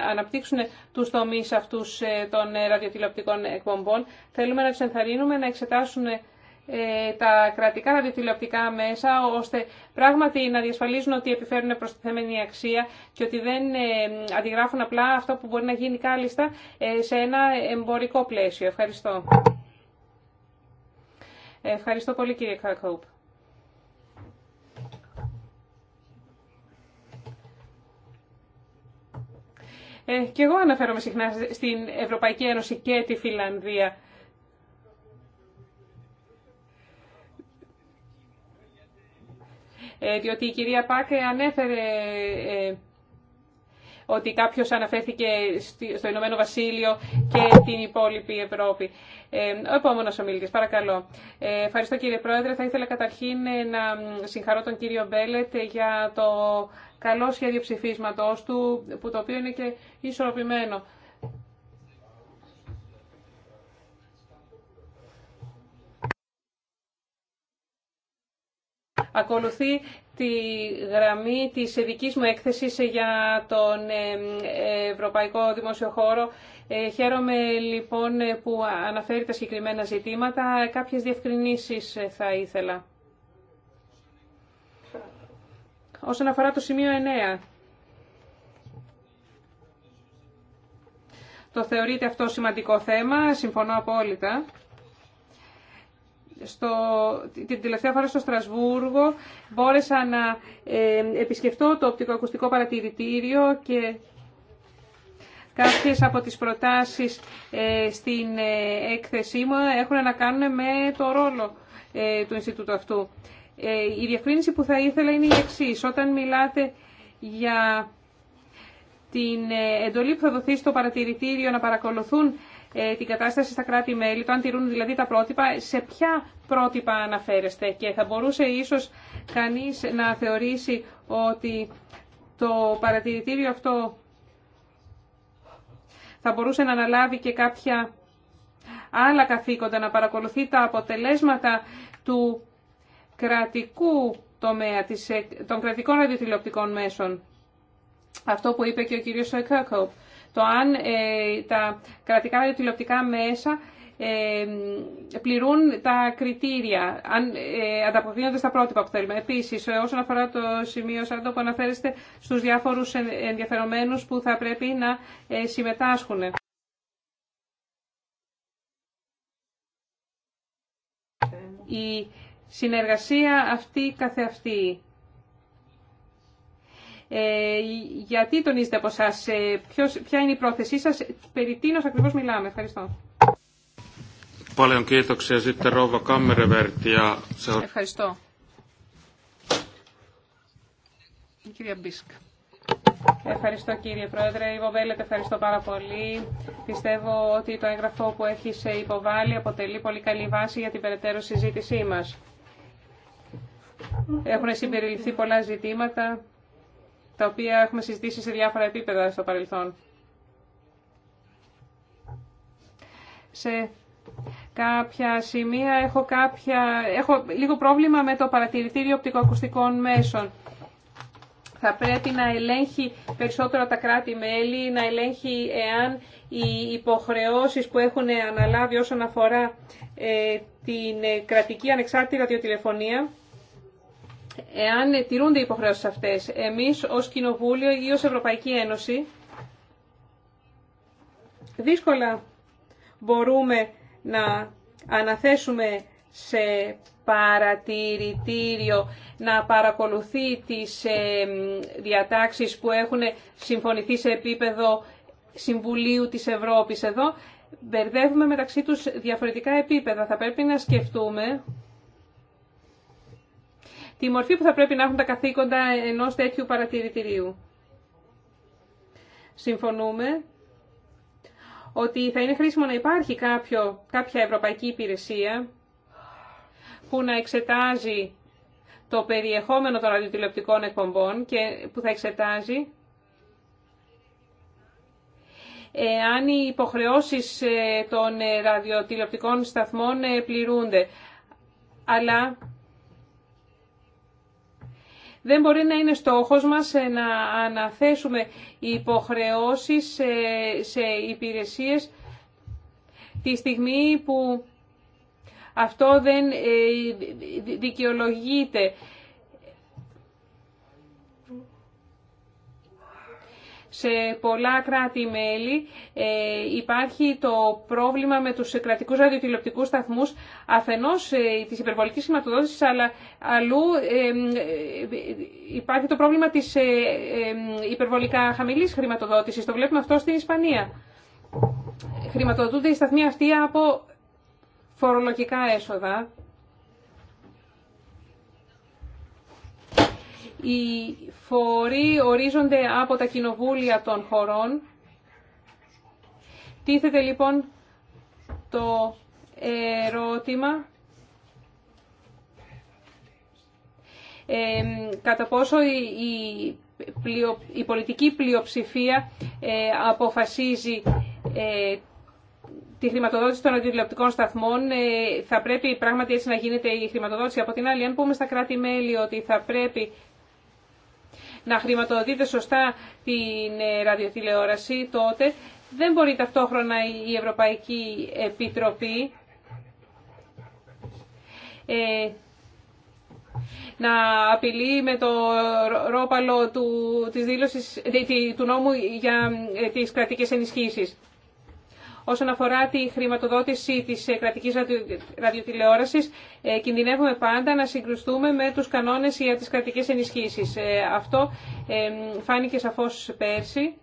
αναπτύξουν τους τομείς αυτούς ε, των ραδιοτηλεοπτικών εκπομπών. Θέλουμε να τους ενθαρρύνουμε να εξετάσουν ε, τα κρατικά ραδιοτηλεοπτικά μέσα, ώστε πράγματι να διασφαλίζουν ότι επιφέρουν προστιθέμενη αξία και ότι δεν ε, αντιγράφουν απλά αυτό που μπορεί να γίνει κάλλιστα ε, σε ένα εμπορικό πλαίσιο. Ευχαριστώ. Ευχαριστώ πολύ κύριε Κακόπ. Ε, και εγώ αναφέρομαι συχνά στην Ευρωπαϊκή Ένωση και τη Φιλανδία. Ε, διότι η κυρία Πάκ ε, ανέφερε ε, ότι κάποιο αναφέρθηκε στο Ηνωμένο Βασίλειο και την υπόλοιπη Ευρώπη. Ο επόμενος ομιλητής, παρακαλώ. Ευχαριστώ κύριε Πρόεδρε. Θα ήθελα καταρχήν να συγχαρώ τον κύριο Μπέλετ για το καλό σχέδιο ψηφίσματος του, που το οποίο είναι και ισορροπημένο. ακολουθεί τη γραμμή της ειδικής μου έκθεσης για τον ε, Ευρωπαϊκό Δημόσιο Χώρο. Ε, χαίρομαι λοιπόν που αναφέρει τα συγκεκριμένα ζητήματα. Κάποιες διευκρινήσεις θα ήθελα. Όσον αφορά το σημείο 9, το θεωρείται αυτό σημαντικό θέμα, συμφωνώ απόλυτα στο, την τελευταία φορά στο Στρασβούργο μπόρεσα να ε, επισκεφτώ το οπτικοακουστικό παρατηρητήριο και κάποιες από τις προτάσεις ε, στην ε, έκθεσή μου έχουν να κάνουν με το ρόλο ε, του Ινστιτούτου αυτού. η διευκρίνηση που θα ήθελα είναι η εξή. Όταν μιλάτε για την εντολή που θα δοθεί στο παρατηρητήριο να παρακολουθούν ε, την κατάσταση στα κράτη-μέλη, το αν τηρούν δηλαδή τα πρότυπα, σε ποια πρότυπα αναφέρεστε. Και θα μπορούσε ίσως κανείς να θεωρήσει ότι το παρατηρητήριο αυτό θα μπορούσε να αναλάβει και κάποια άλλα καθήκοντα, να παρακολουθεί τα αποτελέσματα του κρατικού τομέα, ε, των κρατικών ραδιοτηλεοπτικών μέσων. Αυτό που είπε και ο κύριος Κάκοπ το αν ε, τα κρατικά ραδιοτηλεοπτικά μέσα ε, πληρούν τα κριτήρια, αν ε, ανταποκρίνονται στα πρότυπα που θέλουμε. Επίσης, όσον αφορά το σημείο 40 που αναφέρεστε στους διάφορους ενδιαφερομένους που θα πρέπει να συμμετάσχουν. Η συνεργασία αυτή καθεαυτή ε, γιατί τονίζετε από εσά, ε, ποια είναι η πρόθεσή σα περί τίνο ακριβώ μιλάμε. Ευχαριστώ. Ευχαριστώ. κυρία Μπίσκ. Ευχαριστώ κύριε Πρόεδρε. Η Βοβέλετ, ευχαριστώ πάρα πολύ. Πιστεύω ότι το έγγραφο που έχει υποβάλει αποτελεί πολύ καλή βάση για την περαιτέρω συζήτησή μας. Έχουν συμπεριληφθεί πολλά ζητήματα τα οποία έχουμε συζητήσει σε διάφορα επίπεδα στο παρελθόν. Σε κάποια σημεία έχω, κάποια... έχω λίγο πρόβλημα με το παρατηρητήριο οπτικοακουστικών μέσων. Θα πρέπει να ελέγχει περισσότερο τα κράτη-μέλη, να ελέγχει εάν οι υποχρεώσεις που έχουν αναλάβει όσον αφορά ε, την ε, κρατική ανεξάρτητη ραδιοτηλεφωνία εάν τηρούνται οι υποχρεώσεις αυτές. Εμείς ως Κοινοβούλιο ή ως Ευρωπαϊκή Ένωση δύσκολα μπορούμε να αναθέσουμε σε παρατηρητήριο να παρακολουθεί τις ε, διατάξεις που έχουν συμφωνηθεί σε επίπεδο Συμβουλίου της Ευρώπης εδώ. Μπερδεύουμε μεταξύ τους διαφορετικά επίπεδα. Θα πρέπει να σκεφτούμε τη μορφή που θα πρέπει να έχουν τα καθήκοντα ενός τέτοιου παρατηρητηρίου. Συμφωνούμε ότι θα είναι χρήσιμο να υπάρχει κάποιο, κάποια ευρωπαϊκή υπηρεσία που να εξετάζει το περιεχόμενο των ραδιοτηλεοπτικών εκπομπών και που θα εξετάζει αν οι υποχρεώσεις ε, των ε, ραδιοτηλεοπτικών σταθμών ε, πληρούνται. Αλλά δεν μπορεί να είναι στόχος μας ε, να αναθέσουμε υποχρεώσεις σε υπηρεσίες τη στιγμή που αυτό δεν ε, δικαιολογείται σε πολλά κράτη-μέλη ε, υπάρχει το πρόβλημα με τους κρατικούς ραδιοτηλεοπτικούς σταθμούς αφενός ε, της υπερβολικής χρηματοδότησης, αλλά αλλού ε, υπάρχει το πρόβλημα της υπερβολικά χαμηλής χρηματοδότησης. Το βλέπουμε αυτό στην Ισπανία. Χρηματοδοτούνται οι σταθμοί αυτοί από φορολογικά έσοδα φορεί ορίζονται από τα κοινοβούλια των χωρών. Τίθεται λοιπόν το ερώτημα κατά πόσο η, η, πολιτική πλειοψηφία ε, αποφασίζει ε, τη χρηματοδότηση των αντιβλεπτικών σταθμών. Ε, θα πρέπει πράγματι έτσι να γίνεται η χρηματοδότηση. Από την άλλη, αν πούμε στα κράτη-μέλη ότι θα πρέπει να χρηματοδοτείτε σωστά την ε, ραδιοτηλεόραση, τότε δεν μπορεί ταυτόχρονα η Ευρωπαϊκή Επιτροπή ε, να απειλεί με το ρόπαλο του, της δήλωσης, του νόμου για ε, τις κρατικές ενισχύσεις. Όσον αφορά τη χρηματοδότηση της ε, κρατική ραδιοτηλεόρασης, ε, κινδυνεύουμε πάντα να συγκρουστούμε με τους κανόνες για τις κρατικές ενισχύσεις. Ε, αυτό φάνηκε σαφώ πέρσι.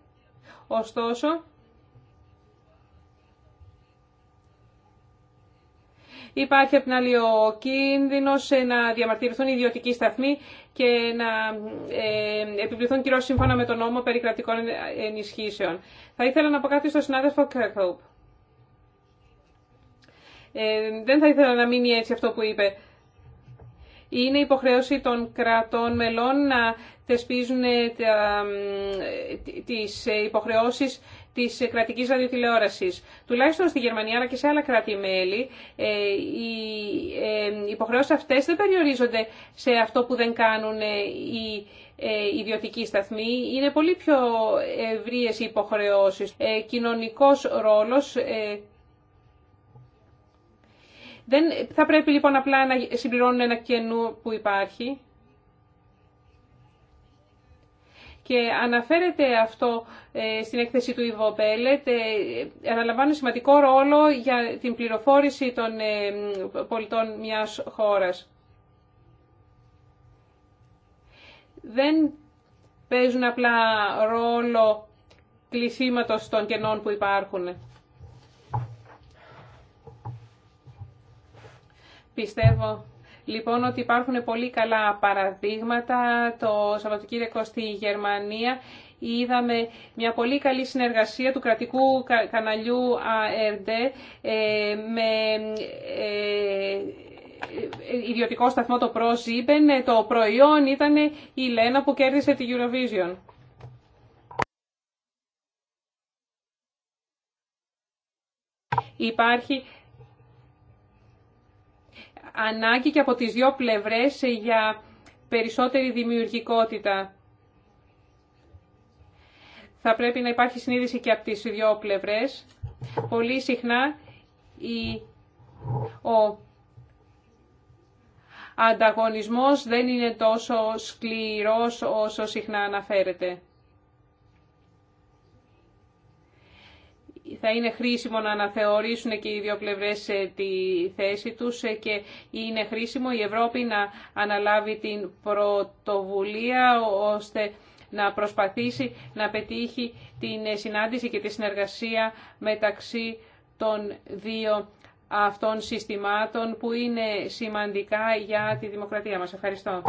Ωστόσο, Υπάρχει απ' την άλλη ο κίνδυνο να διαμαρτυρηθούν ιδιωτικοί σταθμοί και να επιβληθούν κυρώσει σύμφωνα με τον νόμο περί κρατικών ενισχύσεων. Θα ήθελα να πω κάτι στον συνάδελφο Κέρκοπ. Ε, δεν θα ήθελα να μείνει έτσι αυτό που είπε. Είναι υποχρέωση των κρατών μελών να θεσπίζουν ε, τις υποχρεώσεις της κρατικής ραδιοτηλεόρασης. Τουλάχιστον στη Γερμανία, αλλά και σε άλλα κράτη-μέλη, ε, οι υποχρεώσεις αυτές δεν περιορίζονται σε αυτό που δεν κάνουν οι ιδιωτικοί σταθμοί. Είναι πολύ πιο ευρείες οι υποχρεώσεις. Κοινωνικός ρόλος δεν θα πρέπει λοιπόν απλά να συμπληρώνουν ένα κενό που υπάρχει. Και αναφέρεται αυτό ε, στην έκθεση του Ιβο Πέλετ. Ε, αναλαμβάνουν σημαντικό ρόλο για την πληροφόρηση των ε, πολιτών μιας χώρας. Δεν παίζουν απλά ρόλο κλεισίματος των κενών που υπάρχουν. Πιστεύω λοιπόν ότι υπάρχουν πολύ καλά παραδείγματα. Το Σαββατοκύριακο στη Γερμανία είδαμε μια πολύ καλή συνεργασία του κρατικού καναλιού ARD ε, με ε, ιδιωτικό σταθμό το ProSieben. Ε, το προϊόν ήταν η Λένα που κέρδισε τη Eurovision. Υπάρχει ανάγκη και από τις δύο πλευρές για περισσότερη δημιουργικότητα. Θα πρέπει να υπάρχει συνείδηση και από τις δύο πλευρές. Πολύ συχνά ο ανταγωνισμός δεν είναι τόσο σκληρός όσο συχνά αναφέρεται. θα είναι χρήσιμο να αναθεωρήσουν και οι δύο πλευρές ε, τη θέση τους ε, και είναι χρήσιμο η Ευρώπη να αναλάβει την πρωτοβουλία ώστε να προσπαθήσει να πετύχει την ε, συνάντηση και τη συνεργασία μεταξύ των δύο αυτών συστημάτων που είναι σημαντικά για τη δημοκρατία μας. Ευχαριστώ.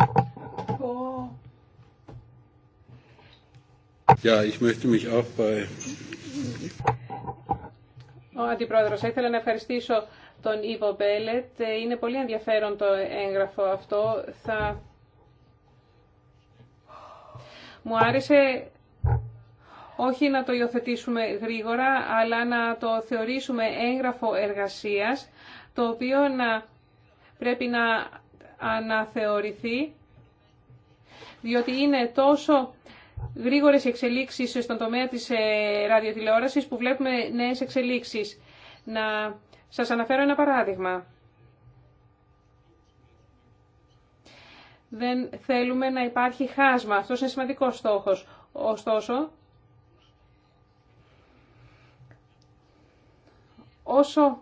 ich möchte mich auch ο Αντιπρόεδρος, θα ήθελα να ευχαριστήσω τον Ιβο Μπέλετ. Είναι πολύ ενδιαφέρον το έγγραφο αυτό. Θα... Μου άρεσε όχι να το υιοθετήσουμε γρήγορα, αλλά να το θεωρήσουμε έγγραφο εργασίας, το οποίο να πρέπει να αναθεωρηθεί, διότι είναι τόσο γρήγορες εξελίξεις στον τομέα της ε, ραδιοτηλεόρασης που βλέπουμε νέες εξελίξεις. Να σας αναφέρω ένα παράδειγμα. Δεν θέλουμε να υπάρχει χάσμα. Αυτός είναι σημαντικός στόχος. Ωστόσο, όσο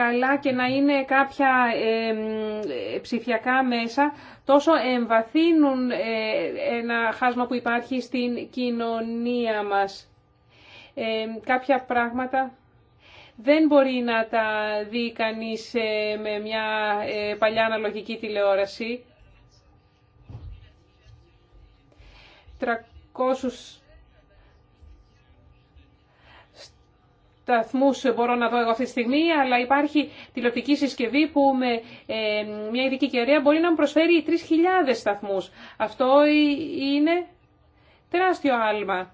καλά και να είναι κάποια ε, ψηφιακά μέσα, τόσο εμβαθύνουν ε, ένα χάσμα που υπάρχει στην κοινωνία μας. Κάποια πράγματα δεν μπορεί να τα δει κανείς ε, με μια παλιά αναλογική τηλεόραση. 300 σταθμού μπορώ να δω εγώ αυτή τη στιγμή, αλλά υπάρχει τηλεοπτική συσκευή που με ε, μια ειδική κεραία μπορεί να μου προσφέρει 3.000 σταθμού. Αυτό είναι τεράστιο άλμα.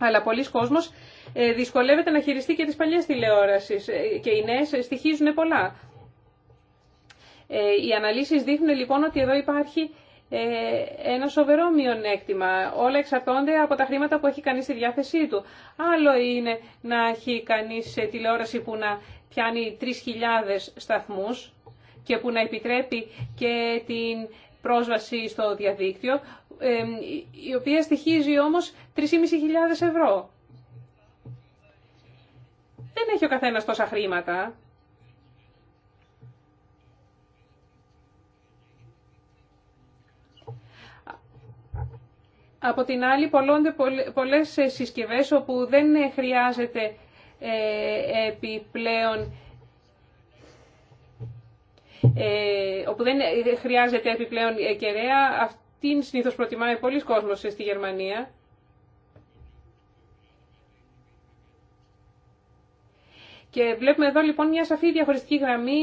Αλλά πολλοί κόσμος ε, δυσκολεύεται να χειριστεί και τις παλιές τηλεόρασεις ε, και οι νέες στοιχίζουν πολλά. Οι αναλύσεις δείχνουν λοιπόν ότι εδώ υπάρχει ε, ένα σοβερό μειονέκτημα. Όλα εξαρτώνται από τα χρήματα που έχει κανείς στη διάθεσή του. Άλλο είναι να έχει κανείς ε, τηλεόραση που να πιάνει 3.000 σταθμούς και που να επιτρέπει και την πρόσβαση στο διαδίκτυο, ε, η οποία στοιχίζει όμως 3.500 ευρώ. Δεν έχει ο καθένας τόσα χρήματα. Από την άλλη, πολλώνται πολλές ε, συσκευές όπου δεν χρειάζεται ε, επιπλέον ε, όπου δεν ε, χρειάζεται επιπλέον κεραία. Αυτήν συνήθως προτιμάει πολλοί κόσμος στη Γερμανία. Και βλέπουμε εδώ λοιπόν μια σαφή διαχωριστική γραμμή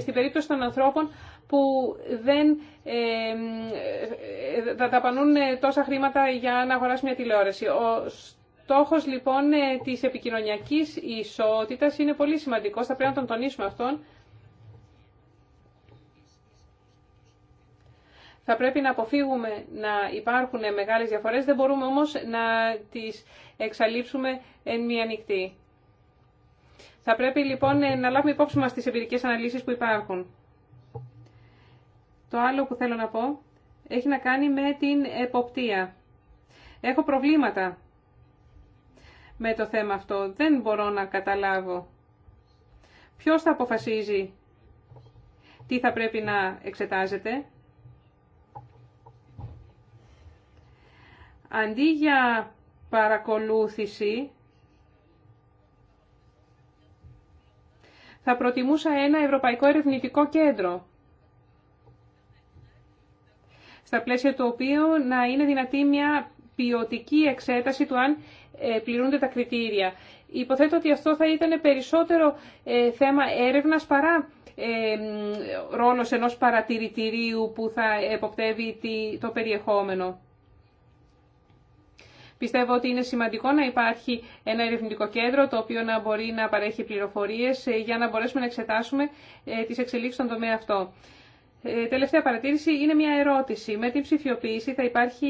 στην περίπτωση των ανθρώπων που δεν δαπανούν ε, ε, τόσα χρήματα για να αγοράσουν μια τηλεόραση. Ο στόχος λοιπόν ε, της επικοινωνιακής ισότητας είναι πολύ σημαντικός, θα πρέπει να τον τονίσουμε αυτόν. Θα πρέπει να αποφύγουμε να υπάρχουν μεγάλες διαφορές, δεν μπορούμε όμως να τις εξαλείψουμε εν μία νυχτή. Θα πρέπει λοιπόν να λάβουμε υπόψη μας τις εμπειρικές αναλύσεις που υπάρχουν. Το άλλο που θέλω να πω έχει να κάνει με την εποπτεία. Έχω προβλήματα με το θέμα αυτό. Δεν μπορώ να καταλάβω. Ποιος θα αποφασίζει τι θα πρέπει να εξετάζεται. Αντί για παρακολούθηση, θα προτιμούσα ένα Ευρωπαϊκό Ερευνητικό Κέντρο στα πλαίσια του οποίου να είναι δυνατή μια ποιοτική εξέταση του αν ε, πληρούνται τα κριτήρια. Υποθέτω ότι αυτό θα ήταν περισσότερο ε, θέμα έρευνας παρά ε, ρόλος ενός παρατηρητηρίου που θα εποπτεύει το περιεχόμενο. Πιστεύω ότι είναι σημαντικό να υπάρχει ένα ερευνητικό κέντρο το οποίο να μπορεί να παρέχει πληροφορίες για να μπορέσουμε να εξετάσουμε τις εξελίξεις στον τομέα αυτό. Ε, τελευταία παρατήρηση είναι μια ερώτηση. Με την ψηφιοποίηση θα υπάρχει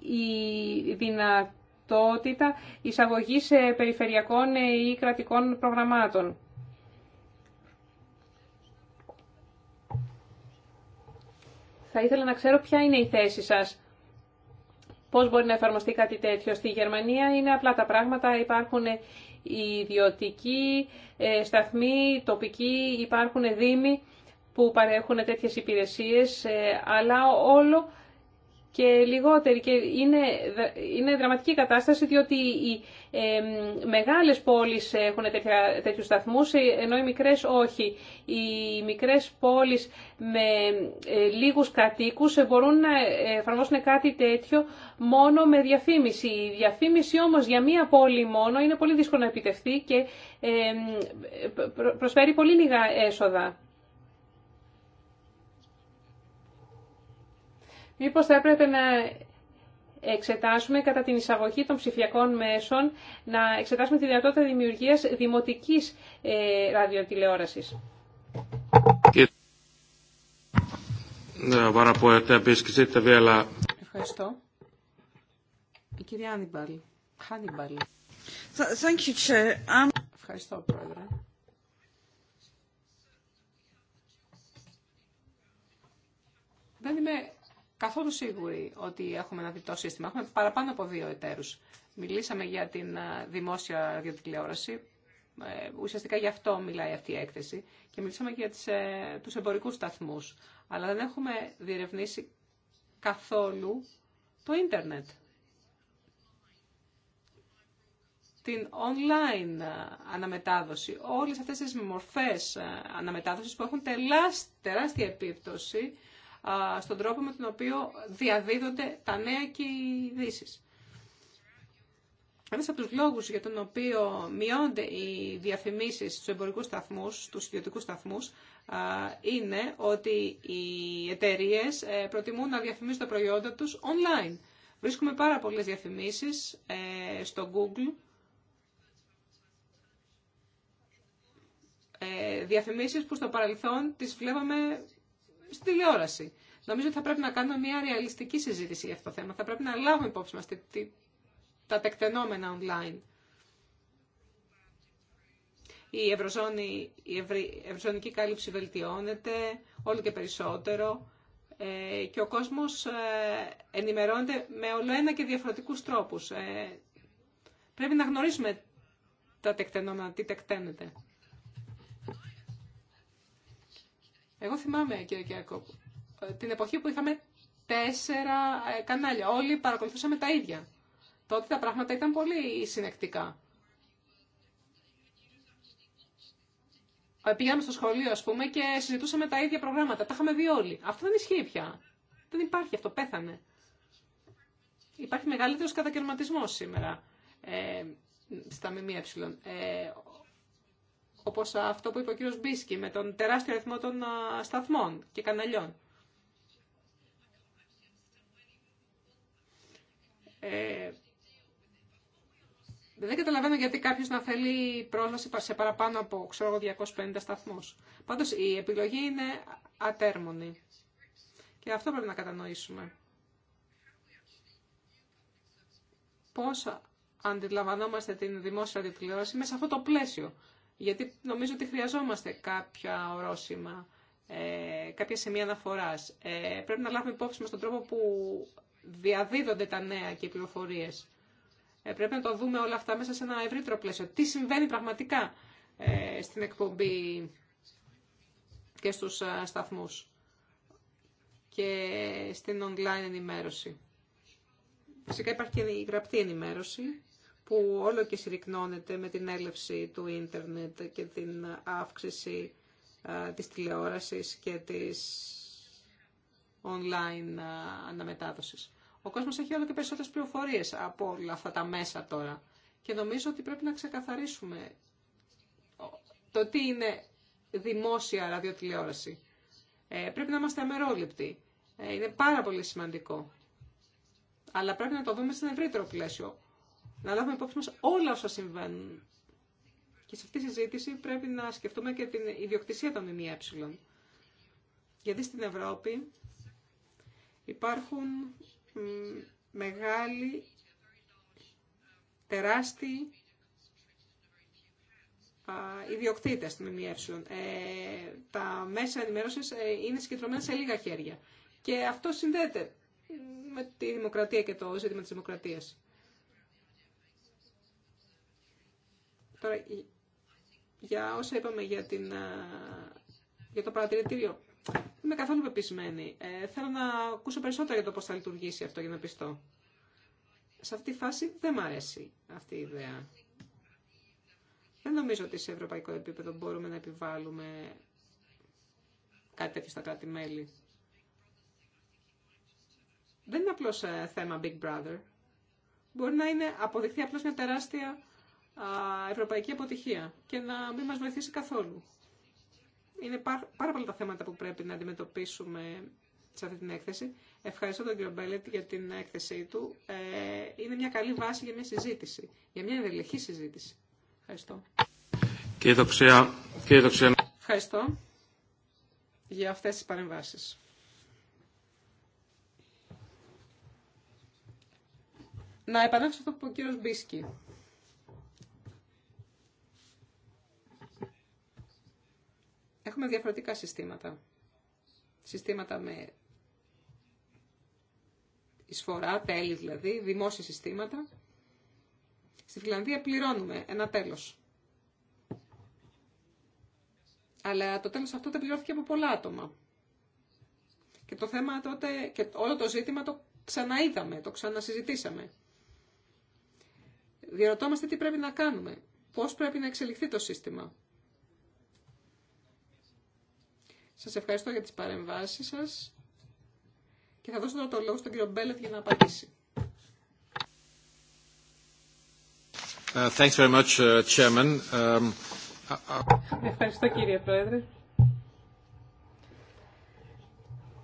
η δυνατότητα εισαγωγής περιφερειακών ε, ή κρατικών προγραμμάτων. Θα ήθελα να ξέρω ποια είναι η θέση σας. Πώς μπορεί να εφαρμοστεί κάτι τέτοιο. Στη Γερμανία είναι απλά τα πράγματα. Υπάρχουν ε, ιδιωτικοί σταθμοί, τοπικοί, υπάρχουν δήμοι που παρέχουν τέτοιες υπηρεσίες, ε, αλλά όλο και λιγότεροι. Και είναι, είναι δραματική κατάσταση διότι οι μεγάλες πόλεις έχουν τέτοιου τέτοιους ε, ενώ οι μικρές όχι. Οι μικρές πόλεις με ε, λίγους κατοίκους ε, μπορούν να εφαρμόσουν κάτι τέτοιο μόνο με διαφήμιση. Η διαφήμιση όμως για μία πόλη μόνο είναι πολύ δύσκολο να επιτευχθεί και προσφέρει πολύ λίγα έσοδα. Μήπω θα έπρεπε να εξετάσουμε κατά την εισαγωγή των ψηφιακών μέσων, να εξετάσουμε τη δυνατότητα δημιουργίας δημοτικής ε, ραδιοτηλεόρασης. Ευχαριστώ. Η κυρία Άνιμπαλ. Χάνιμπαλ. Ευχαριστώ, Πρόεδρε. Δεν είμαι καθόλου σίγουροι ότι έχουμε ένα διπτό σύστημα. Έχουμε παραπάνω από δύο εταίρους. Μιλήσαμε για την δημόσια ραδιοτηλεόραση. Ε, ουσιαστικά γι' αυτό μιλάει αυτή η έκθεση. Και μιλήσαμε για τις, ε, τους εμπορικούς σταθμούς. Αλλά δεν έχουμε διερευνήσει καθόλου το ίντερνετ. την online αναμετάδοση, όλες αυτές τις μορφές αναμετάδοσης που έχουν τεράστια επίπτωση στον τρόπο με τον οποίο διαδίδονται τα νέα και οι ειδήσει. Ένα από του λόγους για τον οποίο μειώνται οι διαφημίσεις στου εμπορικού σταθμούς, στου ιδιωτικού σταθμούς, είναι ότι οι εταιρείε ε, προτιμούν να διαφημίζουν τα προϊόντα τους online. Βρίσκουμε πάρα πολλές διαφημίσεις ε, στο Google, ε, διαφημίσεις που στο παρελθόν τις βλέπαμε στην τηλεόραση. Νομίζω ότι θα πρέπει να κάνουμε μια ρεαλιστική συζήτηση για αυτό το θέμα. Θα πρέπει να λάβουμε υπόψη μας τα τεκτενόμενα online. Η, ευρωζώνη, η ευρωζωνική κάλυψη βελτιώνεται όλο και περισσότερο ε, και ο κόσμος ε, ενημερώνεται με ένα και διαφορετικούς τρόπους. Ε, πρέπει να γνωρίσουμε τα τεκτενόμενα, τι τεκταίνεται. Εγώ θυμάμαι, κύριε Κιάκο, ε, την εποχή που είχαμε τέσσερα ε, κανάλια. Όλοι παρακολουθούσαμε τα ίδια. Τότε τα πράγματα ήταν πολύ συνεκτικά. Ε, Πήγαμε στο σχολείο, ας πούμε, και συζητούσαμε τα ίδια προγράμματα. Τα είχαμε δει όλοι. Αυτό δεν ισχύει πια. Δεν υπάρχει αυτό. Πέθανε. Υπάρχει μεγαλύτερος κατακαιρματισμός σήμερα ε, στα ΜΜΕ. Ε, όπως αυτό που είπε ο κύριο Μπίσκι με τον τεράστιο αριθμό των σταθμών και καναλιών. Ε, δεν καταλαβαίνω γιατί κάποιο να θέλει πρόσβαση σε παραπάνω από ξέρω, 250 σταθμού. Πάντως η επιλογή είναι ατέρμονη. Και αυτό πρέπει να κατανοήσουμε. Πώς αντιλαμβανόμαστε την δημόσια τηλεόραση μέσα σε αυτό το πλαίσιο γιατί νομίζω ότι χρειαζόμαστε κάποια ορόσημα, ε, κάποια σημεία αναφοράς. Ε, πρέπει να λάβουμε υπόψη μα τον τρόπο που διαδίδονται τα νέα και οι πληροφορίες. Ε, πρέπει να το δούμε όλα αυτά μέσα σε ένα ευρύτερο πλαίσιο. Τι συμβαίνει πραγματικά στην εκπομπή και στους σταθμούς και στην online ενημέρωση. Φυσικά υπάρχει και η γραπτή ενημέρωση που όλο και συρρυκνώνεται με την έλευση του ίντερνετ και την αύξηση της τηλεόρασης και της online αναμετάδοσης. Ο κόσμος έχει όλο και περισσότερες πληροφορίες από όλα αυτά τα μέσα τώρα και νομίζω ότι πρέπει να ξεκαθαρίσουμε το τι είναι δημόσια ραδιοτηλεόραση. Ε, πρέπει να είμαστε αμερόληπτοι. Ε, είναι πάρα πολύ σημαντικό. Αλλά πρέπει να το δούμε σε ευρύτερο πλαίσιο να λάβουμε υπόψη μας όλα όσα συμβαίνουν. Και σε αυτή τη συζήτηση πρέπει να σκεφτούμε και την ιδιοκτησία των ΜΜΕ. Γιατί στην Ευρώπη υπάρχουν μεγάλοι, τεράστιοι ιδιοκτήτε των ΜΜΕ. Ε, τα μέσα ενημέρωση ε, είναι συγκεντρωμένα σε λίγα χέρια. Και αυτό συνδέεται με τη δημοκρατία και το ζήτημα της δημοκρατίας. Τώρα, για όσα είπαμε για, την, για το παρατηρητήριο, είμαι καθόλου πεπισμένη. Ε, θέλω να ακούσω περισσότερα για το πώς θα λειτουργήσει αυτό για να πιστώ. Σε αυτή τη φάση δεν μ' αρέσει αυτή η ιδέα. Δεν νομίζω ότι σε ευρωπαϊκό επίπεδο μπορούμε να επιβάλλουμε κάτι τέτοιο στα κράτη-μέλη. Δεν είναι απλώς ε, θέμα Big Brother. Μπορεί να είναι αποδειχθεί απλώς μια τεράστια ευρωπαϊκή αποτυχία και να μην μας βοηθήσει καθόλου. Είναι πάρα πολλά τα θέματα που πρέπει να αντιμετωπίσουμε σε αυτή την έκθεση. Ευχαριστώ τον κύριο Μπέλετ για την έκθεσή του. Ε, είναι μια καλή βάση για μια συζήτηση, για μια ενδελεχή συζήτηση. Ευχαριστώ. Ευχαριστώ για αυτές τις παρεμβάσεις. Να επανέλθω αυτό που ο κύριος Μπίσκι Έχουμε διαφορετικά συστήματα. Συστήματα με εισφορά, τέλη δηλαδή, δημόσια συστήματα. Στη Φιλανδία πληρώνουμε ένα τέλος. Αλλά το τέλος αυτό δεν πληρώθηκε από πολλά άτομα. Και το θέμα τότε και όλο το ζήτημα το ξαναείδαμε, το ξανασυζητήσαμε. Διαρωτόμαστε τι πρέπει να κάνουμε, πώς πρέπει να εξελιχθεί το σύστημα. Σας ευχαριστώ για τις παρεμβάσεις σας και θα δώσω τώρα το λόγο στον κύριο Μπέλετ για να απαντήσει. Uh, thanks very much, ε, chairman. Ε, ευχαριστώ κύριε Πρόεδρε.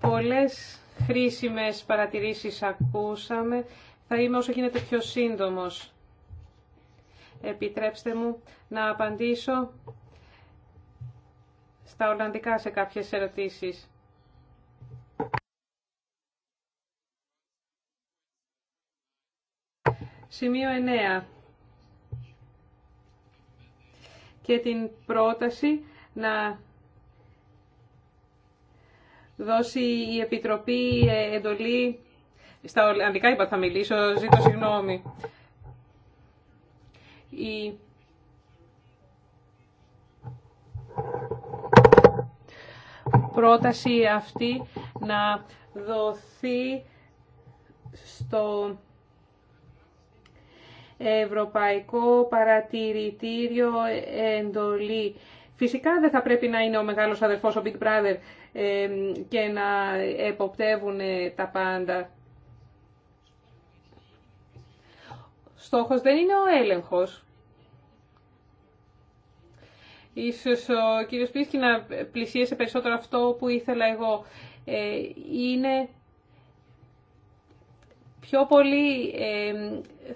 Πολλές χρήσιμες παρατηρήσεις ακούσαμε. Θα είμαι όσο γίνεται πιο σύντομος. Επιτρέψτε μου να απαντήσω στα Ολλανδικά σε κάποιες ερωτήσεις. Σημείο 9. Και την πρόταση να δώσει η Επιτροπή εντολή... Στα Ολλανδικά είπα θα μιλήσω, ζήτω συγγνώμη. Η πρόταση αυτή να δοθεί στο Ευρωπαϊκό Παρατηρητήριο Εντολή. Φυσικά δεν θα πρέπει να είναι ο μεγάλος αδερφός, ο Big Brother, και να εποπτεύουν ε, τα πάντα. Στόχος δεν είναι ο έλεγχος. Ίσως ο κύριος Πίσκι να πλησίασε περισσότερο αυτό που ήθελα εγώ. Ε, είναι πιο πολύ ε,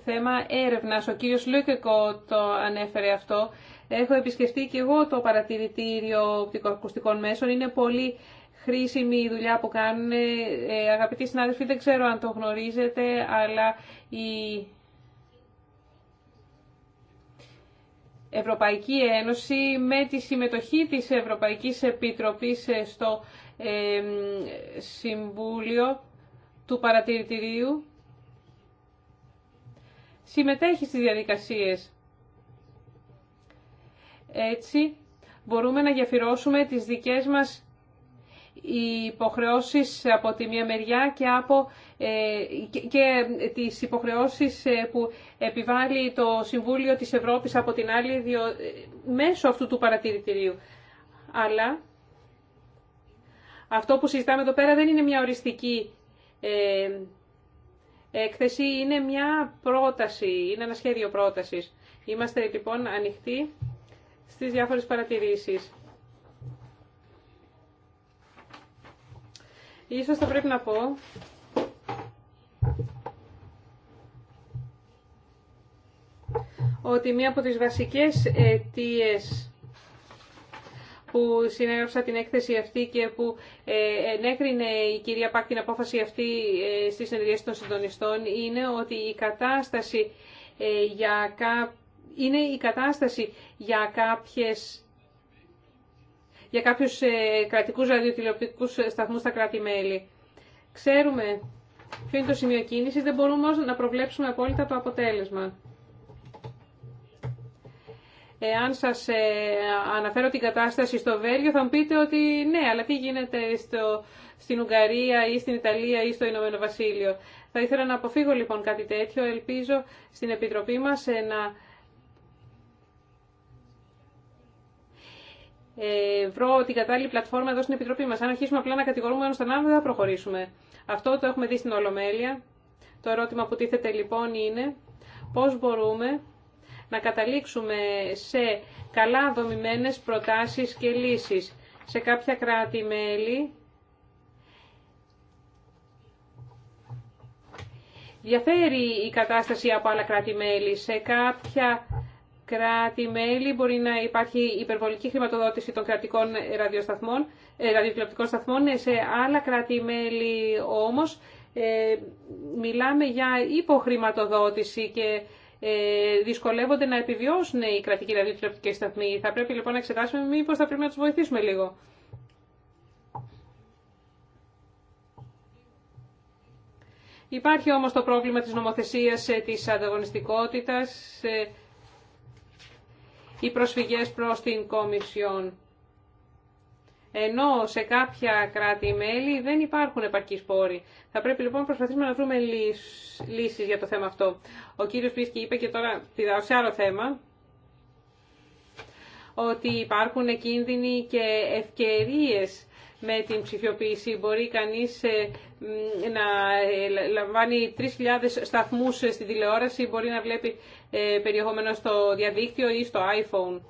θέμα έρευνας. Ο κύριος Λούκεκο το ανέφερε αυτό. Έχω επισκεφτεί και εγώ το παρατηρητήριο οπτικοακουστικών μέσων. Είναι πολύ χρήσιμη η δουλειά που κάνουν. Ε, αγαπητοί συνάδελφοι, δεν ξέρω αν το γνωρίζετε, αλλά η Ευρωπαϊκή Ένωση με τη συμμετοχή της Ευρωπαϊκής Επιτροπής ε, στο ε, Συμβούλιο του Παρατηρητηρίου συμμετέχει στις διαδικασίες. Έτσι μπορούμε να γεφυρώσουμε τις δικές μας υποχρεώσεις από τη μία μεριά και από ε, και τις υποχρεώσεις ε, που επιβάλλει το Συμβούλιο της Ευρώπης από την άλλη διο... Ε, μέσω αυτού του παρατηρητηρίου. Αλλά αυτό που συζητάμε εδώ πέρα δεν είναι μια οριστική έκθεση, είναι μια πρόταση, είναι ένα σχέδιο πρότασης. Είμαστε λοιπόν ανοιχτοί στις διάφορες παρατηρήσεις. Ίσως θα πρέπει να πω ότι μία από τις βασικές αιτίε που συνέγραψα την έκθεση αυτή και που ε, ενέκρινε η κυρία Πάκ την απόφαση αυτή ε, στις συνεδρίες των συντονιστών είναι ότι η κατάσταση ε, για είναι η κατάσταση για κάποιες για κάποιους κρατικούς ραδιοτηλεοπτικούς σταθμούς στα κράτη-μέλη. Ξέρουμε ποιο είναι το σημείο κίνησης, δεν μπορούμε όμως να προβλέψουμε απόλυτα το αποτέλεσμα. Εάν σας ε, αναφέρω την κατάσταση στο Βέλγιο θα μου πείτε ότι ναι, αλλά τι γίνεται στο, στην Ουγγαρία ή στην Ιταλία ή στο Ηνωμένο Βασίλειο. Θα ήθελα να αποφύγω λοιπόν κάτι τέτοιο. Ελπίζω στην Επιτροπή μας ε, να ε, βρω την κατάλληλη πλατφόρμα εδώ στην Επιτροπή μας. Αν αρχίσουμε απλά να κατηγορούμε έναν στον άλλο δεν θα προχωρήσουμε. Αυτό το έχουμε δει στην Ολομέλεια. Το ερώτημα που τίθεται λοιπόν είναι πώς μπορούμε να καταλήξουμε σε καλά δομημένες προτάσεις και λύσεις. Σε κάποια κράτη-μέλη διαφέρει η κατάσταση από άλλα κράτη-μέλη. Σε κάποια κράτη-μέλη μπορεί να υπάρχει υπερβολική χρηματοδότηση των κρατικών ραδιοσταθμών, ε, ραδιοτηλεοπτικών σταθμών. Ε, σε άλλα κράτη-μέλη όμως ε, μιλάμε για υποχρηματοδότηση και ε, δυσκολεύονται να επιβιώσουν οι κρατικοί ραδιοτηλεοπτικέ σταθμοί. Θα πρέπει λοιπόν να εξετάσουμε μήπως θα πρέπει να του βοηθήσουμε λίγο. Υπάρχει όμως το πρόβλημα της νομοθεσίας, ε, της ανταγωνιστικότητας, ε, οι προσφυγές προς την Κομισιόν ενώ σε κάποια κράτη-μέλη δεν υπάρχουν επαρκείς πόροι. Θα πρέπει λοιπόν να προσπαθήσουμε να βρούμε λύσεις για το θέμα αυτό. Ο κύριος Πίσκη είπε και τώρα σε άλλο θέμα, ότι υπάρχουν κίνδυνοι και ευκαιρίες με την ψηφιοποίηση. Μπορεί κανείς ε, να ε, λαμβάνει 3.000 σταθμούς ε, στην τηλεόραση, μπορεί να βλέπει περιεχόμενο στο διαδίκτυο ή στο iPhone.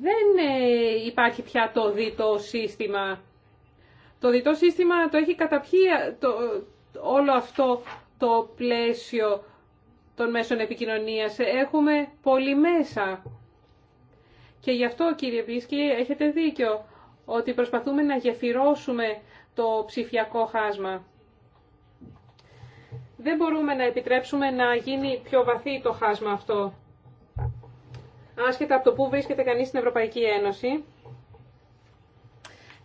δεν ε, υπάρχει πια το διτό σύστημα. Το διτό σύστημα το έχει καταπιεί ε, το, όλο αυτό το πλαίσιο των μέσων επικοινωνίας. Έχουμε πολύ μέσα. Και γι' αυτό, κύριε Πίσκη, έχετε δίκιο ότι προσπαθούμε να γεφυρώσουμε το ψηφιακό χάσμα. Δεν μπορούμε να επιτρέψουμε να γίνει πιο βαθύ το χάσμα αυτό άσχετα από το πού βρίσκεται κανείς στην Ευρωπαϊκή Ένωση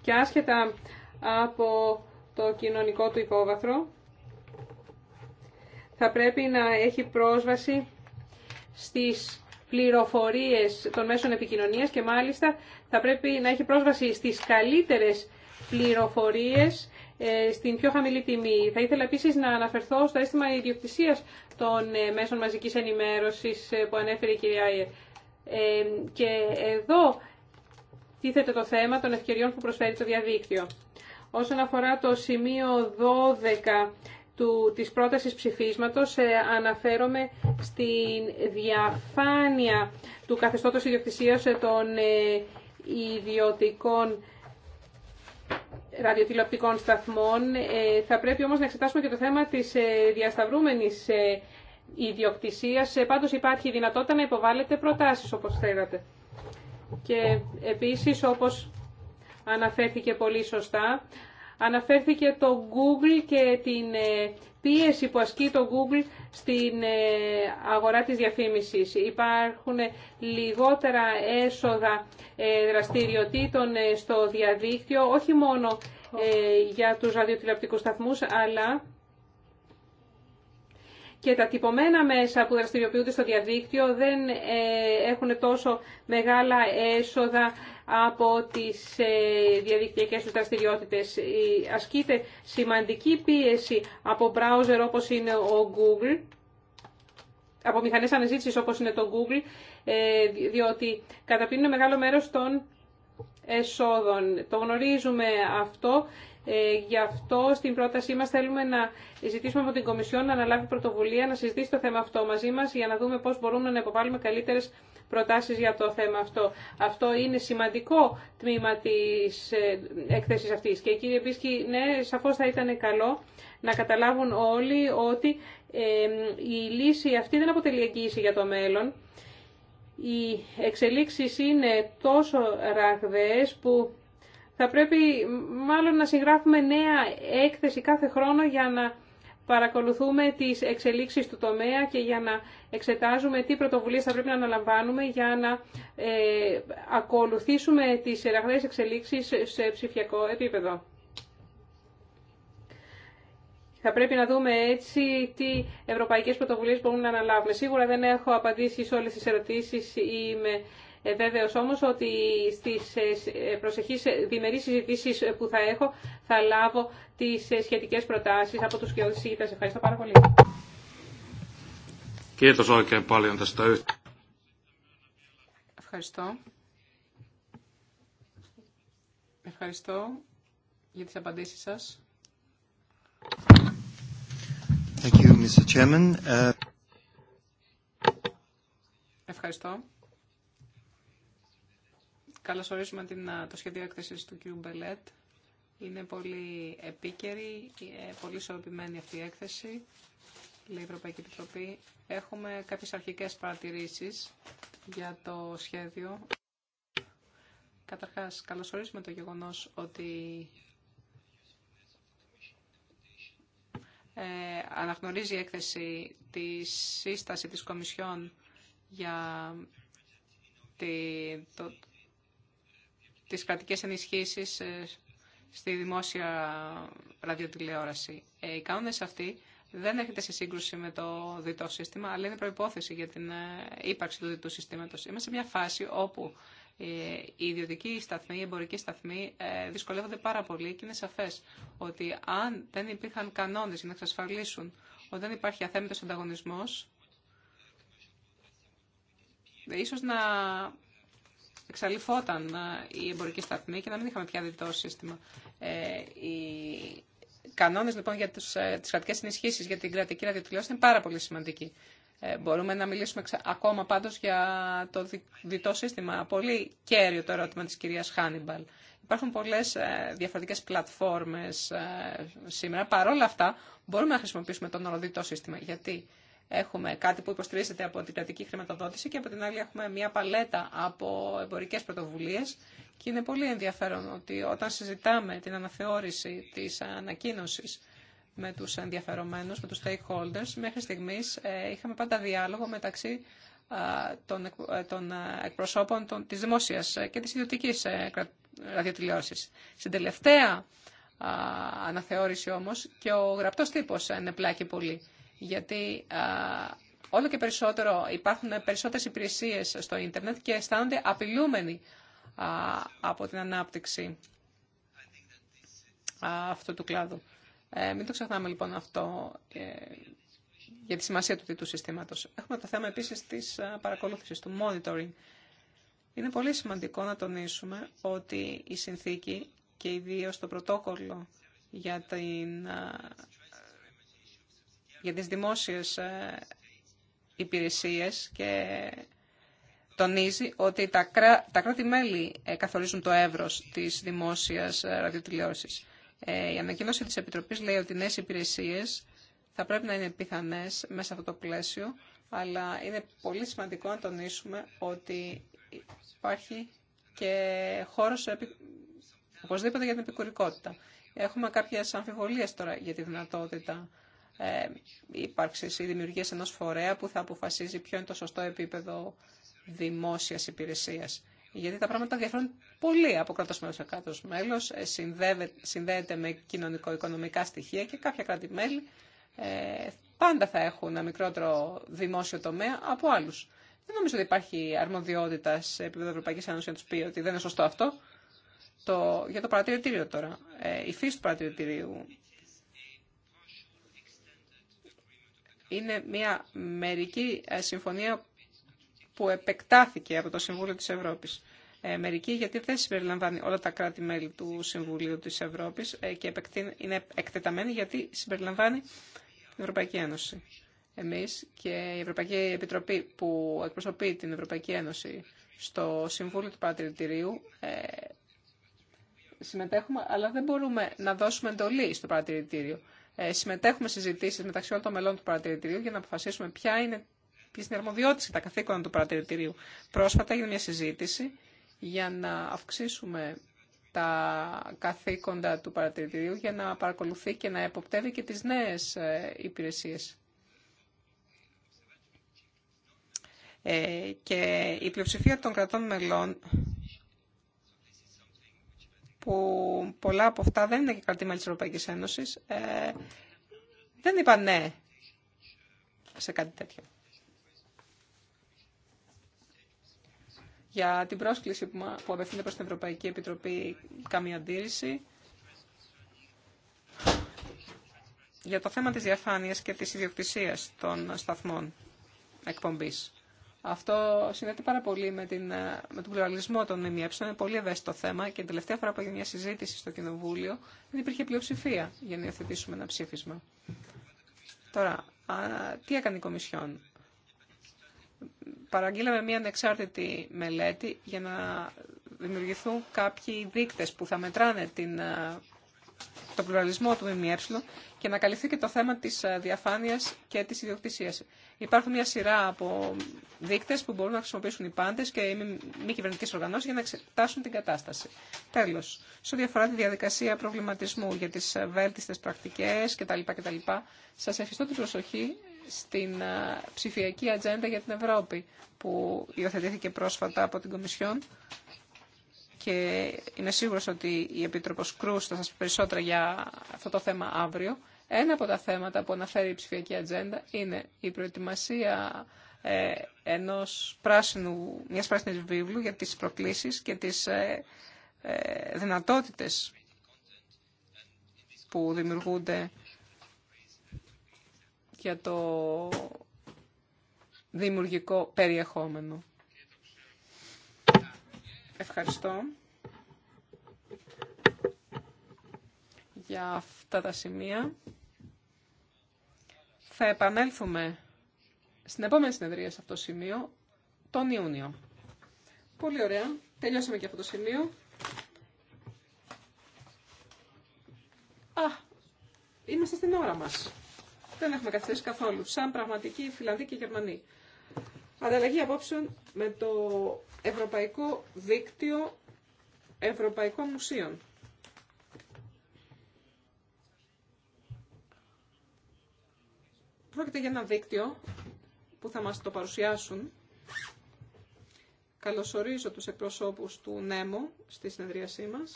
και άσχετα από το κοινωνικό του υπόβαθρο, θα πρέπει να έχει πρόσβαση στις πληροφορίες των μέσων επικοινωνίας και μάλιστα θα πρέπει να έχει πρόσβαση στις καλύτερες πληροφορίες ε, στην πιο χαμηλή τιμή. Θα ήθελα επίσης να αναφερθώ στο αίσθημα ιδιοκτησίας των ε, μέσων μαζικής ενημέρωσης ε, που ανέφερε η κυρία και εδώ τίθεται το θέμα των ευκαιριών που προσφέρει το διαδίκτυο. Όσον αφορά το σημείο 12 του, της πρότασης ψηφίσματος, ε, αναφέρομαι στην διαφάνεια του καθεστώτος ιδιοκτησίας ε, των ε, ιδιωτικών ραδιοτηλεοπτικών σταθμών. θα πρέπει όμως να εξετάσουμε και το θέμα της διασταυρούμενης ιδιοκτησίας. Ε, πάντως υπάρχει δυνατότητα να υποβάλλετε προτάσεις όπως θέλατε. Και επίσης όπως αναφέρθηκε πολύ σωστά, αναφέρθηκε το Google και την ε, πίεση που ασκεί το Google στην ε, αγορά της διαφήμισης. Υπάρχουν λιγότερα έσοδα δραστηριοτήτων στο διαδίκτυο, όχι μόνο για τους ραδιοτηλεοπτικούς σταθμούς, αλλά και τα τυπωμένα μέσα που δραστηριοποιούνται στο διαδίκτυο δεν ε, έχουν τόσο μεγάλα έσοδα από τις ε, διαδικτυακές τους δραστηριότητες. Ασκείται σημαντική πίεση από browser όπως είναι ο Google, από μηχανές αναζήτησης όπως είναι το Google, ε, διότι καταπίνουν μεγάλο μέρος των εσόδων. Το γνωρίζουμε αυτό ε, γι' αυτό στην πρότασή μας θέλουμε να ζητήσουμε από την Κομισιόν να αναλάβει πρωτοβουλία, να συζητήσει το θέμα αυτό μαζί μας για να δούμε πώς μπορούμε να υποβάλουμε καλύτερες προτάσεις για το θέμα αυτό. Αυτό είναι σημαντικό τμήμα της ε, έκθεσης αυτής. Και κύριε Μπίσκη, ναι, σαφώς θα ήταν καλό να καταλάβουν όλοι ότι ε, η λύση αυτή δεν αποτελεί εγγύηση για το μέλλον. Οι εξελίξεις είναι τόσο ραγδαίες που θα πρέπει μάλλον να συγγράφουμε νέα έκθεση κάθε χρόνο για να παρακολουθούμε τις εξελίξεις του τομέα και για να εξετάζουμε τι πρωτοβουλίες θα πρέπει να αναλαμβάνουμε για να ε, ακολουθήσουμε τις εραγνές εξελίξεις σε ψηφιακό επίπεδο. Θα πρέπει να δούμε έτσι τι ευρωπαϊκές πρωτοβουλίες μπορούμε να αναλάβουμε. Σίγουρα δεν έχω απαντήσει σε όλες τις ερωτήσεις ή με ε, Βέβαιο όμως ότι στις ε, ε, προσεχείς διμερεί συζητήσει που θα έχω θα λάβω τις σχετικές προτάσεις από τους και Ευχαριστώ πάρα πολύ. Ευχαριστώ. Ευχαριστώ για τις απαντήσεις σας. Thank you, Mr. Chairman. Ευχαριστώ. Καλωσορίζουμε την, το σχέδιο έκθεση του κ. Μπελέτ. Είναι πολύ επίκαιρη, ε, πολύ ισορροπημένη αυτή η έκθεση, λέει η Ευρωπαϊκή Επιτροπή. Έχουμε κάποιες αρχικές παρατηρήσεις για το σχέδιο. Καταρχάς, καλωσορίζουμε το γεγονός ότι ε, αναγνωρίζει η έκθεση τη σύσταση της Κομισιόν για τη, το, τις κρατικές ενισχύσεις ε, στη δημόσια ραδιοτηλεόραση. Ε, οι κανόνες αυτοί δεν έρχεται σε σύγκρουση με το διτό σύστημα, αλλά είναι προϋπόθεση για την ε, ύπαρξη του διτού συστήματος. Είμαστε σε μια φάση όπου οι ιδιωτικοί σταθμοί, οι εμπορικοί σταθμοί δυσκολεύονται πάρα πολύ και είναι σαφές ότι αν δεν υπήρχαν κανόνες για να εξασφαλίσουν ότι δεν υπάρχει αθέμητος ανταγωνισμός, ίσως να εξαλειφόταν ε, η εμπορική σταθμή και να μην είχαμε πια διτό σύστημα. Ε, οι κανόνε λοιπόν για τι ε, κρατικέ ενισχύσει, για την κρατική ραδιοτηλεόραση είναι πάρα πολύ σημαντικοί. Ε, μπορούμε να μιλήσουμε ακόμα πάντω για το διτό σύστημα. Πολύ κέριο το ερώτημα τη κυρία Χάνιμπαλ. Υπάρχουν πολλές ε, διαφορετικές πλατφόρμες σήμερα. Παρ' όλα αυτά μπορούμε να χρησιμοποιήσουμε τον διτό σύστημα. Γιατί Έχουμε κάτι που υποστηρίζεται από την κρατική χρηματοδότηση και από την άλλη έχουμε μια παλέτα από εμπορικέ πρωτοβουλίε. Και είναι πολύ ενδιαφέρον ότι όταν συζητάμε την αναθεώρηση τη ανακοίνωση με του ενδιαφερομένου, με του stakeholders, μέχρι στιγμή ε, είχαμε πάντα διάλογο μεταξύ των ε, ε, εκπροσώπων της δημόσιας και της ιδιωτικής ραδιοτηλεόρασης. Στην τελευταία αναθεώρηση όμως και ο γραπτός τύπος ενεπλάκει πολύ γιατί όλο και περισσότερο υπάρχουν περισσότερες υπηρεσίες στο ίντερνετ και αισθάνονται απειλούμενοι από την ανάπτυξη αυτού του κλάδου. Ε, μην το ξεχνάμε λοιπόν αυτό ε, για τη σημασία του τίτλου συστήματος. Έχουμε το θέμα επίσης της παρακολούθησης, του monitoring. Είναι πολύ σημαντικό να τονίσουμε ότι η συνθήκη και ιδίω το πρωτόκολλο για την για τις δημόσιες ε, υπηρεσίες και τονίζει ότι τα, τα κράτη-μέλη ε, καθορίζουν το εύρος της δημόσιας ε, ραδιοτηλεόρασης. Η ανακοίνωση της Επιτροπής λέει ότι νέες υπηρεσίες θα πρέπει να είναι πιθανές μέσα σε αυτό το πλαίσιο, αλλά είναι πολύ σημαντικό να τονίσουμε ότι υπάρχει και χώρος οπωσδήποτε για την επικουρικότητα. Έχουμε κάποιες αμφιβολίες τώρα για τη δυνατότητα ε, ύπαρξη ή δημιουργία ενός φορέα που θα αποφασίζει ποιο είναι το σωστό επίπεδο δημόσια υπηρεσία. Γιατί τα πράγματα διαφέρουν πολύ από κράτο μέλο σε κράτος μέλος, ε, συνδέεται με κοινωνικο-οικονομικά στοιχεία και κάποια κράτη-μέλη ε, πάντα θα έχουν ένα μικρότερο δημόσιο τομέα από άλλου. Δεν νομίζω ότι υπάρχει αρμοδιότητα σε επίπεδο Ευρωπαϊκή Ένωση να του πει ότι δεν είναι σωστό αυτό. Το, για το παρατηρητήριο τώρα. Ε, η φύση του παρατηρητήριου είναι μια μερική ε, συμφωνία που επεκτάθηκε από το Συμβούλιο της Ευρώπης. Ε, μερική γιατί δεν συμπεριλαμβάνει όλα τα κράτη-μέλη του Συμβουλίου της Ευρώπης ε, και είναι εκτεταμένη γιατί συμπεριλαμβάνει την Ευρωπαϊκή Ένωση. Εμείς και η Ευρωπαϊκή Επιτροπή που εκπροσωπεί την Ευρωπαϊκή Ένωση στο Συμβούλιο του Παρατηρητηρίου συμμετέχουμε, αλλά δεν μπορούμε να δώσουμε εντολή στο Παρατηρητήριο. Ε, συμμετέχουμε συζητήσεις μεταξύ όλων των μελών του παρατηρητηρίου για να αποφασίσουμε ποια είναι, ποιες είναι οι και τα καθήκοντα του παρατηρητηρίου. Πρόσφατα έγινε μια συζήτηση για να αυξήσουμε τα καθήκοντα του παρατηρητηρίου για να παρακολουθεί και να εποπτεύει και τις νέες ε, υπηρεσίες. Ε, και η πλειοψηφία των κρατών μελών που πολλά από αυτά δεν είναι και κρατήμα της Ευρωπαϊκής Ένωσης, ε, δεν είπαν ναι σε κάτι τέτοιο. Για την πρόσκληση που απευθύνεται προς την Ευρωπαϊκή Επιτροπή, καμία αντίρρηση. Για το θέμα της διαφάνειας και της ιδιοκτησίας των σταθμών εκπομπής. Αυτό συνδέεται πάρα πολύ με, την, ε, με τον πλουραλισμό των ΜΜΕ. Είναι πολύ ευαίσθητο θέμα και τελευταία φορά που έγινε μια συζήτηση στο Κοινοβούλιο δεν υπήρχε πλειοψηφία για να υιοθετήσουμε ένα ψήφισμα. Τώρα, τι έκανε η Κομισιόν. Παραγγείλαμε μια ανεξάρτητη μελέτη για να δημιουργηθούν κάποιοι δείκτες που θα μετράνε την ε, τον πλουραλισμό του ΜΜΕ και να καλυφθεί και το θέμα της ε, διαφάνειας και της ιδιοκτησίας. Υπάρχουν μια σειρά από δείκτες που μπορούν να χρησιμοποιήσουν οι πάντες και οι μη κυβερνητικές οργανώσεις για να εξετάσουν την κατάσταση. Τέλος, σε ό,τι αφορά τη διαδικασία προβληματισμού για τις ε, βέλτιστες πρακτικές κτλ. κτλ σας ευχηστώ την προσοχή στην ε, ψηφιακή ατζέντα για την Ευρώπη που υιοθετήθηκε πρόσφατα από την Κομισιόν και είμαι σίγουρος ότι η Επίτροπος Κρούς θα σας πει περισσότερα για αυτό το θέμα αύριο. Ένα από τα θέματα που αναφέρει η ψηφιακή ατζέντα είναι η προετοιμασία ε, ενός πράσινου, μιας πράσινης βίβλου για τις προκλήσεις και τις ε, ε δυνατότητες που δημιουργούνται για το δημιουργικό περιεχόμενο. Ευχαριστώ για αυτά τα σημεία. Θα επανέλθουμε στην επόμενη συνεδρία σε αυτό το σημείο, τον Ιούνιο. Πολύ ωραία. Τελειώσαμε και αυτό το σημείο. Α, είμαστε στην ώρα μας. Δεν έχουμε καθίσει καθόλου. Σαν πραγματικοί Φιλανδοί και Γερμανοί. Ανταλλαγή απόψεων με το Ευρωπαϊκό Δίκτυο Ευρωπαϊκών Μουσείων. Πρόκειται για ένα δίκτυο που θα μας το παρουσιάσουν. Καλωσορίζω τους εκπροσώπους του ΝΕΜΟ στη συνεδρίασή μας.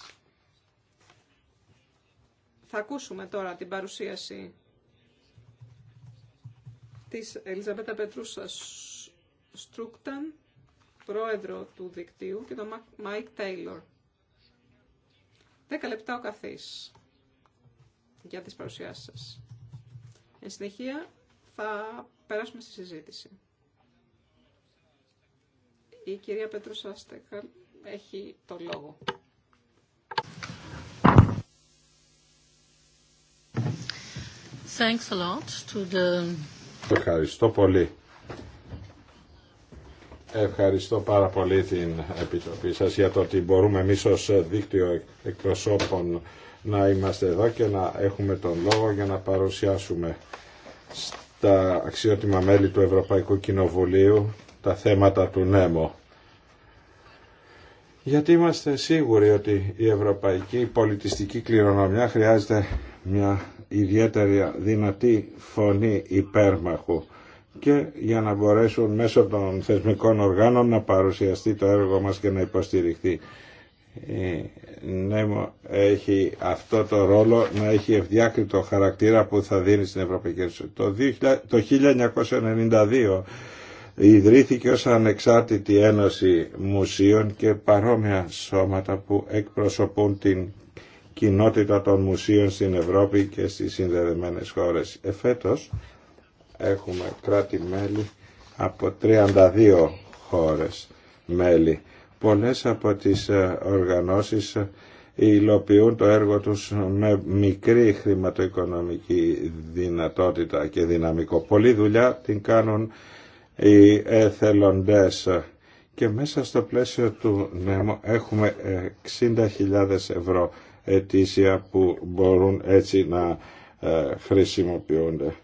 Θα ακούσουμε τώρα την παρουσίαση της Ελιζαμπέτα Πετρούσας Στρούκταν, πρόεδρο του δικτύου, και τον Μάικ Τέιλορ. Δέκα λεπτά ο καθής για τις παρουσιάσεις σας. Εν συνεχεία θα περάσουμε στη συζήτηση. Η κυρία Πέτρουσα Σάστεχαλ έχει το λόγο. Thanks a lot to the... Ευχαριστώ πολύ Ευχαριστώ πάρα πολύ την Επιτροπή σας για το ότι μπορούμε εμείς ως δίκτυο εκπροσώπων να είμαστε εδώ και να έχουμε τον λόγο για να παρουσιάσουμε στα αξιότιμα μέλη του Ευρωπαϊκού Κοινοβουλίου τα θέματα του ΝΕΜΟ. Γιατί είμαστε σίγουροι ότι η ευρωπαϊκή πολιτιστική κληρονομιά χρειάζεται μια ιδιαίτερη δυνατή φωνή υπέρμαχου και για να μπορέσουν μέσω των θεσμικών οργάνων να παρουσιαστεί το έργο μας και να υποστηριχθεί. Η ΝΕΜΟ έχει αυτό το ρόλο να έχει ευδιάκριτο χαρακτήρα που θα δίνει στην Ευρωπαϊκή Ένωση. Το, το 1992 ιδρύθηκε ως ανεξάρτητη ένωση μουσείων και παρόμοια σώματα που εκπροσωπούν την κοινότητα των μουσείων στην Ευρώπη και στις συνδεδεμένες χώρες. Εφέτος, έχουμε κράτη-μέλη από 32 χώρες μέλη. Πολλές από τις ε, οργανώσεις ε, υλοποιούν το έργο τους με μικρή χρηματοοικονομική δυνατότητα και δυναμικό. Πολλή δουλειά την κάνουν οι εθελοντές και μέσα στο πλαίσιο του νέου έχουμε 60.000 ε, ευρώ ετήσια που μπορούν έτσι να χρησιμοποιούνται.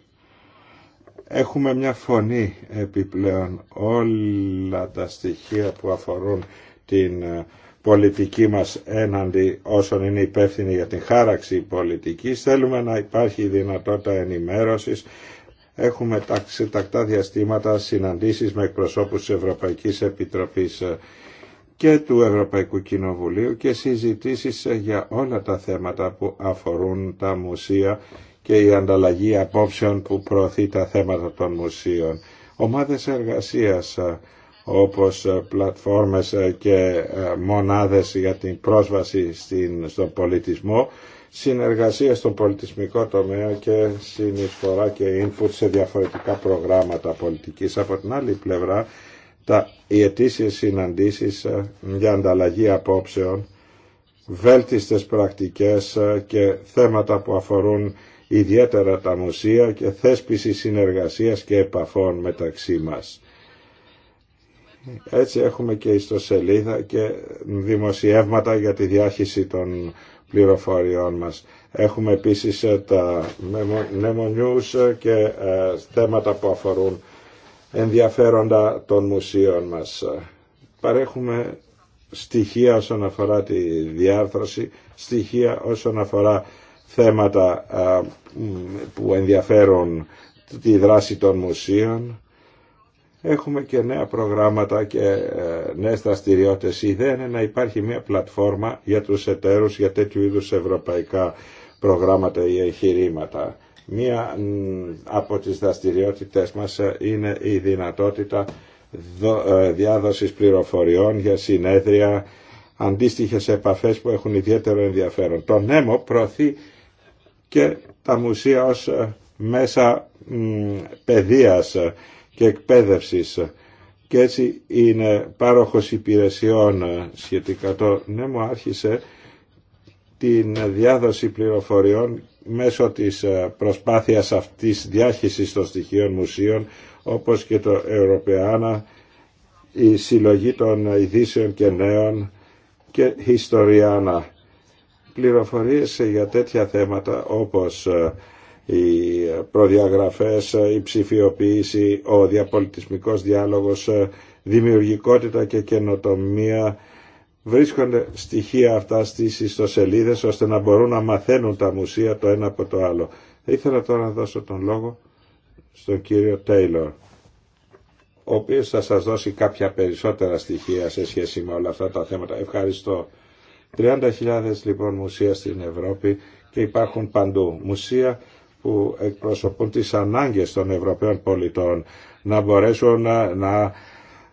Έχουμε μια φωνή επιπλέον όλα τα στοιχεία που αφορούν την ε, πολιτική μας έναντι όσων είναι υπεύθυνοι για την χάραξη πολιτικής. Θέλουμε να υπάρχει δυνατότητα ενημέρωσης. Έχουμε σε τακτά διαστήματα συναντήσεις με εκπροσώπους της Ευρωπαϊκής Επιτροπής ε, και του Ευρωπαϊκού Κοινοβουλίου και συζητήσεις ε, για όλα τα θέματα που αφορούν τα μουσεία και η ανταλλαγή απόψεων που προωθεί τα θέματα των μουσείων. Ομάδες εργασίας ε, όπως ε, πλατφόρμες ε, και μονάδες για την πρόσβαση στην, στον πολιτισμό, συνεργασία στον πολιτισμικό τομέα και συνεισφορά και input σε διαφορετικά προγράμματα πολιτικής. Από την άλλη πλευρά, τα, οι αιτήσει συναντήσεις για ανταλλαγή απόψεων, βέλτιστες πρακτικές και θέματα που αφορούν ιδιαίτερα τα μουσεία και θέσπιση συνεργασίας και επαφών μεταξύ μας. Έτσι έχουμε και ιστοσελίδα και δημοσιεύματα για τη διάχυση των πληροφοριών μας. Έχουμε επίσης ε, τα νεμονιούς και ε, θέματα που αφορούν ενδιαφέροντα των μουσείων μας. Παρέχουμε στοιχεία όσον αφορά τη διάρθρωση, στοιχεία όσον αφορά θέματα που ενδιαφέρουν τη δράση των μουσείων. Έχουμε και νέα προγράμματα και ε, νέες δραστηριότητες. Η ιδέα είναι να υπάρχει μια πλατφόρμα για τους εταίρους για τέτοιου είδους ευρωπαϊκά προγράμματα ή εγχειρήματα. Μία από τις δραστηριότητες μας ε, είναι η δυνατότητα ε, διάδοσης πληροφοριών για συνέδρια, αντίστοιχες επαφές που έχουν ιδιαίτερο ενδιαφέρον. Το νέμο προωθεί και τα μουσεία ως ε, μέσα παιδείας και εκπαίδευσης και έτσι είναι πάροχος υπηρεσιών ε, σχετικά το ναι άρχισε την διάδοση πληροφοριών μέσω της ε, προσπάθειας αυτής διάχυσης των στοιχείων μουσείων όπως και το Ευρωπαϊκά η συλλογή των ειδήσεων και νέων και Ιστοριάνα πληροφορίες για τέτοια θέματα όπως ε, οι προδιαγραφές, η ψηφιοποίηση, ο διαπολιτισμικός διάλογος, ε, δημιουργικότητα και καινοτομία. Βρίσκονται στοιχεία αυτά στις ιστοσελίδες ώστε να μπορούν να μαθαίνουν τα μουσεία το ένα από το άλλο. Θα ήθελα τώρα να δώσω τον λόγο στον κύριο Τέιλορ ο οποίος θα σας δώσει κάποια περισσότερα στοιχεία σε σχέση με όλα αυτά τα θέματα. Ευχαριστώ. 30.000 λοιπόν μουσεία στην Ευρώπη και υπάρχουν παντού μουσεία που εκπροσωπούν τις ανάγκες των Ευρωπαίων πολιτών να μπορέσουν να, να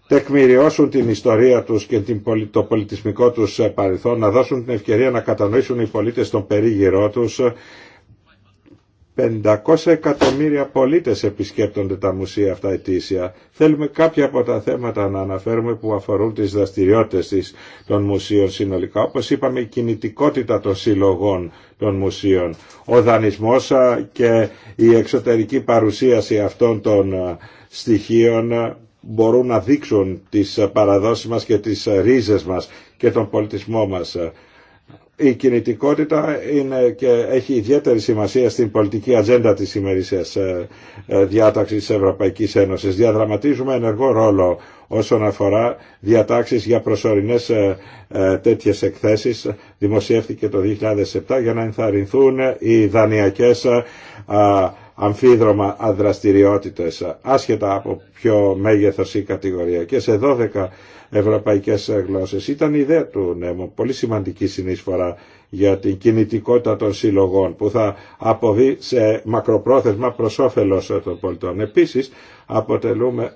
τεκμηριώσουν την ιστορία τους και την, το πολιτισμικό τους παρελθόν, να δώσουν την ευκαιρία να κατανοήσουν οι πολίτες τον περίγυρό τους 500 εκατομμύρια πολίτες επισκέπτονται τα μουσεία αυτά ετήσια. Θέλουμε κάποια από τα θέματα να αναφέρουμε που αφορούν τις δραστηριότητες των μουσείων συνολικά. Όπως είπαμε η κινητικότητα των συλλογών των μουσείων, ο δανεισμός και η εξωτερική παρουσίαση αυτών των στοιχείων μπορούν να δείξουν τις παραδόσεις μας και τις ρίζες μας και τον πολιτισμό μας η κινητικότητα είναι και έχει ιδιαίτερη σημασία στην πολιτική ατζέντα της ημερήσιας ε, ε, διάταξης της Ευρωπαϊκής Ένωσης. Διαδραματίζουμε ενεργό ρόλο όσον αφορά διατάξεις για προσωρινές ε, τέτοιες εκθέσεις. Δημοσιεύτηκε το 2007 για να ενθαρρυνθούν οι δανειακές αμφίδρομα αδραστηριότητες, άσχετα από ποιο μέγεθος ή κατηγορία. Και σε 12 ευρωπαϊκές γλώσσες. Ήταν η ιδέα του νέμου, πολύ σημαντική συνεισφορά για την κινητικότητα των συλλογών που θα αποβεί σε μακροπρόθεσμα προς όφελος των πολιτών. Επίσης αποτελούμε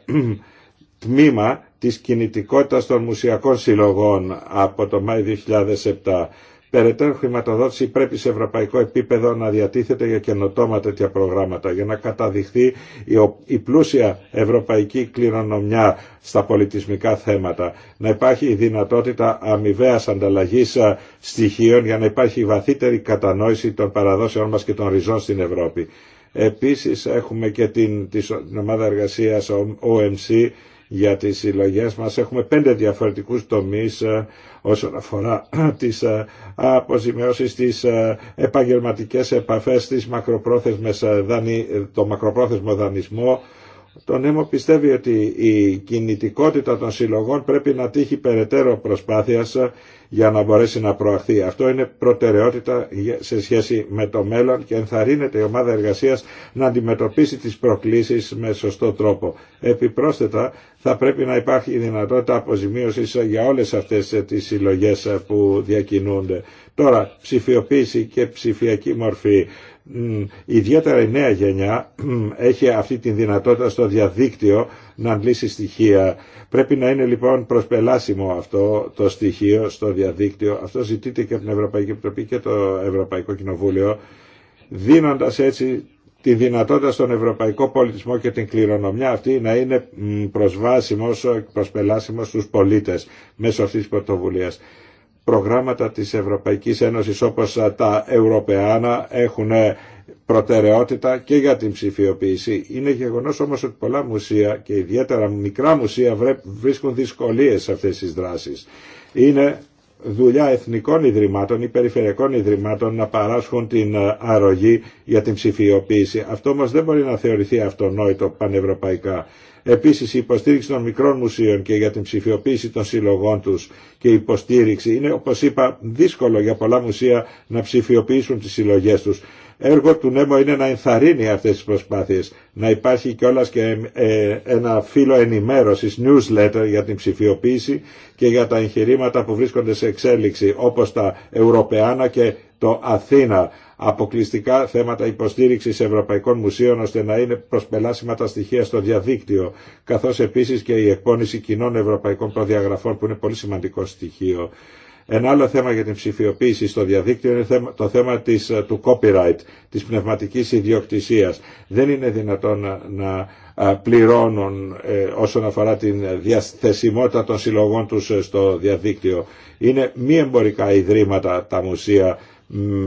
τμήμα της κινητικότητας των μουσιακών συλλογών από το Μάη 2007 Περαιτέρω χρηματοδότηση πρέπει σε ευρωπαϊκό επίπεδο να διατίθεται για καινοτόμα τέτοια προγράμματα για να καταδειχθεί η πλούσια ευρωπαϊκή κληρονομιά στα πολιτισμικά θέματα. Να υπάρχει η δυνατότητα αμοιβαία ανταλλαγή στοιχείων για να υπάρχει βαθύτερη κατανόηση των παραδόσεών μα και των ριζών στην Ευρώπη. Επίσης έχουμε και την, την ομάδα εργασίας OMC για τις συλλογέ μας. Έχουμε πέντε διαφορετικούς τομείς ε, όσον αφορά ε, τις ε, αποζημιώσεις, τις επαγγελματικές επαφές, το μακροπρόθεσμο δανεισμό, το νέμο πιστεύει ότι η κινητικότητα των συλλογών πρέπει να τύχει περαιτέρω προσπάθειας για να μπορέσει να προαχθεί. Αυτό είναι προτεραιότητα σε σχέση με το μέλλον και ενθαρρύνεται η ομάδα εργασίας να αντιμετωπίσει τις προκλήσεις με σωστό τρόπο. Επιπρόσθετα θα πρέπει να υπάρχει η δυνατότητα αποζημίωσης για όλες αυτές τις συλλογές που διακινούνται. Τώρα ψηφιοποίηση και ψηφιακή μορφή ιδιαίτερα η νέα γενιά έχει αυτή τη δυνατότητα στο διαδίκτυο να αντλήσει στοιχεία. Πρέπει να είναι λοιπόν προσπελάσιμο αυτό το στοιχείο στο διαδίκτυο. Αυτό ζητείται και από την Ευρωπαϊκή Επιτροπή και το Ευρωπαϊκό Κοινοβούλιο δίνοντας έτσι τη δυνατότητα στον ευρωπαϊκό πολιτισμό και την κληρονομιά αυτή να είναι προσβάσιμος, προσπελάσιμο στους πολίτες μέσω αυτής της πρωτοβουλίας προγράμματα της Ευρωπαϊκής Ένωσης όπως τα Ευρωπαϊκά έχουν ε, προτεραιότητα και για την ψηφιοποίηση. Είναι γεγονός όμως ότι πολλά μουσεία και ιδιαίτερα μικρά μουσεία βρίσκουν δυσκολίες σε αυτές τις δράσεις. Είναι δουλειά εθνικών ιδρυμάτων ή περιφερειακών ιδρυμάτων να παράσχουν την ε, αρρωγή για την ψηφιοποίηση. Αυτό όμως δεν μπορεί να θεωρηθεί αυτονόητο πανευρωπαϊκά. Επίσης η υποστήριξη των μικρών μουσείων και για την ψηφιοποίηση των συλλογών τους και η υποστήριξη είναι όπως είπα δύσκολο για πολλά μουσεία να ψηφιοποιήσουν τις συλλογές τους. Έργο του ΝΕΜΟ είναι να ενθαρρύνει αυτές τις προσπάθειες, να υπάρχει κιόλας και ε, ένα φύλλο ενημέρωσης, newsletter για την ψηφιοποίηση και για τα εγχειρήματα που βρίσκονται σε εξέλιξη, όπως τα Ευρωπαϊκά και το Αθήνα αποκλειστικά θέματα υποστήριξης ευρωπαϊκών μουσείων ώστε να είναι προσπελάσιμα τα στοιχεία στο διαδίκτυο, καθώς επίσης και η εκπόνηση κοινών ευρωπαϊκών προδιαγραφών που είναι πολύ σημαντικό στοιχείο. Ένα άλλο θέμα για την ψηφιοποίηση στο διαδίκτυο είναι το θέμα της, ε, του copyright, της πνευματικής ιδιοκτησίας. Δεν είναι δυνατόν να, ε, πληρώνουν ε, όσον αφορά την διαθεσιμότητα των συλλογών τους στο διαδίκτυο. Είναι μη εμπορικά ιδρύματα τα μουσεία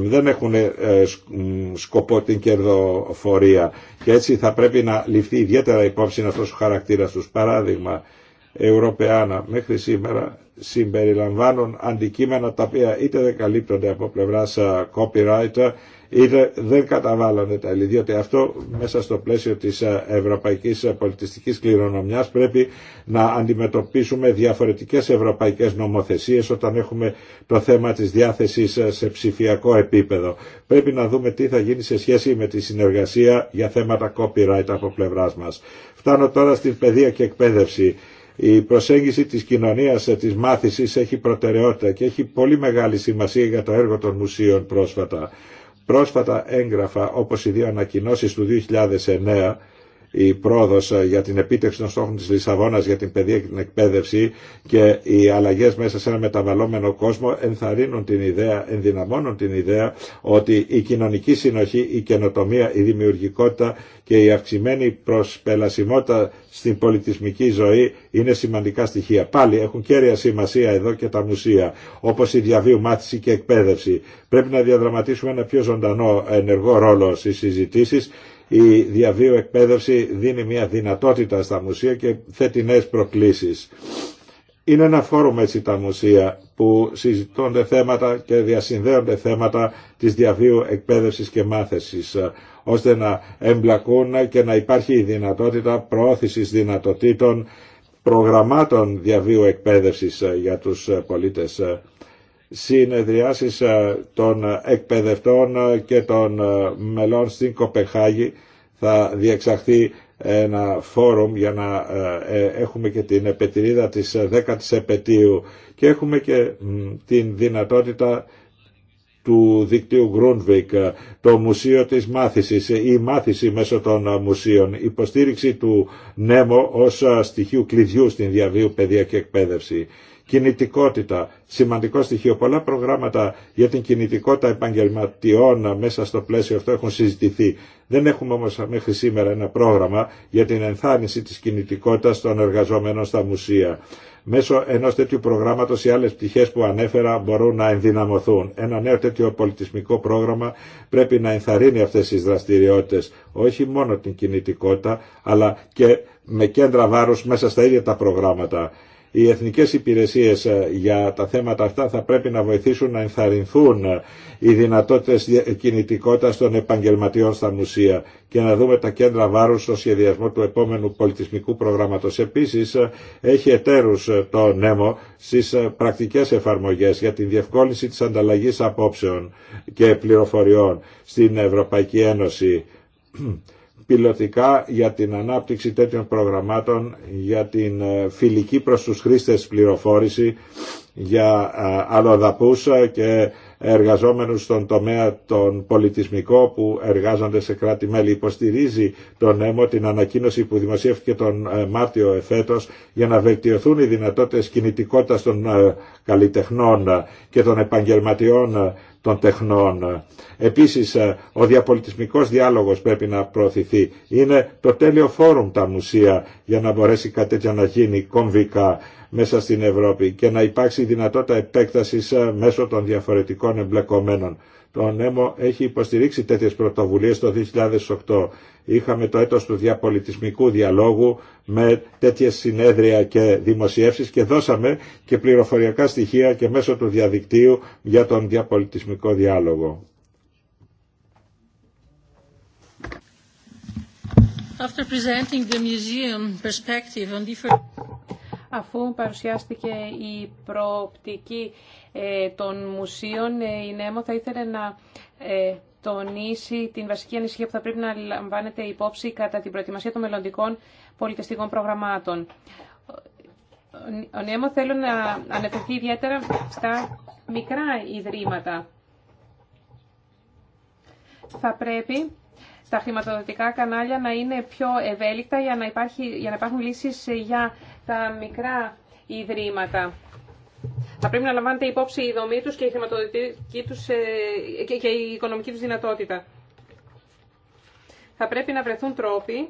δεν έχουν σκοπό την κερδοφορία και έτσι θα πρέπει να ληφθεί ιδιαίτερα υπόψη αυτός ο χαρακτήρας τους. Παράδειγμα, Ευρωπαϊκά μέχρι σήμερα συμπεριλαμβάνουν αντικείμενα τα οποία είτε δεν καλύπτονται από πλευράς ε, copyright είτε δεν καταβάλλονται τα διότι αυτό μέσα στο πλαίσιο της ε, ευρωπαϊκής ε, πολιτιστικής κληρονομιάς πρέπει να αντιμετωπίσουμε διαφορετικές ευρωπαϊκές νομοθεσίες όταν έχουμε το θέμα της διάθεσης σε ψηφιακό επίπεδο. Πρέπει να δούμε τι θα γίνει σε σχέση με τη συνεργασία για θέματα copyright από πλευράς μας. Φτάνω τώρα στην παιδεία και εκπαίδευση. Η προσέγγιση της κοινωνίας ε, της μάθησης έχει προτεραιότητα και έχει πολύ μεγάλη σημασία για το έργο των μουσείων πρόσφατα. Πρόσφατα έγγραφα όπως οι δύο ανακοινώσεις του 2009 η πρόοδος ε, για την επίτευξη των στόχων της Λισαβόνας για την παιδεία και την εκπαίδευση και οι αλλαγές μέσα σε ένα μεταβαλλόμενο κόσμο ενθαρρύνουν την ιδέα, ενδυναμώνουν την ιδέα ότι η κοινωνική συνοχή, η καινοτομία, η δημιουργικότητα και η αυξημένη προσπελασιμότητα στην πολιτισμική ζωή είναι σημαντικά στοιχεία. Πάλι έχουν κέρια σημασία εδώ και τα μουσεία, όπως η διαβίου μάθηση και εκπαίδευση. Πρέπει να διαδραματίσουμε ένα πιο ζωντανό ενεργό ρόλο στις συζητήσεις η διαβίου εκπαίδευση δίνει μια δυνατότητα στα μουσεία και θέτει νέες προκλήσεις. Είναι ένα φόρουμ έτσι τα μουσεία που συζητώνται θέματα και διασυνδέονται θέματα της διαβίου εκπαίδευσης και μάθησης ώστε να εμπλακούν και να υπάρχει η δυνατότητα προώθησης δυνατοτήτων προγραμμάτων διαβίου εκπαίδευσης για τους πολίτες συνεδριάσεις ε, των εκπαιδευτών ε, και των ε, μελών στην Κοπεχάγη θα διεξαχθεί ένα φόρουμ για να έχουμε και την επετηρίδα της 10ης επαιτίου και έχουμε και την δυνατότητα του δικτύου Γκρούνβικ, το Μουσείο της Μάθησης ή Μάθηση μέσω των μουσείων, υποστήριξη του ΝΕΜΟ ως στοιχείου κλειδιού στην διαβίου παιδεία και εκπαίδευση. Κινητικότητα. Σημαντικό στοιχείο. Πολλά προγράμματα για την κινητικότητα επαγγελματιών μέσα στο πλαίσιο αυτό έχουν συζητηθεί. Δεν έχουμε όμως μέχρι σήμερα ένα πρόγραμμα για την ενθάρρυνση της κινητικότητας των εργαζομένων στα μουσεία. Μέσω ενός τέτοιου προγράμματος οι άλλες πτυχές που ανέφερα μπορούν να ενδυναμωθούν. Ένα νέο τέτοιο πολιτισμικό πρόγραμμα πρέπει να ενθαρρύνει αυτές τις δραστηριότητες, όχι μόνο την κινητικότητα, αλλά και με κέντρα βάρους μέσα στα ίδια τα προγράμματα. Οι εθνικές υπηρεσίες ε, για τα θέματα αυτά θα πρέπει να βοηθήσουν να ενθαρρυνθούν ε, οι δυνατότητες κινητικότητας των επαγγελματιών στα μουσεία και να δούμε τα κέντρα βάρους στο σχεδιασμό του επόμενου πολιτισμικού προγράμματος. Επίσης, ε, έχει εταίρους το νέμο στις πρακτικές εφαρμογές για την διευκόλυνση της ανταλλαγής απόψεων και πληροφοριών στην Ευρωπαϊκή Ένωση πιλωτικά για την ανάπτυξη τέτοιων προγραμμάτων, για την ε, φιλική προς τους χρήστες πληροφόρηση, για ε, αλλοδαπούς και εργαζόμενους στον τομέα τον πολιτισμικό που εργάζονται σε κράτη-μέλη. Υποστηρίζει τον ΕΜΟ την ανακοίνωση που δημοσιεύτηκε τον ε, Μάρτιο εφέτος για να βελτιωθούν οι δυνατότητες κινητικότητας των καλλιτεχνών και των επαγγελματιών των τεχνών. Επίσης, ε, ο διαπολιτισμικός διάλογος πρέπει να προωθηθεί. Είναι το τέλειο φόρουμ τα μουσεία για να μπορέσει κάτι τέτοια να γίνει κομβικά μέσα στην Ευρώπη και να υπάρξει δυνατότητα επέκτασης ε, μέσω των διαφορετικών εμπλεκομένων. Το ΝΕΜΟ έχει υποστηρίξει τέτοιες πρωτοβουλίες το 2008 είχαμε το έτος του διαπολιτισμικού διαλόγου με τέτοιες συνέδρια και δημοσιεύσεις και δώσαμε και πληροφοριακά στοιχεία και μέσω του διαδικτύου για τον διαπολιτισμικό διάλογο. After presenting the museum perspective on different... Αφού παρουσιάστηκε η προοπτική ε, των μουσείων, ε, η ΝΕΜΟ θα ήθελε να ε, τονίσει την βασική ανησυχία που θα πρέπει να λαμβάνεται υπόψη κατά την προετοιμασία των μελλοντικών πολιτιστικών προγραμμάτων. Ο ΝΕΜΟ θέλω να αναφερθεί ιδιαίτερα στα μικρά ιδρύματα. Θα πρέπει τα χρηματοδοτικά κανάλια να είναι πιο ευέλικτα για να, υπάρχει, για να υπάρχουν λύσεις για τα μικρά ιδρύματα. Θα πρέπει να λαμβάνετε υπόψη η δομή τους και η, χρηματοδοτική τους, ε, και η οικονομική τους δυνατότητα. Θα πρέπει να βρεθούν τρόποι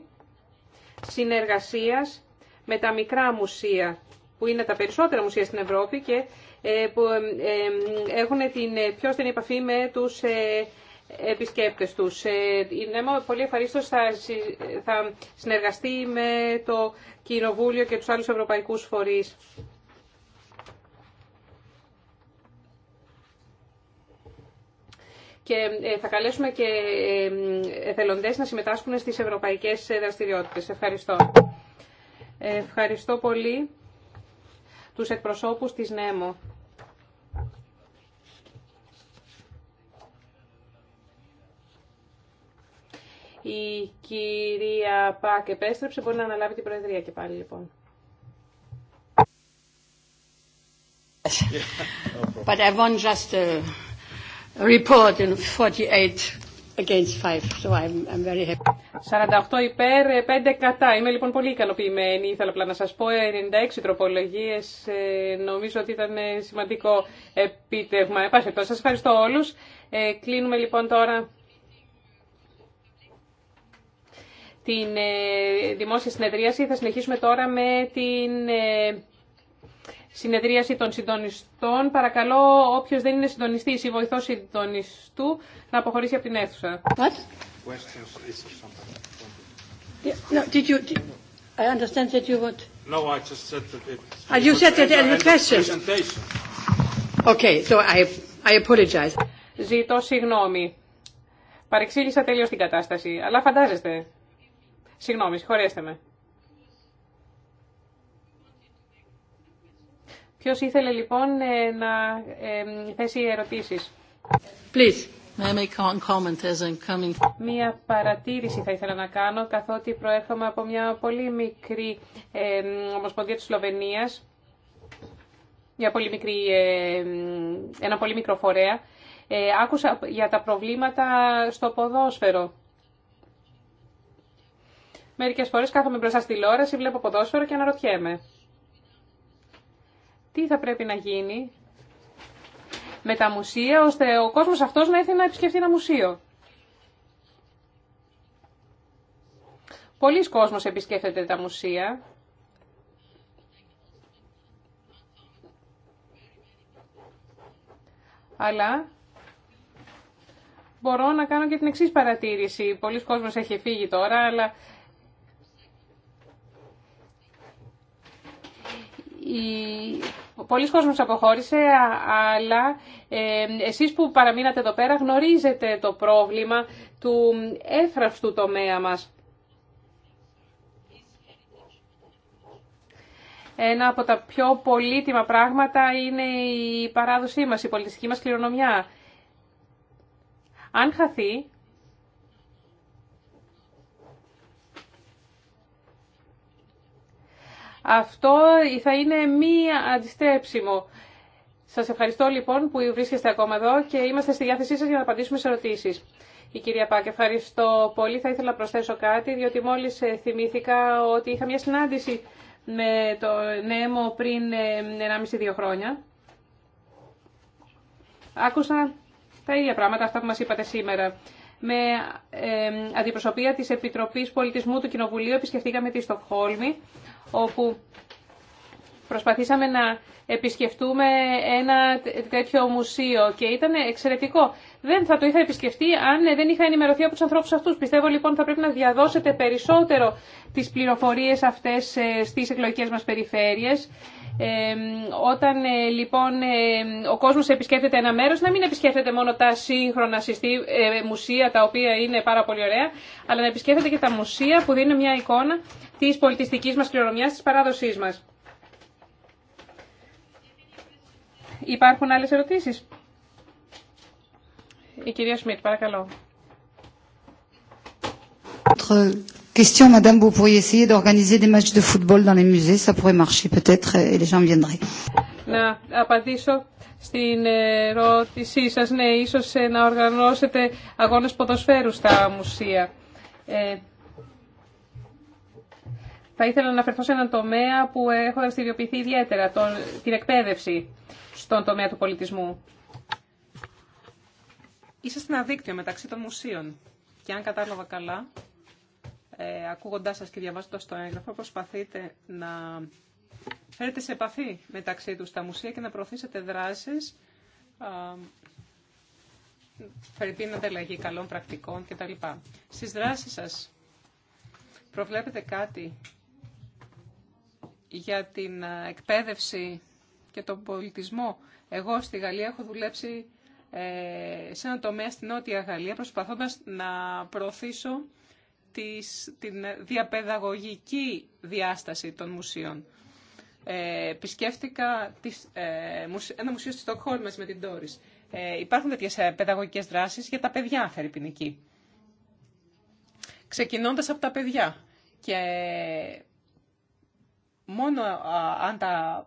συνεργασίας με τα μικρά μουσεία, που είναι τα περισσότερα μουσεία στην Ευρώπη και ε, που ε, έχουν την πιο στενή επαφή με τους επισκέπτες τους. Η πολύ ευχαρίστως θα, θα συνεργαστεί με το Κοινοβούλιο και τους άλλους ευρωπαϊκούς φορείς. και ε, θα καλέσουμε και ε, εθελοντές να συμμετάσχουν στις ευρωπαϊκές δραστηριότητες. Ευχαριστώ. Ε, ευχαριστώ πολύ τους εκπροσώπους της ΝΕΜΟ. Η κυρία Πάκ επέστρεψε, μπορεί να αναλάβει την Προεδρία και πάλι λοιπόν. But I just uh, report and 48 against 5. So I'm, I'm very happy. 48 υπέρ, 5 ε, κατά. Είμαι λοιπόν πολύ ικανοποιημένη. Ήθελα απλά να σας πω 96 ε, τροπολογίες. Ε, νομίζω ότι ήταν σημαντικό επίτευγμα. πάση, Σας ευχαριστώ όλου. Ε, κλείνουμε λοιπόν τώρα την ε, δημόσια συνεδρίαση. Θα συνεχίσουμε τώρα με την... Ε, συνεδρίαση των συντονιστών. Παρακαλώ όποιος δεν είναι συντονιστής ή βοηθός συντονιστού να αποχωρήσει από την αίθουσα. No, did you, I understand that you No, I just said that it... Ah, you Okay, so I, I Ζητώ συγγνώμη. Παρεξήγησα τελείως την κατάσταση, αλλά φαντάζεστε. Συγγνώμη, συγχωρέστε με. Ποιος ήθελε λοιπόν ε, να ε, θέσει ερωτήσεις. Please. Μία παρατήρηση θα ήθελα να κάνω, καθότι προέρχομαι από μια πολύ μικρή ε, ομοσπονδία της Σλοβενίας, μια πολύ μικρή, ε, ένα πολύ μικρό φορέα. Ε, άκουσα για τα προβλήματα στο ποδόσφαιρο. Μερικές φορές κάθομαι μπροστά στη τηλεόραση, βλέπω ποδόσφαιρο και αναρωτιέμαι τι θα πρέπει να γίνει με τα μουσεία, ώστε ο κόσμος αυτός να έρθει να επισκεφτεί ένα μουσείο. Πολλοί κόσμος επισκέφτεται τα μουσεία. Αλλά μπορώ να κάνω και την εξής παρατήρηση. Πολλοί κόσμος έχει φύγει τώρα, αλλά η πολλοί κόσμος αποχώρησε, αλλά ε, εσείς που παραμείνατε εδώ πέρα γνωρίζετε το πρόβλημα του έφραυστου τομέα μας. Ένα από τα πιο πολύτιμα πράγματα είναι η παράδοσή μας, η πολιτιστική μας κληρονομιά. Αν χαθεί, αυτό θα είναι μη αντιστρέψιμο. Σας ευχαριστώ λοιπόν που βρίσκεστε ακόμα εδώ και είμαστε στη διάθεσή σας για να απαντήσουμε σε ερωτήσεις. Η κυρία Πάκ, ευχαριστώ πολύ. Θα ήθελα να προσθέσω κάτι, διότι μόλις ε, θυμήθηκα ότι είχα μια συνάντηση με το ΝΕΜΟ πριν 1,5-2 ε, χρόνια. Άκουσα τα ίδια πράγματα, αυτά που μας είπατε σήμερα με αντιπροσωπεία της Επιτροπής Πολιτισμού του Κοινοβουλίου επισκεφτήκαμε τη Στοκχόλμη, όπου προσπαθήσαμε να επισκεφτούμε ένα τέτοιο μουσείο και ήταν εξαιρετικό. Δεν θα το είχα επισκεφτεί αν δεν είχα ενημερωθεί από τους ανθρώπους αυτούς. Πιστεύω λοιπόν θα πρέπει να διαδώσετε περισσότερο τις πληροφορίες αυτές ε, στις εκλογικές μας περιφέρειες όταν ε, λοιπόν ε, ο κόσμος επισκέπτεται ένα μέρος, να μην επισκέπτεται μόνο τα σύγχρονα ε, μουσεία, τα οποία είναι πάρα πολύ ωραία, αλλά να επισκέπτεται και τα μουσεία που δίνουν μια εικόνα της πολιτιστικής μας κληρονομιάς, της παράδοσής μας. Υπάρχουν άλλες ερωτήσεις. Η κυρία Σμιτ, παρακαλώ. Να απαντήσω στην ερώτησή σας. Ναι, ίσως ε, να οργανώσετε αγώνες ποδοσφαίρου στα μουσεία. Ε, θα ήθελα να αναφερθώ σε έναν τομέα που έχω δραστηριοποιηθεί ιδιαίτερα, τον, την εκπαίδευση στον τομέα του πολιτισμού. Είσαστε ένα δίκτυο μεταξύ των μουσείων. Και αν κατάλαβα καλά, ε, ακούγοντάς σας και διαβάζοντας το έγγραφο, προσπαθείτε να φέρετε σε επαφή μεταξύ τους τα μουσεία και να προωθήσετε δράσεις περί ανταλλαγή καλών πρακτικών κτλ. Στις δράσεις σας προβλέπετε κάτι για την εκπαίδευση και τον πολιτισμό. Εγώ στη Γαλλία έχω δουλέψει ε, σε ένα τομέα στην Νότια Γαλλία προσπαθώντας να προωθήσω της, την διαπαιδαγωγική διάσταση των μουσείων. Ε, επισκέφτηκα τις, ε, ένα μουσείο στη Στοκχόλμη με την Τόρις. Ε, υπάρχουν τέτοιες ε, παιδαγωγικές δράσεις για τα παιδιά θερυπινική. Ξεκινώντας από τα παιδιά και μόνο αν τα,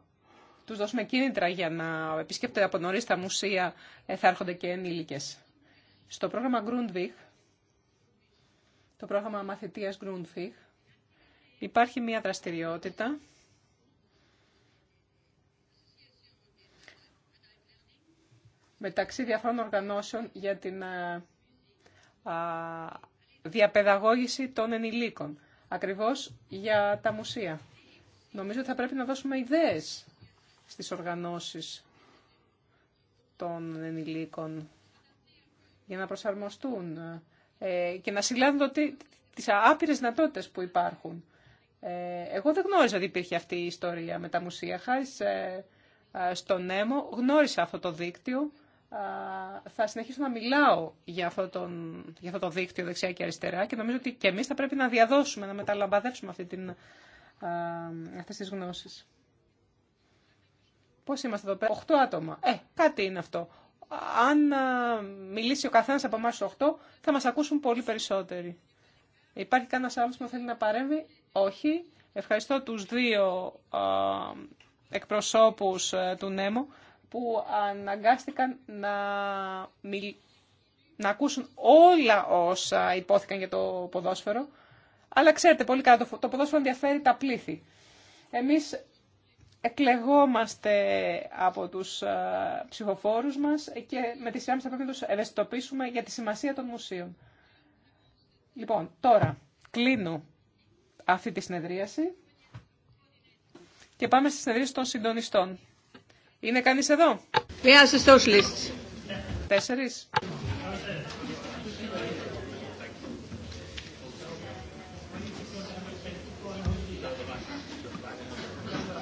τους δώσουμε κίνητρα για να επισκέπτονται από νωρίς τα μουσεία ε, θα έρχονται και ενήλικες. Στο πρόγραμμα Grundvig το πρόγραμμα μαθητείας Grundfig, υπάρχει μία δραστηριότητα μεταξύ διαφόρων οργανώσεων για την ε, α, διαπαιδαγώγηση των ενηλίκων, ακριβώς για τα μουσεία. Νομίζω ότι θα πρέπει να δώσουμε ιδέες στις οργανώσεις των ενηλίκων για να προσαρμοστούν ε, ε, και να συλλάβουν τις άπειρες δυνατότητες που υπάρχουν. Ε, εγώ δεν γνώριζα ότι υπήρχε αυτή η ιστορία με τα μουσεία. Χάρη ε, στον Νέμο γνώρισα αυτό το δίκτυο. Θα συνεχίσω να μιλάω για αυτό, τον, για αυτό το δίκτυο δεξιά και αριστερά και νομίζω ότι και εμείς θα πρέπει να διαδώσουμε, να μεταλαμπαδεύσουμε αυτή την, αυτές τις γνώσεις. Πώς είμαστε εδώ πέρα, 8 άτομα. Ε, κάτι είναι αυτό αν ε, μιλήσει ο καθένα από του 8, θα μας ακούσουν πολύ περισσότεροι. Υπάρχει κανένα άλλος που θέλει να παρέμβει. Όχι. Ευχαριστώ τους δύο ε, εκπροσώπους ε, του ΝΕΜΟ που αναγκάστηκαν να, μιλ... να ακούσουν όλα όσα υπόθηκαν για το ποδόσφαιρο. Αλλά ξέρετε πολύ καλά, το ποδόσφαιρο ενδιαφέρει τα πλήθη. Εμείς εκλεγόμαστε από τους ε, ψηφοφόρους μας και με τη σειρά μας θα πρέπει να τους ευαισθητοποιήσουμε για τη σημασία των μουσείων. Λοιπόν, τώρα κλείνω αυτή τη συνεδρίαση και πάμε στη συνεδρίαση των συντονιστών. Είναι κανείς εδώ? Μία Τέσσερις.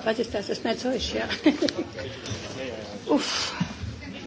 Was ist das? ist nicht Uff.